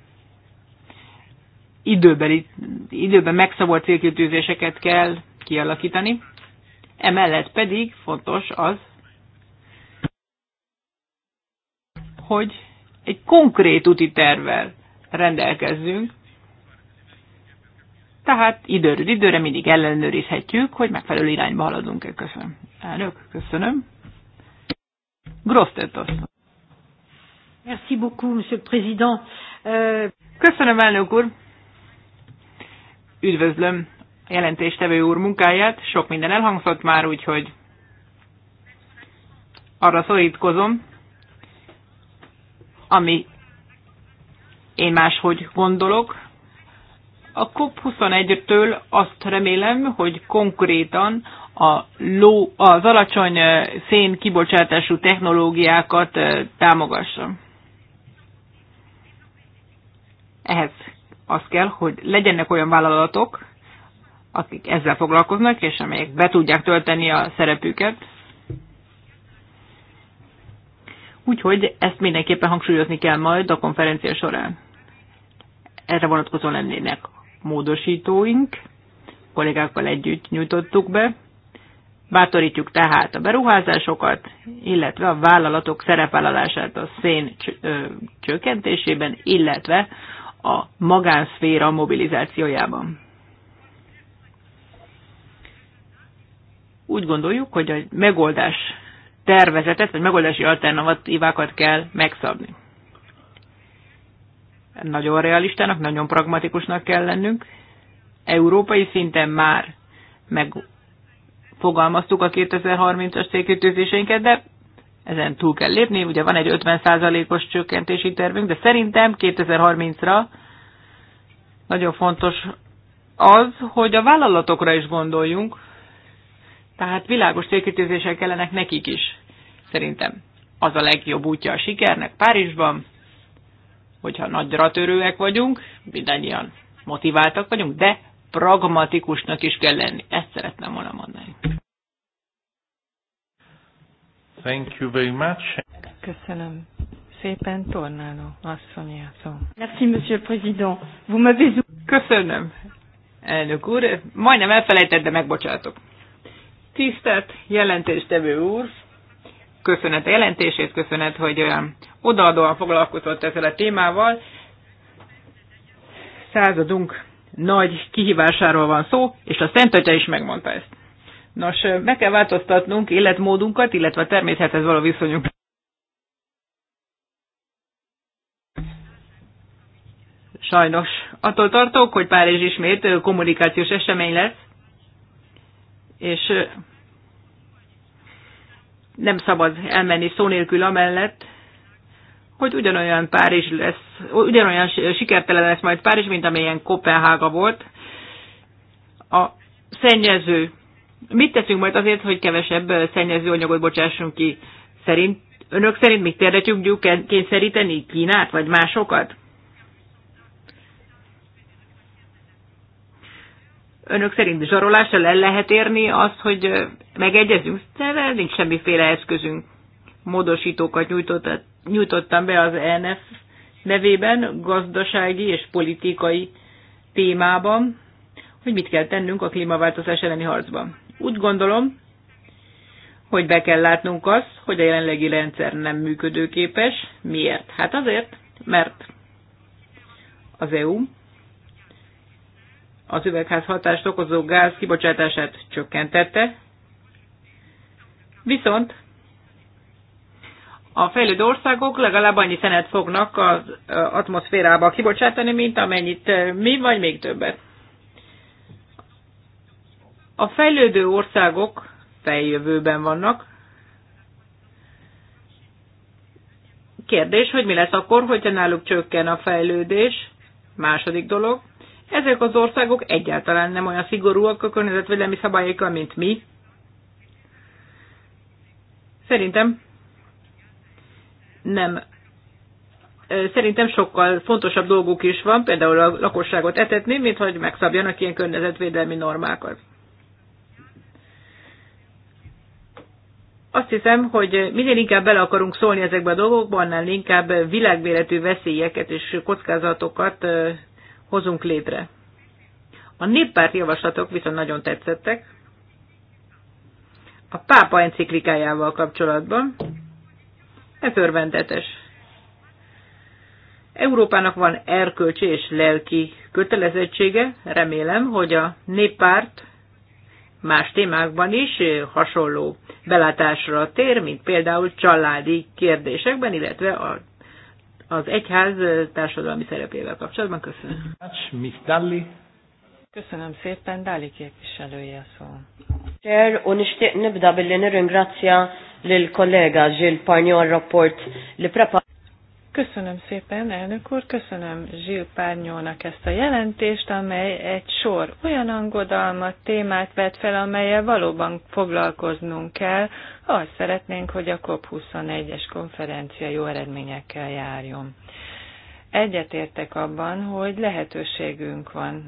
időben időben megszabott célkitűzéseket kell kialakítani, emellett pedig fontos az, hogy egy konkrét úti tervvel rendelkezzünk, tehát időről időre mindig ellenőrizhetjük, hogy megfelelő irányba haladunk-e. Köszönöm. Elnök, köszönöm. Grosztetos. Merci beaucoup, monsieur le président. Euh, köszönöm, elnök úr. Üdvözlöm a jelentéstevő úr munkáját. Sok minden elhangzott már, úgyhogy arra szorítkozom, ami én máshogy gondolok, a COP21-től azt remélem, hogy konkrétan a ló, az alacsony szén kibocsátású technológiákat támogassa. Ehhez az kell, hogy legyenek olyan vállalatok, akik ezzel foglalkoznak, és amelyek be tudják tölteni a szerepüket. Úgyhogy ezt mindenképpen hangsúlyozni kell majd a konferencia során. Erre vonatkozó lennének módosítóink, kollégákkal együtt nyújtottuk be. Bátorítjuk tehát a beruházásokat, illetve a vállalatok szerepvállalását a szén csökkentésében, illetve a magánszféra mobilizációjában. Úgy gondoljuk, hogy a megoldás tervezetet, vagy megoldási alternatívákat kell megszabni nagyon realistának, nagyon pragmatikusnak kell lennünk. Európai szinten már megfogalmaztuk a 2030-as célkitűzéseinket, de ezen túl kell lépni. Ugye van egy 50%-os csökkentési tervünk, de szerintem 2030-ra nagyon fontos az, hogy a vállalatokra is gondoljunk, tehát világos célkitűzések kellenek nekik is, szerintem. Az a legjobb útja a sikernek Párizsban, hogyha nagyra törőek vagyunk, mindannyian motiváltak vagyunk, de pragmatikusnak is kell lenni. Ezt szeretném volna mondani. Thank you very much. Köszönöm szépen, Tornáló asszony Merci, monsieur président. Vous m'avez... Köszönöm, elnök úr. Majdnem elfelejtett, de megbocsátok. Tisztelt jelentéstevő úr, köszönet a jelentését, köszönet, hogy odaadóan foglalkozott ezzel a témával. Századunk nagy kihívásáról van szó, és a Szent Atya is megmondta ezt. Nos, meg kell változtatnunk életmódunkat, illetve a természethez való viszonyunkat. Sajnos. Attól tartok, hogy Párizs ismét kommunikációs esemény lesz, és nem szabad elmenni szó nélkül amellett, hogy ugyanolyan Párizs lesz, ugyanolyan sikertelen lesz majd Párizs, mint amilyen Kopenhága volt. A szennyező. Mit teszünk majd azért, hogy kevesebb szennyező anyagot bocsássunk ki? Szerint, önök szerint még térdetjük kényszeríteni Kínát, vagy másokat? önök szerint zsarolással el lehet érni azt, hogy megegyezünk? De nincs semmiféle eszközünk. Módosítókat nyújtott, nyújtottam be az ENF nevében, gazdasági és politikai témában, hogy mit kell tennünk a klímaváltozás elleni harcban. Úgy gondolom, hogy be kell látnunk azt, hogy a jelenlegi rendszer nem működőképes. Miért? Hát azért, mert az EU az üvegház hatást okozó gáz kibocsátását csökkentette, viszont a fejlődő országok legalább annyi szenet fognak az atmoszférába kibocsátani, mint amennyit mi, vagy még többet. A fejlődő országok feljövőben vannak. Kérdés, hogy mi lesz akkor, hogyha náluk csökken a fejlődés. Második dolog, ezek az országok egyáltalán nem olyan szigorúak a környezetvédelmi szabályokkal, mint mi. Szerintem nem. Szerintem sokkal fontosabb dolguk is van, például a lakosságot etetni, mint hogy megszabjanak ilyen környezetvédelmi normákat. azt hiszem, hogy minél inkább bele akarunk szólni ezekbe a dolgokba, annál inkább világméretű veszélyeket és kockázatokat hozunk létre. A néppárt javaslatok viszont nagyon tetszettek. A pápa enciklikájával kapcsolatban ez örvendetes. Európának van erkölcsi és lelki kötelezettsége, remélem, hogy a néppárt más témákban is hasonló belátásra tér, mint például családi kérdésekben, illetve a az egyház társadalmi szerepével kapcsolatban. Köszönöm. Köszönöm szépen, Dali képviselője szó. Chair, u nixtieq nibda billi nirringrazzja lil kollega Jill Parnion rapport le prepar. Köszönöm szépen, elnök úr, köszönöm Zsil Párnyónak ezt a jelentést, amely egy sor olyan angodalmat, témát vett fel, amelyel valóban foglalkoznunk kell, ha azt szeretnénk, hogy a COP21-es konferencia jó eredményekkel járjon. Egyetértek abban, hogy lehetőségünk van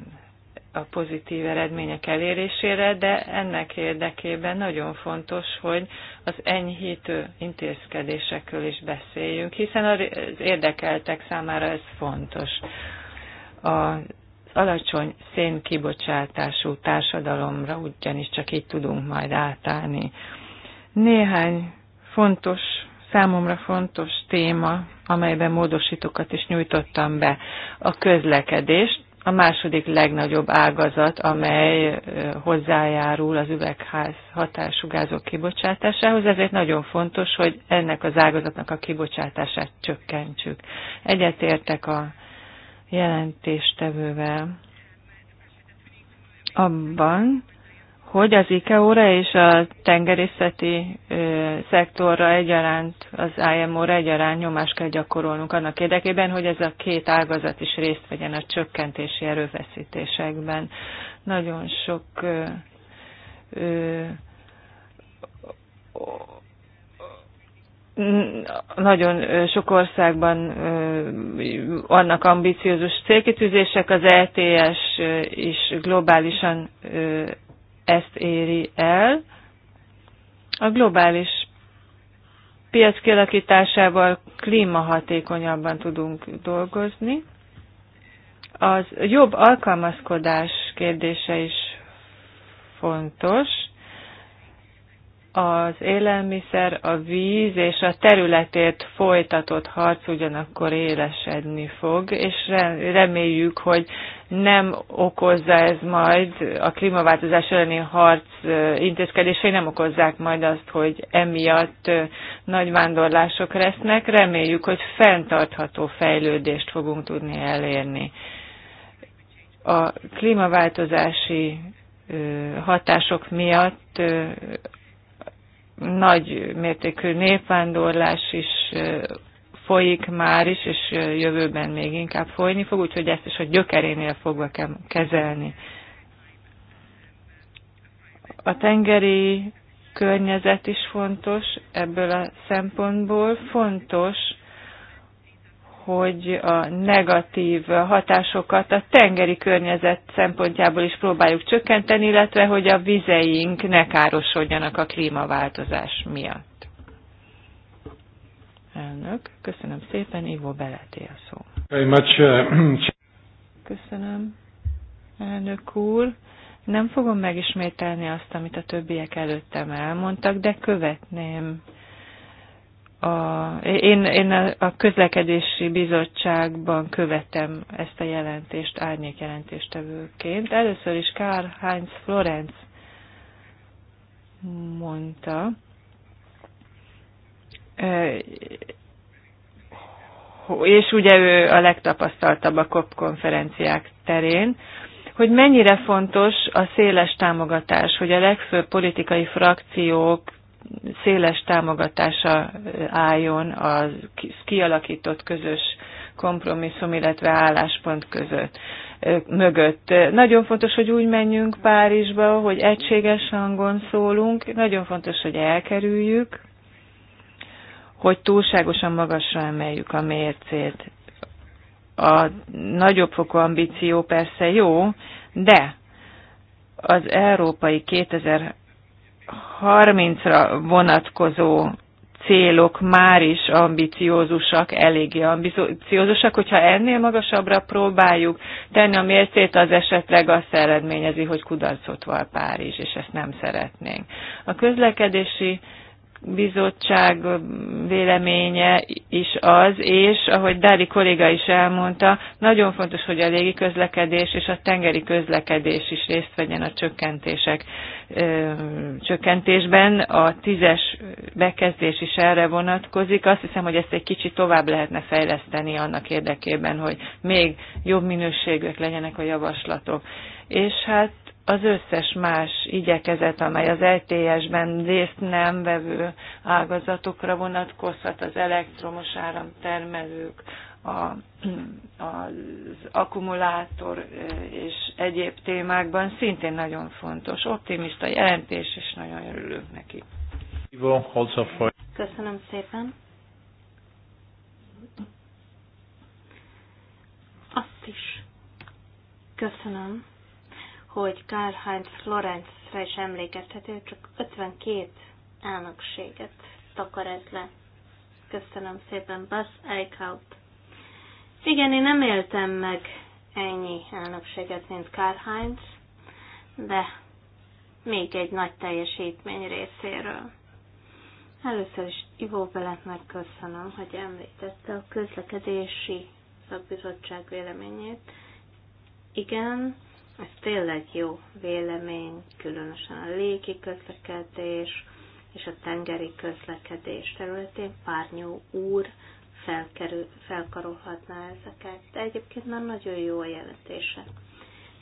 a pozitív eredmények elérésére, de ennek érdekében nagyon fontos, hogy az enyhítő intézkedésekről is beszéljünk, hiszen az érdekeltek számára ez fontos. Az alacsony szénkibocsátású társadalomra ugyanis csak így tudunk majd átállni. Néhány fontos, számomra fontos téma, amelyben módosítókat is nyújtottam be, a közlekedést, a második legnagyobb ágazat, amely hozzájárul az üvegház hatású gázok kibocsátásához, ezért nagyon fontos, hogy ennek az ágazatnak a kibocsátását csökkentsük. Egyetértek a jelentéstevővel abban, hogy az ICAO-ra és a tengerészeti ö, szektorra egyaránt, az IMO-ra egyaránt nyomást kell gyakorolnunk annak érdekében, hogy ez a két ágazat is részt vegyen a csökkentési erőveszítésekben. Nagyon sok ö, ö, nagyon sok országban vannak ambiciózus célkitűzések, az ETS is globálisan ezt éri el. A globális piac kialakításával klímahatékonyabban tudunk dolgozni. Az jobb alkalmazkodás kérdése is fontos az élelmiszer, a víz és a területért folytatott harc ugyanakkor élesedni fog, és reméljük, hogy nem okozza ez majd a klímaváltozás elleni harc intézkedései nem okozzák majd azt, hogy emiatt nagy vándorlások lesznek. Reméljük, hogy fenntartható fejlődést fogunk tudni elérni. A klímaváltozási hatások miatt nagy mértékű népvándorlás is folyik már is, és jövőben még inkább folyni fog, úgyhogy ezt is a gyökerénél fogva kezelni. A tengeri környezet is fontos ebből a szempontból. Fontos hogy a negatív hatásokat a tengeri környezet szempontjából is próbáljuk csökkenteni, illetve hogy a vizeink ne károsodjanak a klímaváltozás miatt. Elnök, köszönöm szépen, Ivo Beleté a szó. Uh, [clears throat] köszönöm, elnök úr. Nem fogom megismételni azt, amit a többiek előttem elmondtak, de követném a, én, én a közlekedési bizottságban követem ezt a jelentést árnyék jelentéstevőként. Először is Karl Heinz Florenz mondta, és ugye ő a legtapasztaltabb a COP konferenciák terén, hogy mennyire fontos a széles támogatás, hogy a legfőbb politikai frakciók széles támogatása álljon a kialakított közös kompromisszum, illetve álláspont között mögött. Nagyon fontos, hogy úgy menjünk Párizsba, hogy egységes hangon szólunk, nagyon fontos, hogy elkerüljük, hogy túlságosan magasra emeljük a mércét. A nagyobb fokú ambíció persze jó, de az európai 2000 30-ra vonatkozó célok már is ambiciózusak, eléggé ambiciózusak, hogyha ennél magasabbra próbáljuk tenni a mércét, az esetleg azt eredményezi, hogy kudarcot val Párizs, és ezt nem szeretnénk. A közlekedési uh, bizottság véleménye is az, és ahogy Dári kolléga is elmondta, nagyon fontos, hogy a légi közlekedés és a tengeri közlekedés is részt vegyen a csökkentések ö, csökkentésben. A tízes bekezdés is erre vonatkozik. Azt hiszem, hogy ezt egy kicsit tovább lehetne fejleszteni annak érdekében, hogy még jobb minőségűek legyenek a javaslatok. És hát az összes más igyekezet, amely az LTS-ben részt nem vevő ágazatokra vonatkozhat, az elektromos áramtermelők, a, az akkumulátor eh, és egyéb témákban szintén nagyon fontos. Optimista jelentés, és nagyon örülök neki. Köszönöm szépen. Azt is köszönöm hogy Karl-Heinz re is emlékezhető csak 52 elnökséget takar ez le. Köszönöm szépen, Buzz Eichhout. Igen, én nem éltem meg ennyi elnökséget, mint Karl-Heinz, de még egy nagy teljesítmény részéről. Először is Ivó Belet köszönöm, hogy említette a közlekedési szakbizottság véleményét. Igen, ez tényleg jó vélemény, különösen a légi közlekedés és a tengeri közlekedés területén. Párnyó úr felkerül, felkarolhatná ezeket. De egyébként már nagyon jó a jelentése.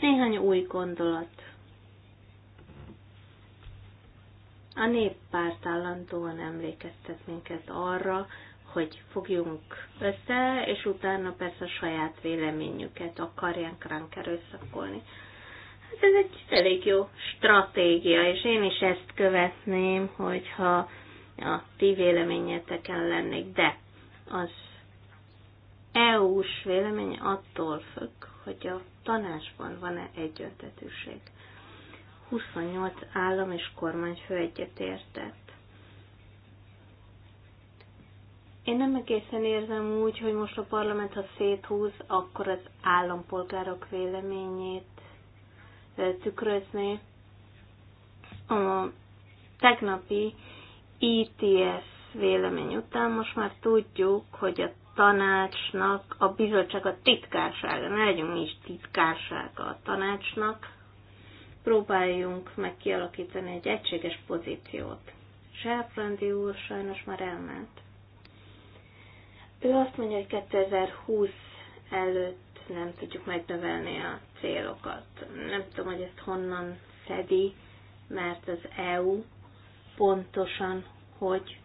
Néhány új gondolat. A néppárt állandóan emlékeztet minket arra, hogy fogjunk össze, és utána persze a saját véleményüket akarják ránk erőszakolni. Hát ez egy elég jó stratégia, és én is ezt követném, hogyha a ti véleményeteken lennék, de az EU-s vélemény attól függ, hogy a tanácsban van-e egyöntetűség. 28 állam és kormányfő egyetértett. Én nem egészen érzem úgy, hogy most a parlament, ha széthúz, akkor az állampolgárok véleményét tükrözni a tegnapi ITS e vélemény után. Most már tudjuk, hogy a tanácsnak, a bizottság a titkársága, ne legyünk mi is titkársága a tanácsnak, próbáljunk meg kialakítani egy egységes pozíciót. Zsáfrandi úr sajnos már elment. Ő azt mondja, hogy 2020 előtt nem tudjuk megnövelni a célokat. Nem tudom, hogy ezt honnan szedi, mert az EU pontosan, hogy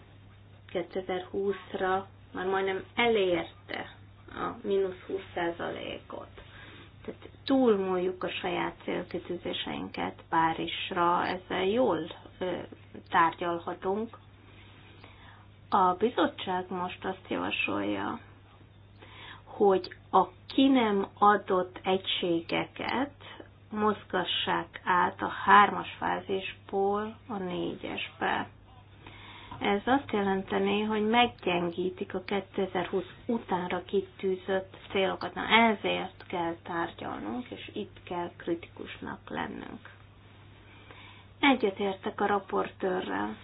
2020-ra már majdnem elérte a mínusz 20%-ot. Tehát túlmúljuk a saját célkitűzéseinket Párizsra, ezzel jól ö, tárgyalhatunk. A bizottság most azt javasolja, hogy a ki nem adott egységeket mozgassák át a hármas fázisból a négyesbe. Ez azt jelenteni, hogy meggyengítik a 2020 utánra kitűzött célokat. Na ezért kell tárgyalnunk, és itt kell kritikusnak lennünk. Egyetértek a raportőrrel.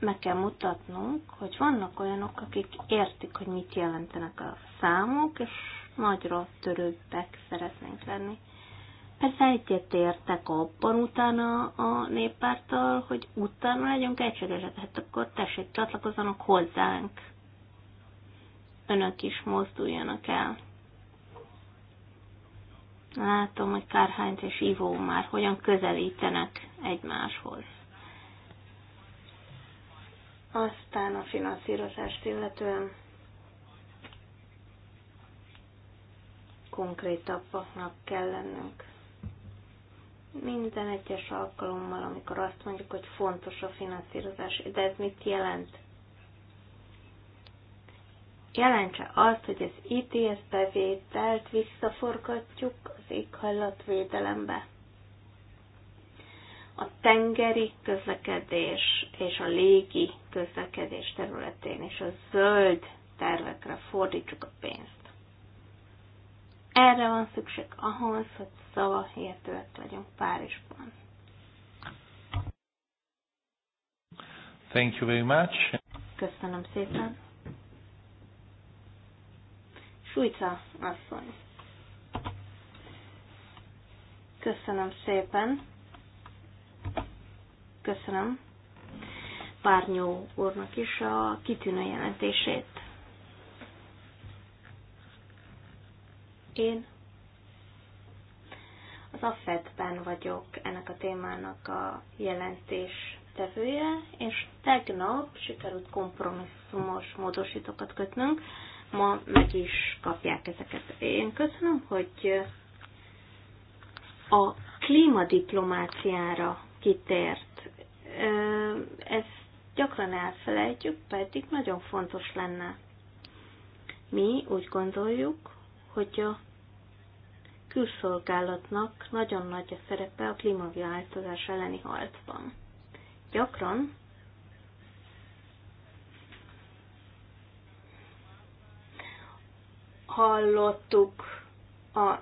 meg kell mutatnunk, hogy vannak olyanok, akik értik, hogy mit jelentenek a számok, és nagyra törődtek szeretnénk lenni. Persze egyetértek abban utána a néppárttal, hogy utána legyünk egységesek, hát akkor tessék, csatlakozzanak hozzánk. Önök is mozduljanak el. Látom, hogy Kárhányt és Ivó már hogyan közelítenek egymáshoz. Aztán a finanszírozást illetően konkrétabbaknak kell lennünk. Minden egyes alkalommal, amikor azt mondjuk, hogy fontos a finanszírozás, de ez mit jelent? Jelentse azt, hogy az ITS bevételt visszaforgatjuk az éghajlatvédelembe a tengeri közlekedés és a légi közlekedés területén és a zöld tervekre fordítsuk a pénzt. Erre van szükség ahhoz, hogy szavahértőek legyünk Párizsban. Thank you very much. Köszönöm szépen. Sújca asszony. Köszönöm szépen. Köszönöm Párnyó úrnak is a kitűnő jelentését. Én az AFED-ben vagyok ennek a témának a jelentés tevője, és tegnap sikerült kompromisszumos módosítókat kötnünk, ma meg is kapják ezeket. Én köszönöm, hogy a klímadiplomáciára kitért ezt gyakran elfelejtjük, pedig nagyon fontos lenne. Mi úgy gondoljuk, hogy a külszolgálatnak nagyon nagy a szerepe a klímaváltozás elleni harcban. Gyakran hallottuk a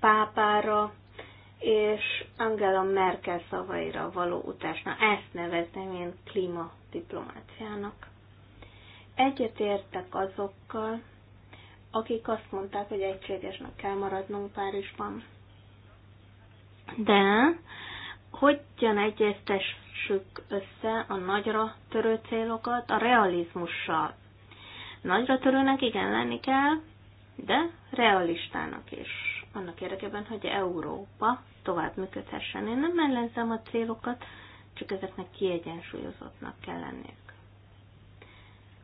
pápára és Angela Merkel szavaira való utásna. Ezt nevezném én klímadiplomáciának. Egyetértek azokkal, akik azt mondták, hogy egységesnek kell maradnunk Párizsban. De hogyan egyeztessük össze a nagyra törő célokat a realizmussal? Nagyra törőnek igen lenni kell, de realistának is. Annak érdekében, hogy Európa tovább működhessen. Én nem ellenzem a célokat, csak ezeknek kiegyensúlyozottnak kell lenniük.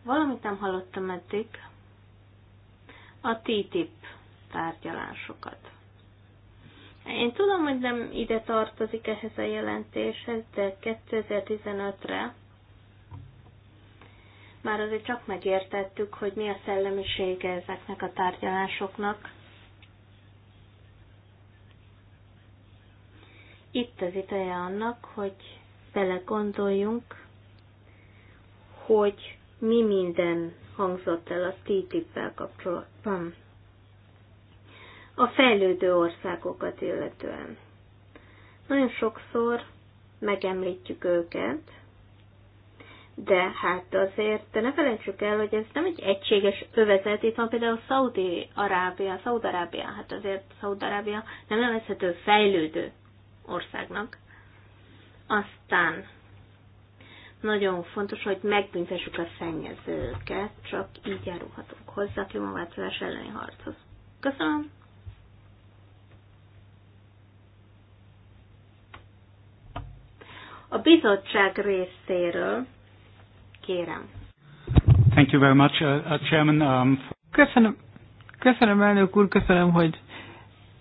Valamit nem hallottam eddig, a TTIP tárgyalásokat. Én tudom, hogy nem ide tartozik ehhez a jelentéshez, de 2015-re már azért csak megértettük, hogy mi a szellemisége ezeknek a tárgyalásoknak, itt az ideje annak, hogy belegondoljunk, hogy mi minden hangzott el a TTIP-vel kapcsolatban. A fejlődő országokat illetően. Nagyon sokszor megemlítjük őket, de hát azért de ne felejtsük el, hogy ez nem egy egységes övezet. Itt van például Szaudi-Arábia, Szaudarábia, hát azért Szaudarábia nem nevezhető fejlődő országnak. Aztán nagyon fontos, hogy megbüntessük a szennyezőket, csak így járulhatunk hozzá a klímaváltozás elleni harchoz. Köszönöm! A bizottság részéről kérem. Thank you very much, uh, uh, Chairman. Um, Köszönöm. Köszönöm, elnök úr, köszönöm, hogy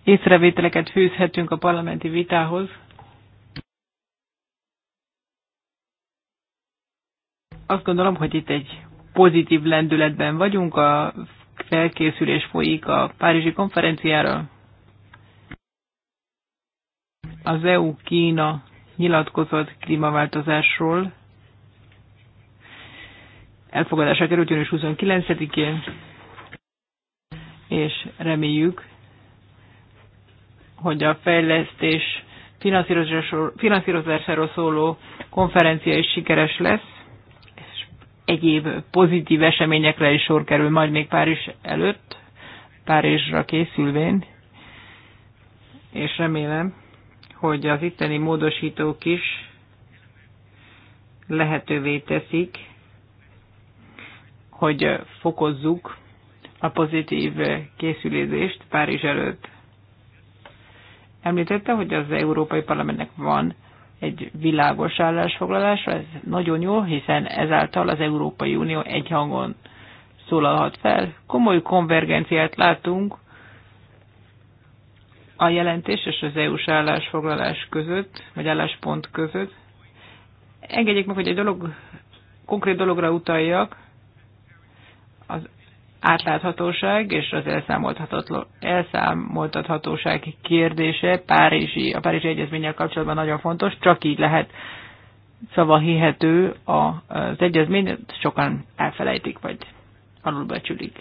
észrevételeket fűzhetünk a parlamenti vitához. Azt gondolom, hogy itt egy pozitív lendületben vagyunk, a felkészülés folyik a Párizsi konferenciára. Az EU-Kína nyilatkozott klímaváltozásról elfogadásra került június 29-én, és reméljük, hogy a fejlesztés finanszírozásáról szóló konferencia is sikeres lesz, és egyéb pozitív eseményekre is sor kerül majd még Párizs előtt, Párizsra készülvén, és remélem, hogy az itteni módosítók is lehetővé teszik, hogy fokozzuk a pozitív készülézést Párizs előtt. Említette, hogy az Európai Parlamentnek van egy világos állásfoglalása, ez nagyon jó, hiszen ezáltal az Európai Unió egy hangon szólalhat fel. Komoly konvergenciát látunk a jelentés és az EU-s állásfoglalás között, vagy álláspont között. Engedjék meg, hogy egy dolog, konkrét dologra utaljak. Az átláthatóság és az elszámoltathatóság kérdése Párizsi, a Párizsi Egyezménnyel kapcsolatban nagyon fontos, csak így lehet szava hihető az egyezmény, sokan elfelejtik, vagy alulbecsülik.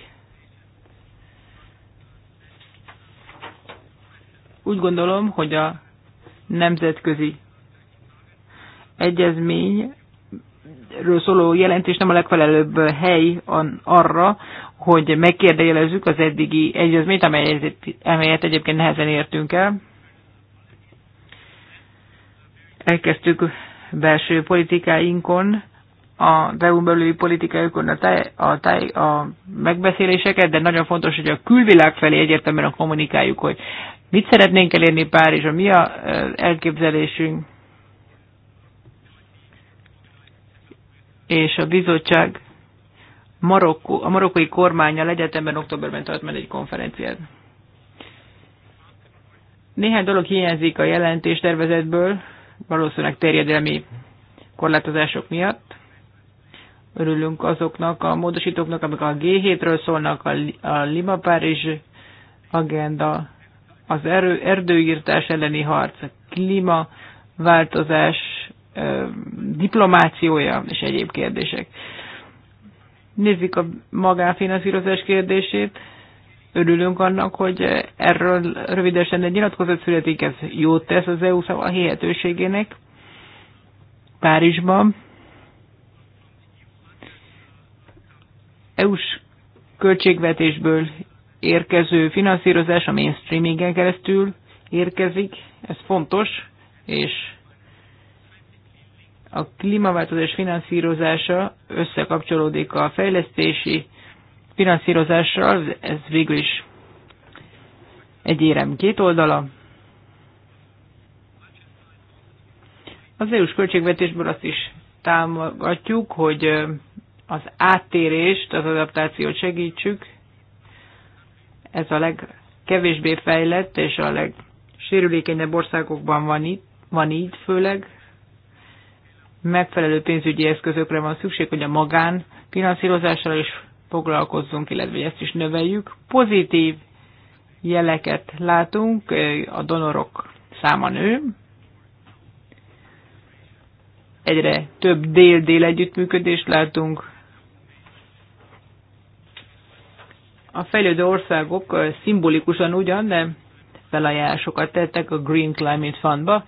Úgy gondolom, hogy a nemzetközi egyezmény ről szóló jelentés nem a legfelelőbb hely arra, hogy megkérdejelezzük az eddigi egyezményt, amelyet, amelyet egyébként nehezen értünk el. Elkezdtük belső politikáinkon, a eu belüli politikájukon a, táj, a, táj, a megbeszéléseket, de nagyon fontos, hogy a külvilág felé egyértelműen kommunikáljuk, hogy mit szeretnénk elérni Párizsra, mi a eh, elképzelésünk, és a bizottság Marokko, a marokkai kormánya egyetemben októberben tart meg egy konferenciát. Néhány dolog hiányzik a jelentés tervezetből, valószínűleg terjedelmi korlátozások miatt. Örülünk azoknak a módosítóknak, amik a G7-ről szólnak, a Lima Párizs agenda, az erő, erdőírtás elleni harc, a klímaváltozás, diplomációja és egyéb kérdések. Nézzük a magánfinanszírozás kérdését. Örülünk annak, hogy erről rövidesen egy nyilatkozat születik, ez jót tesz az EU szava hihetőségének. Párizsban EU-s költségvetésből érkező finanszírozás a mainstreamingen keresztül érkezik, ez fontos, és a klímaváltozás finanszírozása összekapcsolódik a fejlesztési finanszírozással, ez végül is egy érem két oldala. Az EU-s költségvetésből azt is támogatjuk, hogy az áttérést, az adaptációt segítsük. Ez a legkevésbé fejlett és a legsérülékenyebb országokban van, itt, van így főleg megfelelő pénzügyi eszközökre van szükség, hogy a magán finanszírozással is foglalkozzunk, illetve ezt is növeljük. Pozitív jeleket látunk, a donorok száma nő, egyre több dél-dél együttműködést látunk. A fejlődő országok szimbolikusan ugyan, de felajánlásokat tettek a Green Climate Fundba,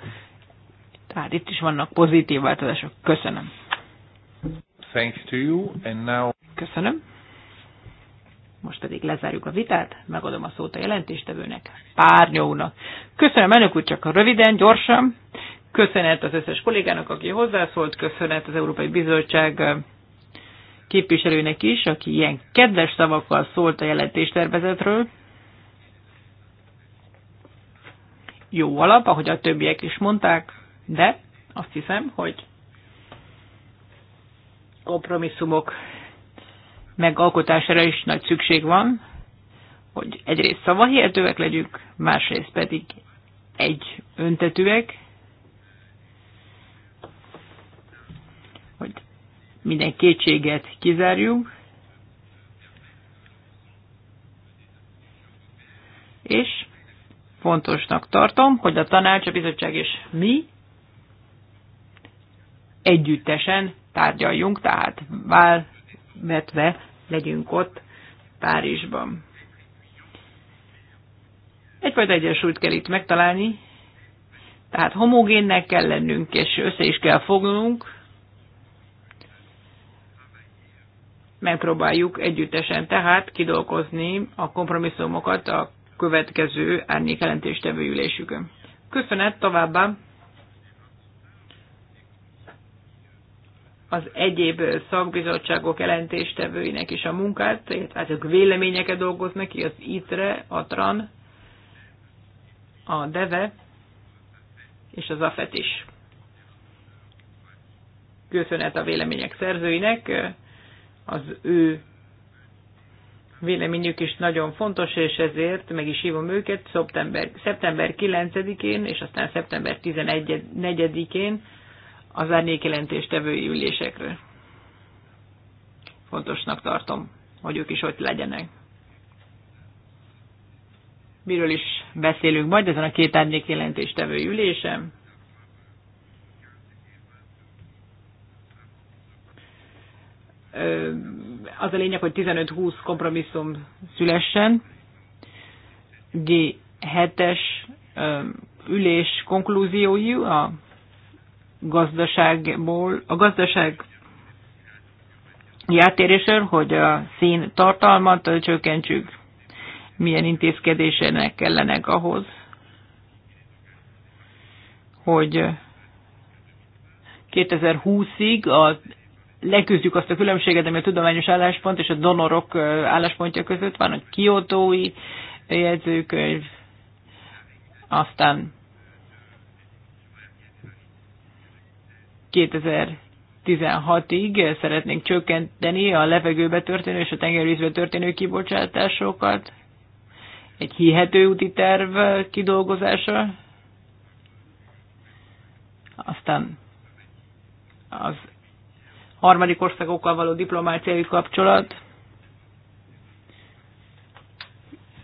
tehát itt is vannak pozitív változások. Köszönöm. Thanks to you, and now... Köszönöm. Most pedig lezárjuk a vitát, megadom a szót a jelentéstevőnek, párnyónak. Köszönöm, önök úr, csak röviden, gyorsan. Köszönet az összes kollégának, aki hozzászólt, köszönet az Európai Bizottság képviselőnek is, aki ilyen kedves szavakkal szólt a jelentéstervezetről. Jó alap, ahogy a többiek is mondták de azt hiszem, hogy kompromisszumok megalkotására is nagy szükség van, hogy egyrészt szavahihetőek legyünk, másrészt pedig egy öntetőek, hogy minden kétséget kizárjunk, és fontosnak tartom, hogy a tanács, a bizottság és mi együttesen tárgyaljunk, tehát válvetve legyünk ott Párizsban. Egyfajta egyensúlyt kell itt megtalálni, tehát homogénnek kell lennünk, és össze is kell fognunk. Megpróbáljuk együttesen tehát kidolgozni a kompromisszumokat a következő árnyék jelentéstevő ülésükön. Köszönet továbbá az egyéb szakbizottságok jelentéstevőinek is a munkát, tehát ők véleményeket dolgoznak ki, az ITRE, a TRAN, a DEVE és az AFET is. Köszönet a vélemények szerzőinek, az ő véleményük is nagyon fontos, és ezért meg is hívom őket szeptember, szeptember 9-én, és aztán szeptember 14-én az tevői ülésekről Fontosnak tartom, hogy ők is ott legyenek. Miről is beszélünk majd ezen a két árnyékjelentéstevői ülésem. Az a lényeg, hogy 15-20 kompromisszum szülessen. G7-es ülés konklúziói a gazdaságból, a gazdaság játérésről, hogy a szín tartalmat csökkentsük, milyen intézkedésének kellenek ahhoz, hogy 2020-ig a, leküzdjük azt a különbséget, ami a tudományos álláspont és a donorok álláspontja között van, a kiotói jegyzőkönyv, aztán 2016-ig szeretnénk csökkenteni a levegőbe történő és a tengervízbe történő kibocsátásokat. Egy hihető úti terv kidolgozása. Aztán az harmadik országokkal való diplomáciai kapcsolat,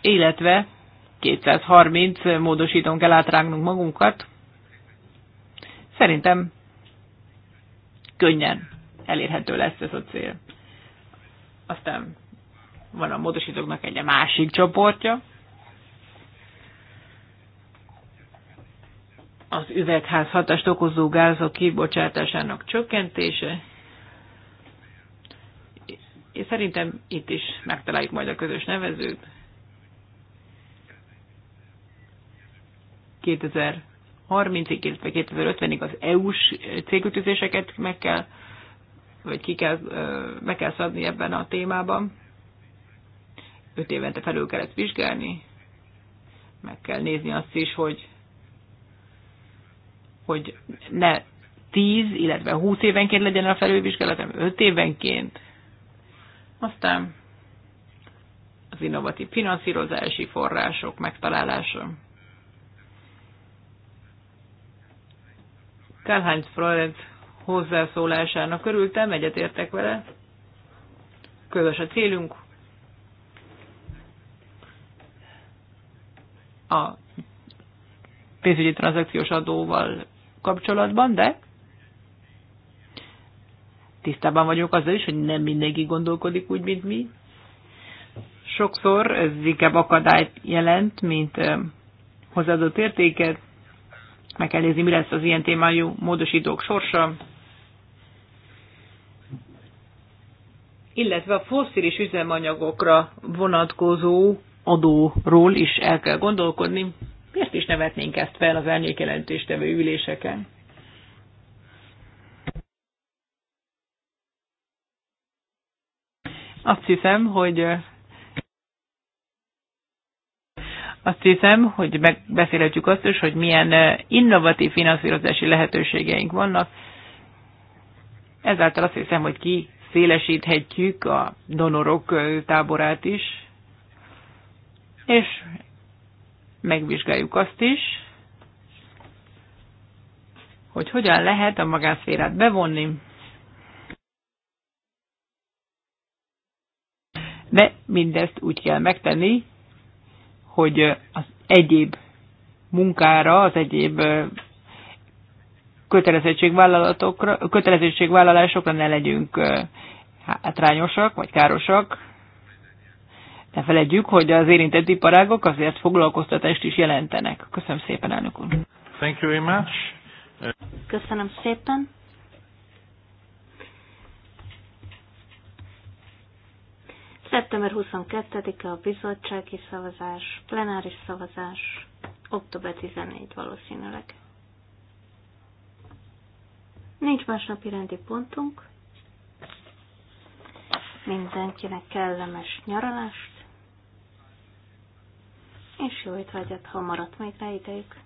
illetve 230 módosítónk kell átrágnunk magunkat. Szerintem könnyen elérhető lesz ez a cél. Aztán van a módosítóknak egy másik csoportja, az üvegház hatást okozó gázok kibocsátásának csökkentése, és szerintem itt is megtaláljuk majd a közös nevezőt. 2000 2030-ig, illetve 2050-ig az EU-s célkütőzéseket meg kell, vagy ki kell, meg kell szabni ebben a témában. Öt évente felül kell ezt vizsgálni, meg kell nézni azt is, hogy, hogy ne 10, illetve 20 évenként legyen a felülvizsgálat, hanem 5 évenként. Aztán az innovatív finanszírozási források megtalálása. Karl-Heinz Freud hozzászólásának örültem, egyetértek vele. Közös a célunk. A pénzügyi tranzakciós adóval kapcsolatban, de tisztában vagyok azzal is, hogy nem mindenki gondolkodik úgy, mint mi. Sokszor ez inkább akadályt jelent, mint eh, hozzáadott értéket, meg kell nézni, mi lesz az ilyen témájú módosítók sorsa. Illetve a fosszilis üzemanyagokra vonatkozó adóról is el kell gondolkodni. Miért is nevetnénk ezt fel az elnyékjelentéstevő üléseken? Azt hiszem, hogy Azt hiszem, hogy megbeszélhetjük azt is, hogy milyen eh, innovatív finanszírozási lehetőségeink vannak. Ezáltal azt hiszem, hogy ki szélesíthetjük a donorok eh, táborát is, és megvizsgáljuk azt is, hogy hogyan lehet a magánszférát bevonni, de mindezt úgy kell megtenni, hogy az egyéb munkára, az egyéb kötelezettségvállalatokra, kötelezettségvállalásokra ne legyünk hátrányosak vagy károsak. Ne felejtjük, hogy az érintett iparágok azért foglalkoztatást is jelentenek. Köszönöm szépen, elnök úr. Thank you very much. Köszönöm szépen. Szeptember 22-e a bizottsági szavazás, plenáris szavazás, október 14 valószínűleg. Nincs más napi rendi pontunk. Mindenkinek kellemes nyaralást, és jó étvágyat, ha maradt még rá idejük.